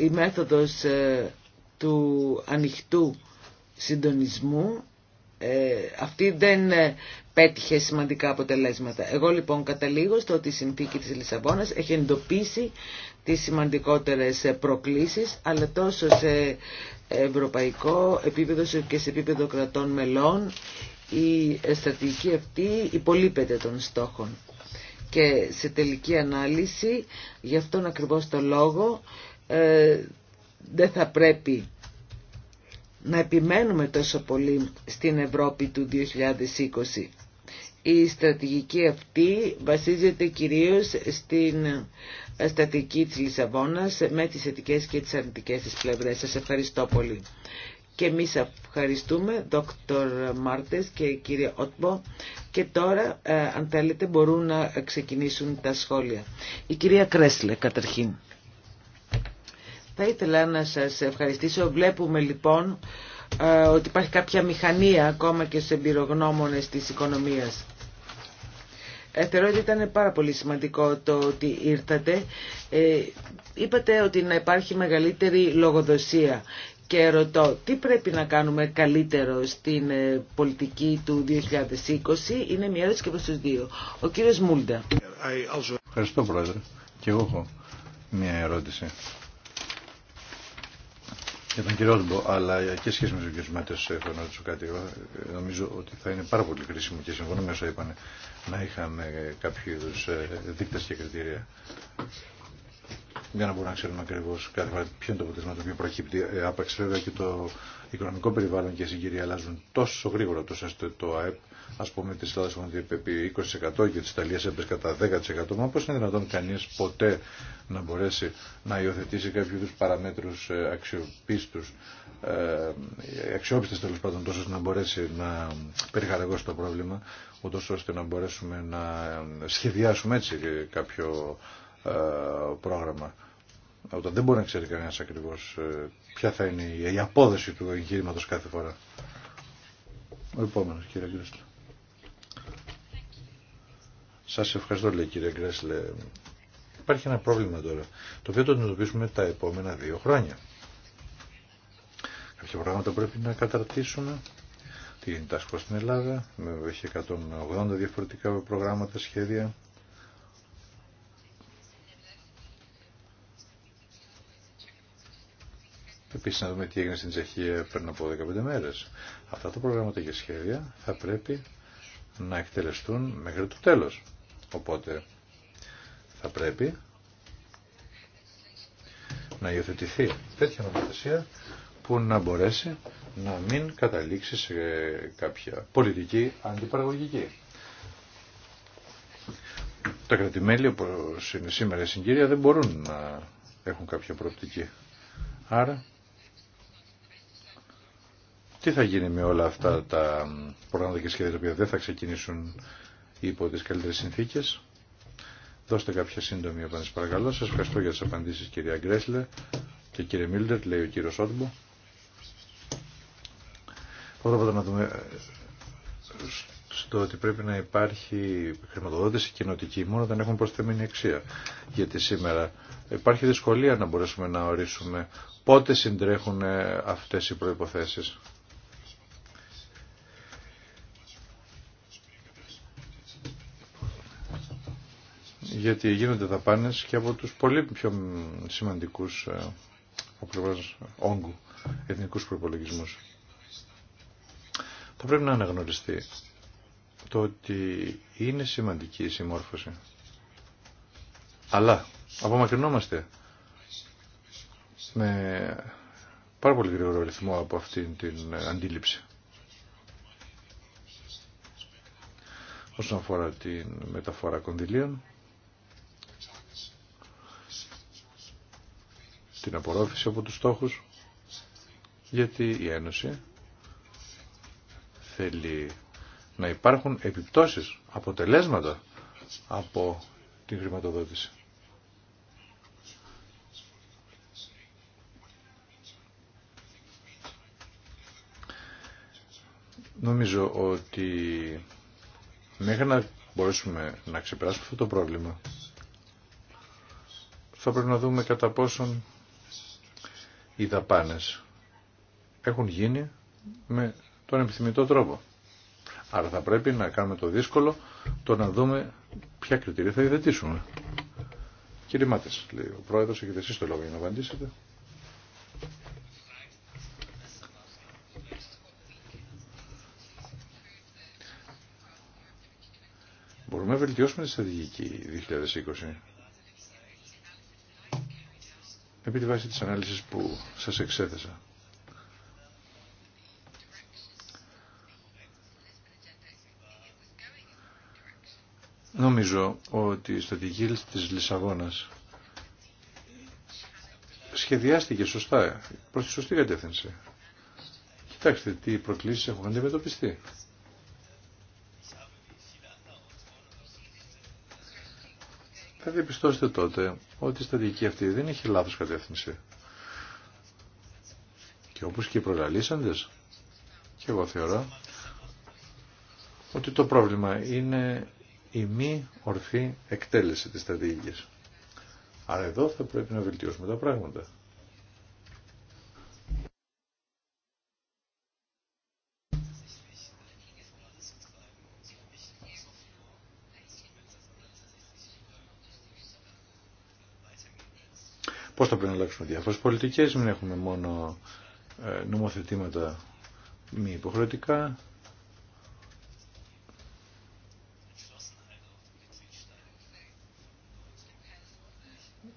η μέθοδος του ανοιχτού συντονισμού αυτή δεν πέτυχε σημαντικά αποτελέσματα. Εγώ λοιπόν καταλήγω στο ότι η συνθήκη της Λισαβόνας έχει εντοπίσει τις σημαντικότερες προκλήσεις, αλλά τόσο σε ευρωπαϊκό επίπεδο και σε επίπεδο κρατών μελών η στρατηγική αυτή υπολείπεται των στόχων. Και σε τελική ανάλυση, γι' αυτόν ακριβώς το λόγο, ε, δεν θα πρέπει να επιμένουμε τόσο πολύ στην Ευρώπη του 2020. Η στρατηγική αυτή βασίζεται κυρίως στην στατική της Λισαβόνας με τις θετικές και τις αρνητικές της πλευρές. Σας ευχαριστώ πολύ. Και εμείς ευχαριστούμε, Δόκτωρ Μάρτες και κύριε Ότμπο. Και τώρα, ε, αν θέλετε, μπορούν να ξεκινήσουν τα σχόλια. Η κυρία Κρέσλε, καταρχήν. Θα ήθελα να σας ευχαριστήσω. Βλέπουμε λοιπόν ε, ότι υπάρχει κάποια μηχανία ακόμα και στους εμπειρογνώμονες της οικονομίας. Ε, θεωρώ ότι ήταν πάρα πολύ σημαντικό το ότι ήρθατε. Ε, είπατε ότι να υπάρχει μεγαλύτερη λογοδοσία και ρωτώ τι πρέπει να κάνουμε καλύτερο στην πολιτική του 2020. Είναι μια ερώτηση και προς τους δύο. Ο κύριος Μούλντα. Ευχαριστώ πρόεδρε. Και εγώ έχω μια ερώτηση για τον κύριο Όλμπο, αλλά και σχέση με τον κύριο Μάτε, θέλω να ρωτήσω κάτι. Ε, νομίζω ότι θα είναι πάρα πολύ κρίσιμο και συμφωνώ με όσα είπαν να είχαμε κάποιο είδου ε, δείκτε και κριτήρια. Για να μπορούμε να ξέρουμε ακριβώ κάθε φορά ποιο είναι το αποτέλεσμα το οποίο προκύπτει. Ε, άπαξ βέβαια και το οικονομικό περιβάλλον και η συγκυρία αλλάζουν τόσο γρήγορα, τόσο ώστε το ΑΕΠ ας πούμε της Ελλάδας έχουν επί 20% και της Ιταλίας έπρεπε κατά 10% μα πώς είναι δυνατόν κανείς ποτέ να μπορέσει να υιοθετήσει κάποιου είδους παραμέτρους ε, αξιοπίστους ε, αξιόπιστες τέλος πάντων τόσο να μπορέσει να περιχαραγώσει το πρόβλημα ούτως ώστε να μπορέσουμε να σχεδιάσουμε έτσι κάποιο ε, πρόγραμμα όταν δεν μπορεί να ξέρει κανένα ακριβώ ποια θα είναι η απόδοση του εγχείρηματο κάθε φορά. Ο επόμενο, κύριε Κρίστο. Σας ευχαριστώ λέει κύριε Γκρέσλε. Υπάρχει ένα πρόβλημα τώρα, το οποίο το αντιμετωπίσουμε τα επόμενα δύο χρόνια. Κάποια πράγματα πρέπει να καταρτήσουμε. την τάσκο στην Ελλάδα, έχει 180 διαφορετικά προγράμματα, σχέδια. Επίση να δούμε τι έγινε στην Τσεχία πριν από 15 μέρε. Αυτά τα προγράμματα και σχέδια θα πρέπει να εκτελεστούν μέχρι το τέλος. Οπότε θα πρέπει να υιοθετηθεί τέτοια νομοθεσία που να μπορέσει να μην καταλήξει σε κάποια πολιτική αντιπαραγωγική. Τα κρατημέλη όπως είναι σήμερα η συγκύρια δεν μπορούν να έχουν κάποια προοπτική. Άρα τι θα γίνει με όλα αυτά τα προγράμματα και σχέδια τα οποία δεν θα ξεκινήσουν υπό τις καλύτερες συνθήκες. Δώστε κάποια σύντομη απάντηση παρακαλώ. Σας ευχαριστώ για τις απαντήσεις κυρία Γκρέσλε και κύριε Μίλτερ, λέει ο κύριος Όντμπο. Πρώτα απ' να δούμε ε, στο ότι πρέπει να υπάρχει χρηματοδότηση κοινοτική μόνο όταν έχουν προσθέμενη αξία. Γιατί σήμερα υπάρχει δυσκολία να μπορέσουμε να ορίσουμε πότε συντρέχουν ε, αυτές οι προϋποθέσεις. γιατί γίνονται δαπάνες και από τους πολύ πιο σημαντικούς ε, από όγκου εθνικούς προπολογισμούς. Θα πρέπει να αναγνωριστεί το ότι είναι σημαντική η συμμόρφωση. Αλλά απομακρυνόμαστε με πάρα πολύ γρήγορο ρυθμό από αυτήν την ε, αντίληψη. Όσον αφορά τη μεταφορά κονδυλίων, την απορρόφηση από τους στόχους γιατί η Ένωση θέλει να υπάρχουν επιπτώσεις, αποτελέσματα από την χρηματοδότηση. Νομίζω ότι μέχρι να μπορέσουμε να ξεπεράσουμε αυτό το πρόβλημα θα πρέπει να δούμε κατά πόσον οι δαπάνες έχουν γίνει με τον επιθυμητό τρόπο. Άρα θα πρέπει να κάνουμε το δύσκολο το να δούμε ποια κριτήρια θα υιοθετήσουμε. Κύριε Μάτες, λέει ο Πρόεδρος, έχετε εσείς το λόγο για να απαντήσετε. Μπορούμε να βελτιώσουμε τη στρατηγική 2020 επί τη βάση της ανάλυσης που σας εξέθεσα. Νομίζω ότι η στρατηγική της Λισαβόνας σχεδιάστηκε σωστά, προς τη σωστή κατεύθυνση. Κοιτάξτε τι προκλήσεις έχουν αντιμετωπιστεί. θα διαπιστώσετε τότε ότι η στρατηγική αυτή δεν έχει λάθος κατεύθυνση. Και όπως και οι προλαλήσαντες, και εγώ θεωρώ, ότι το πρόβλημα είναι η μη ορθή εκτέλεση της στρατηγικής. Άρα εδώ θα πρέπει να βελτιώσουμε τα πράγματα. Πώς θα πρέπει να αλλάξουμε διάφορε πολιτικές, μην έχουμε μόνο ε, νομοθετήματα μη υποχρεωτικά.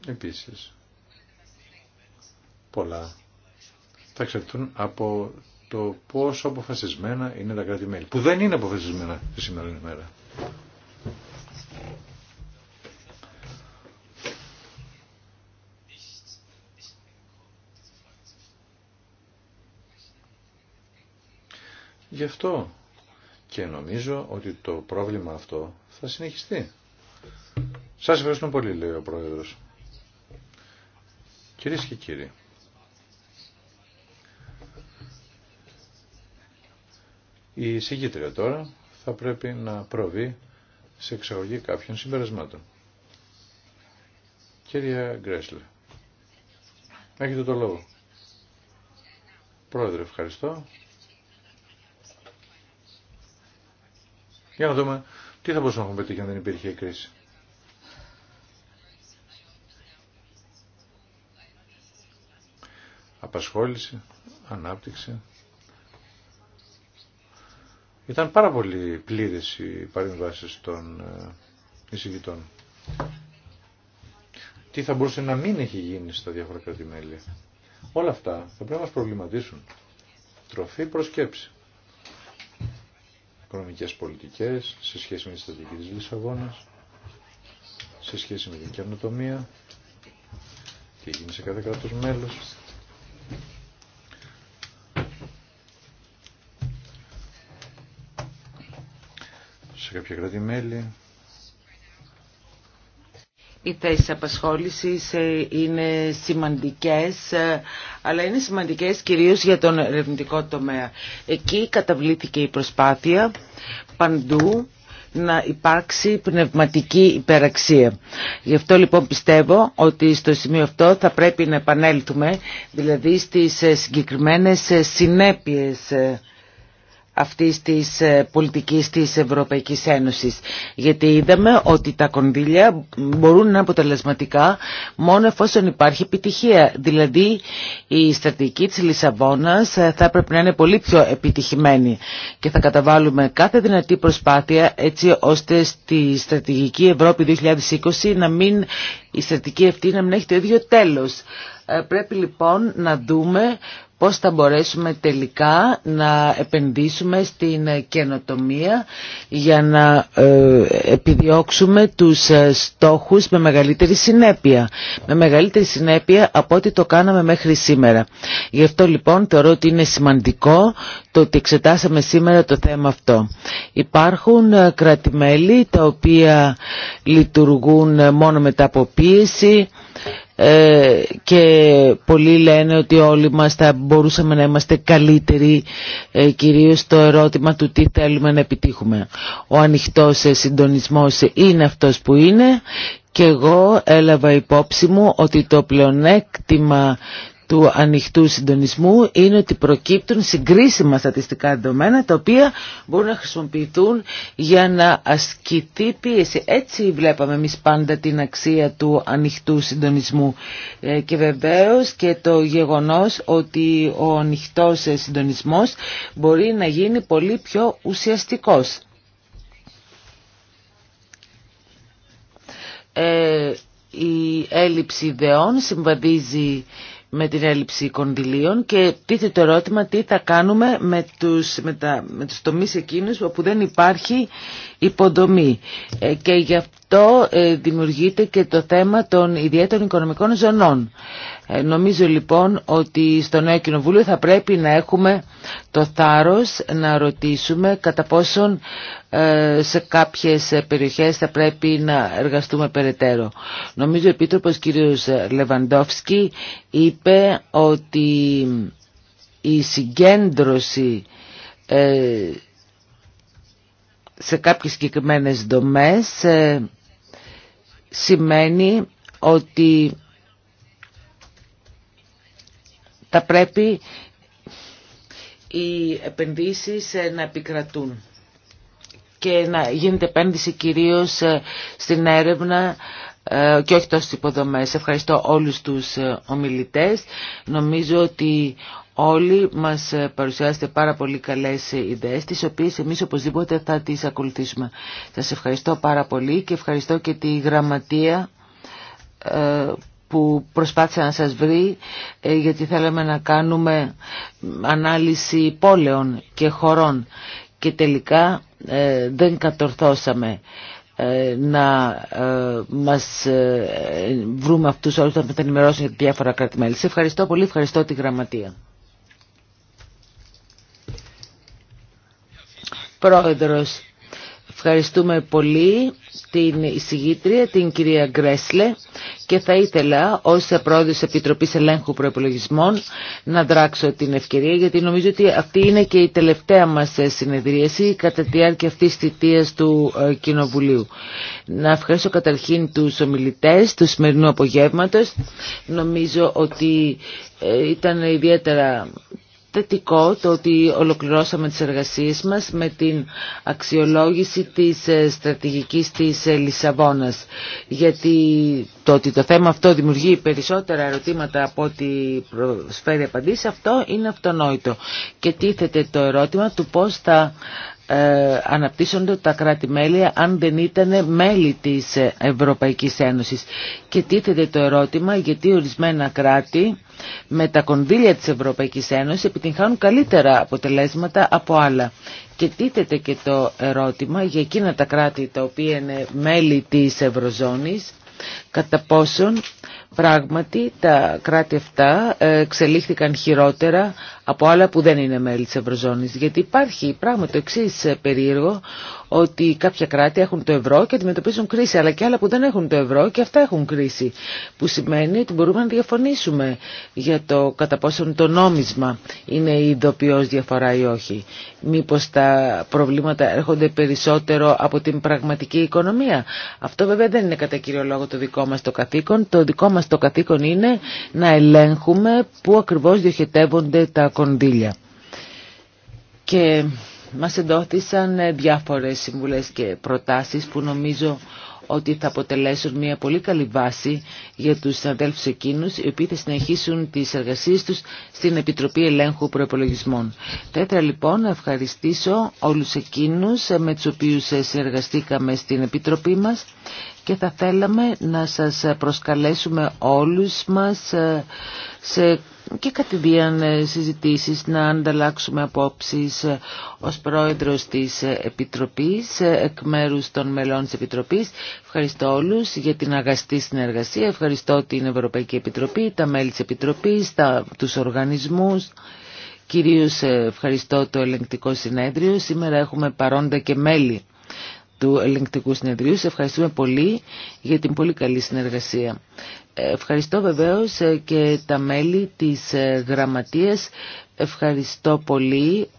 Επίσης, πολλά θα εξαρτούν από το πόσο αποφασισμένα είναι τα κράτη-μέλη, που δεν είναι αποφασισμένα τη σήμερα ημέρα. γι' αυτό και νομίζω ότι το πρόβλημα αυτό θα συνεχιστεί. Σας ευχαριστούμε πολύ, λέει ο Πρόεδρος. Κυρίες και κύριοι, η συγκήτρια τώρα θα πρέπει να προβεί σε εξαγωγή κάποιων συμπερασμάτων. Κυρία Γκρέσλε, έχετε το λόγο. Πρόεδρε, ευχαριστώ. Για να δούμε τι θα μπορούσαμε να έχουμε πετύχει αν δεν υπήρχε η κρίση. Απασχόληση, ανάπτυξη. Ήταν πάρα πολύ πλήρες οι παρεμβάσεις των ε, εισηγητών. Τι θα μπορούσε να μην έχει γίνει στα διάφορα κράτη-μέλη. Όλα αυτά θα πρέπει να μας προβληματίσουν. Τροφή προσκέψη οικονομικές πολιτικές, σε σχέση με τη στρατηγική της Λισαβόνα, σε σχέση με την καινοτομία, τι έγινε σε κάθε κράτος μέλος. Σε κάποια κράτη-μέλη. Οι θέσει απασχόλησης ε, είναι σημαντικές ε, αλλά είναι σημαντικές κυρίως για τον ερευνητικό τομέα. Εκεί καταβλήθηκε η προσπάθεια παντού να υπάρξει πνευματική υπεραξία. Γι' αυτό λοιπόν πιστεύω ότι στο σημείο αυτό θα πρέπει να επανέλθουμε, δηλαδή στις συγκεκριμένες συνέπειες αυτής της ε, πολιτικής της Ευρωπαϊκής Ένωσης. Γιατί είδαμε ότι τα κονδύλια μπορούν να είναι αποτελεσματικά μόνο εφόσον υπάρχει επιτυχία. Δηλαδή η στρατηγική της Λισαβόνας ε, θα πρέπει να είναι πολύ πιο επιτυχημένη και θα καταβάλουμε κάθε δυνατή προσπάθεια έτσι ώστε στη στρατηγική Ευρώπη 2020 να μην η στρατηγική αυτή να μην έχει το ίδιο τέλος. Ε, πρέπει λοιπόν να δούμε πώς θα μπορέσουμε τελικά να επενδύσουμε στην καινοτομία για να ε, επιδιώξουμε τους ε, στόχους με μεγαλύτερη συνέπεια. Με μεγαλύτερη συνέπεια από ό,τι το κάναμε μέχρι σήμερα. Γι' αυτό λοιπόν θεωρώ ότι είναι σημαντικό το ότι εξετάσαμε σήμερα το θέμα αυτό. Υπάρχουν ε, κρατημέλη τα οποία λειτουργούν μόνο μετά από πίεση ε, και πολλοί λένε ότι όλοι μας θα μπορούσαμε να είμαστε καλύτεροι ε, κυρίως στο ερώτημα του τι θέλουμε να επιτύχουμε. Ο ανοιχτός ε, συντονισμός είναι αυτός που είναι και εγώ έλαβα υπόψη μου ότι το πλεονέκτημα του ανοιχτού συντονισμού είναι ότι προκύπτουν συγκρίσιμα στατιστικά δεδομένα τα οποία μπορούν να χρησιμοποιηθούν για να ασκηθεί πίεση. Έτσι βλέπαμε εμεί πάντα την αξία του ανοιχτού συντονισμού. Ε, και βεβαίως και το γεγονός ότι ο ανοιχτός συντονισμός μπορεί να γίνει πολύ πιο ουσιαστικός. Ε, η έλλειψη ιδεών συμβαδίζει με την έλλειψη κονδυλίων και τίθεται το ερώτημα τι θα κάνουμε με τους, με τα, με τους τομείς εκείνους όπου δεν υπάρχει υποδομή. Ε, και γι' αυτό ε, δημιουργείται και το θέμα των ιδιαίτερων οικονομικών ζωνών. Ε, νομίζω λοιπόν ότι στο νέο κοινοβούλιο θα πρέπει να έχουμε το θάρρος να ρωτήσουμε κατά πόσον ε, σε κάποιες περιοχές θα πρέπει να εργαστούμε περαιτέρω. Νομίζω ο Επίτροπος κ. Λεβαντόφσκι είπε ότι η συγκέντρωση ε, σε κάποιες συγκεκριμένες δομές σημαίνει ότι Θα πρέπει οι επενδύσεις ε, να επικρατούν και να γίνεται επένδυση κυρίως ε, στην έρευνα ε, και όχι τόσο στις υποδομές. Ευχαριστώ όλους τους ομιλητές. Νομίζω ότι όλοι μας παρουσιάσετε πάρα πολύ καλές ιδέες, τις οποίες εμείς οπωσδήποτε θα τις ακολουθήσουμε. Σας ευχαριστώ πάρα πολύ και ευχαριστώ και τη γραμματεία που προσπάθησε να σας βρει ε, γιατί θέλαμε να κάνουμε ανάλυση πόλεων και χωρών και τελικά ε, δεν κατορθώσαμε ε, να μας βρούμε αυτούς όλους να θα ενημερώσουν για διαφορα κρατημέλη. Σε ευχαριστώ πολύ, ευχαριστώ τη Γραμματεία. Πρόεδρος, ευχαριστούμε πολύ την εισηγήτρια, την κυρία Γκρέσλε και θα ήθελα ως πρόεδρος Επιτροπής Ελέγχου Προεπολογισμών να δράξω την ευκαιρία γιατί νομίζω ότι αυτή είναι και η τελευταία μας συνεδρίαση κατά τη διάρκεια αυτής της θητείας του ε, Κοινοβουλίου. Να ευχαριστώ καταρχήν τους ομιλητές του σημερινού απογεύματος. Νομίζω ότι ε, ήταν ιδιαίτερα θετικό το ότι ολοκληρώσαμε τις εργασίες μας με την αξιολόγηση της ε, στρατηγικής της ε, Λισαβόνας. Γιατί το ότι το θέμα αυτό δημιουργεί περισσότερα ερωτήματα από ό,τι προσφέρει απαντήσει, αυτό είναι αυτονόητο. Και τίθεται το ερώτημα του πώς θα ε, αναπτύσσονται τα κράτη-μέλη αν δεν ήταν μέλη της Ευρωπαϊκής Ένωσης. Και τίθεται το ερώτημα γιατί ορισμένα κράτη με τα κονδύλια της Ευρωπαϊκής Ένωσης επιτυγχάνουν καλύτερα αποτελέσματα από άλλα. Και τίθεται και το ερώτημα για εκείνα τα κράτη τα οποία είναι μέλη της Ευρωζώνης κατά πόσον Πράγματι, τα κράτη αυτά ε, εξελίχθηκαν χειρότερα από άλλα που δεν είναι μέλη της Ευρωζώνης, γιατί υπάρχει πράγμα το εξής ε, περίεργο, ότι κάποια κράτη έχουν το ευρώ και αντιμετωπίζουν κρίση, αλλά και άλλα που δεν έχουν το ευρώ και αυτά έχουν κρίση. Που σημαίνει ότι μπορούμε να διαφωνήσουμε για το κατά πόσον το νόμισμα είναι η ειδοποιώ διαφορά ή όχι. Μήπω τα προβλήματα έρχονται περισσότερο από την πραγματική οικονομία. Αυτό βέβαια δεν είναι κατά κύριο λόγο το δικό μα το καθήκον. Το δικό μα το καθήκον είναι να ελέγχουμε πού ακριβώ διοχετεύονται τα κονδύλια. Και μας εντόθησαν ε, διάφορες συμβουλές και προτάσεις που νομίζω ότι θα αποτελέσουν μια πολύ καλή βάση για τους συναδέλφους εκείνους οι οποίοι θα συνεχίσουν τις εργασίες τους στην Επιτροπή Ελέγχου Προεπολογισμών. Θα λοιπόν να ευχαριστήσω όλους εκείνους ε, με τους οποίους ε, συνεργαστήκαμε στην Επιτροπή μας και θα θέλαμε να σας προσκαλέσουμε όλους μας σε και κατηδίαν ε, συζητήσεις να ανταλλάξουμε απόψεις ε, ως πρόεδρος της ε, Επιτροπής, εκ μέρους των μελών της Επιτροπής. Ευχαριστώ όλους για την αγαστή συνεργασία, ευχαριστώ την Ευρωπαϊκή Επιτροπή, τα μέλη της Επιτροπής, τα, τους οργανισμούς. Κυρίως ευχαριστώ το ελεγκτικό συνέδριο. Σήμερα έχουμε παρόντα και μέλη του ελεγκτικού συνεδρίου. ευχαριστούμε πολύ για την πολύ καλή συνεργασία. Ε, ευχαριστώ βεβαίως ε, και τα μέλη της ε, γραμματείας. Ευχαριστώ πολύ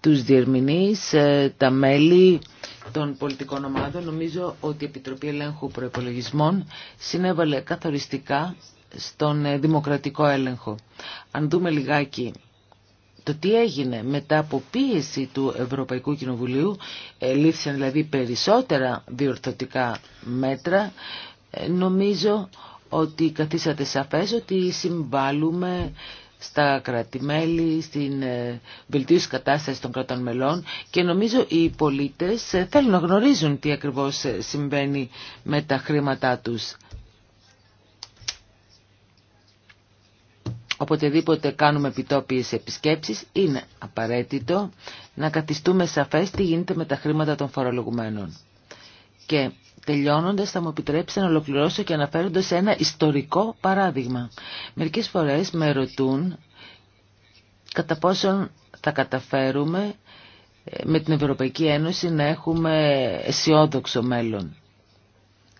τους διερμηνείς, τα μέλη των πολιτικών ομάδων. Νομίζω ότι η Επιτροπή Ελέγχου Προεπολογισμών συνέβαλε καθοριστικά στον δημοκρατικό έλεγχο. Αν δούμε λιγάκι το τι έγινε μετά από πίεση του Ευρωπαϊκού Κοινοβουλίου, λήφθησαν δηλαδή περισσότερα διορθωτικά μέτρα, ε, νομίζω ότι καθίσατε σαφές ότι συμβάλλουμε στα κρατημέλη, στην ε, βελτίωση κατάσταση των κρατών μελών και νομίζω οι πολίτες ε, θέλουν να γνωρίζουν τι ακριβώς συμβαίνει με τα χρήματά τους. οποτεδήποτε κάνουμε επιτόπιες επισκέψεις, είναι απαραίτητο να καθιστούμε σαφές τι γίνεται με τα χρήματα των φορολογουμένων. Και τελειώνοντας θα μου επιτρέψετε να ολοκληρώσω και αναφέροντας ένα ιστορικό παράδειγμα. Μερικές φορές με ρωτούν κατά πόσον θα καταφέρουμε ε, με την Ευρωπαϊκή Ένωση να έχουμε αισιόδοξο μέλλον.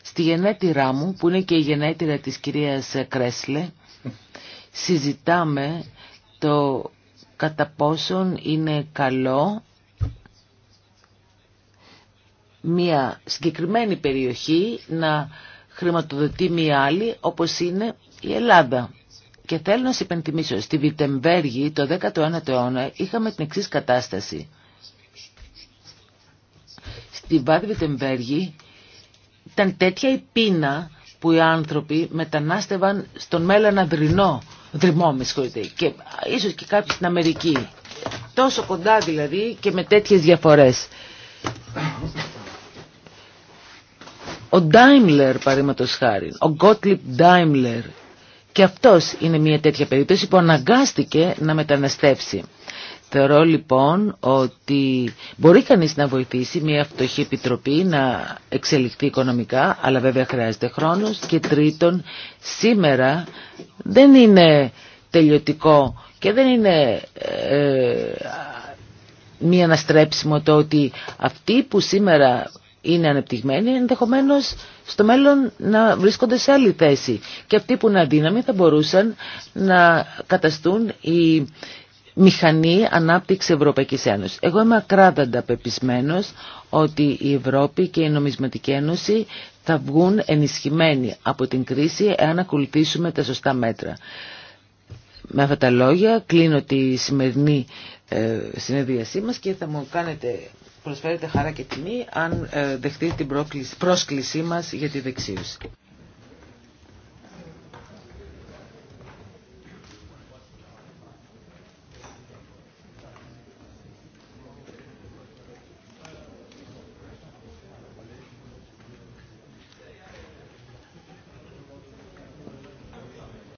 Στη γενέτειρά μου, που είναι και η γενέτειρα της κυρίας Κρέσλε, συζητάμε το κατά πόσον είναι καλό μια συγκεκριμένη περιοχή να χρηματοδοτεί μια άλλη όπως είναι η Ελλάδα. Και θέλω να σας υπενθυμίσω, στη Βιτεμβέργη το 19ο αιώνα είχαμε την εξής κατάσταση. Στη Βάδη Βιτεμβέργη ήταν τέτοια η πείνα που οι άνθρωποι μετανάστευαν στον μέλλον Δρυνό δρυμό με συγχωρείτε, και ίσως και κάποιοι στην Αμερική. Τόσο κοντά δηλαδή και με τέτοιες διαφορές. Ο Ντάιμλερ παρήματο χάρη, ο Γκότλιπ Ντάιμλερ, και αυτός είναι μια τέτοια περίπτωση που αναγκάστηκε να μεταναστεύσει. Θεωρώ λοιπόν ότι μπορεί κανείς να βοηθήσει μια φτωχή επιτροπή να εξελιχθεί οικονομικά, αλλά βέβαια χρειάζεται χρόνος. Και τρίτον, σήμερα δεν είναι τελειωτικό και δεν είναι ε, μη αναστρέψιμο το ότι αυτοί που σήμερα είναι ανεπτυγμένοι ενδεχομένως στο μέλλον να βρίσκονται σε άλλη θέση. Και αυτοί που είναι αδύναμοι θα μπορούσαν να καταστούν οι μηχανή ανάπτυξη Ευρωπαϊκής Ένωσης. Εγώ είμαι ακράδαντα πεπισμένος ότι η Ευρώπη και η Νομισματική Ένωση θα βγουν ενισχυμένοι από την κρίση εάν ακολουθήσουμε τα σωστά μέτρα. Με αυτά τα λόγια κλείνω τη σημερινή ε, συνεδρίασή μας και θα μου κάνετε, προσφέρετε χαρά και τιμή αν ε, δεχτείτε την πρόσκλησή μας για τη δεξίωση.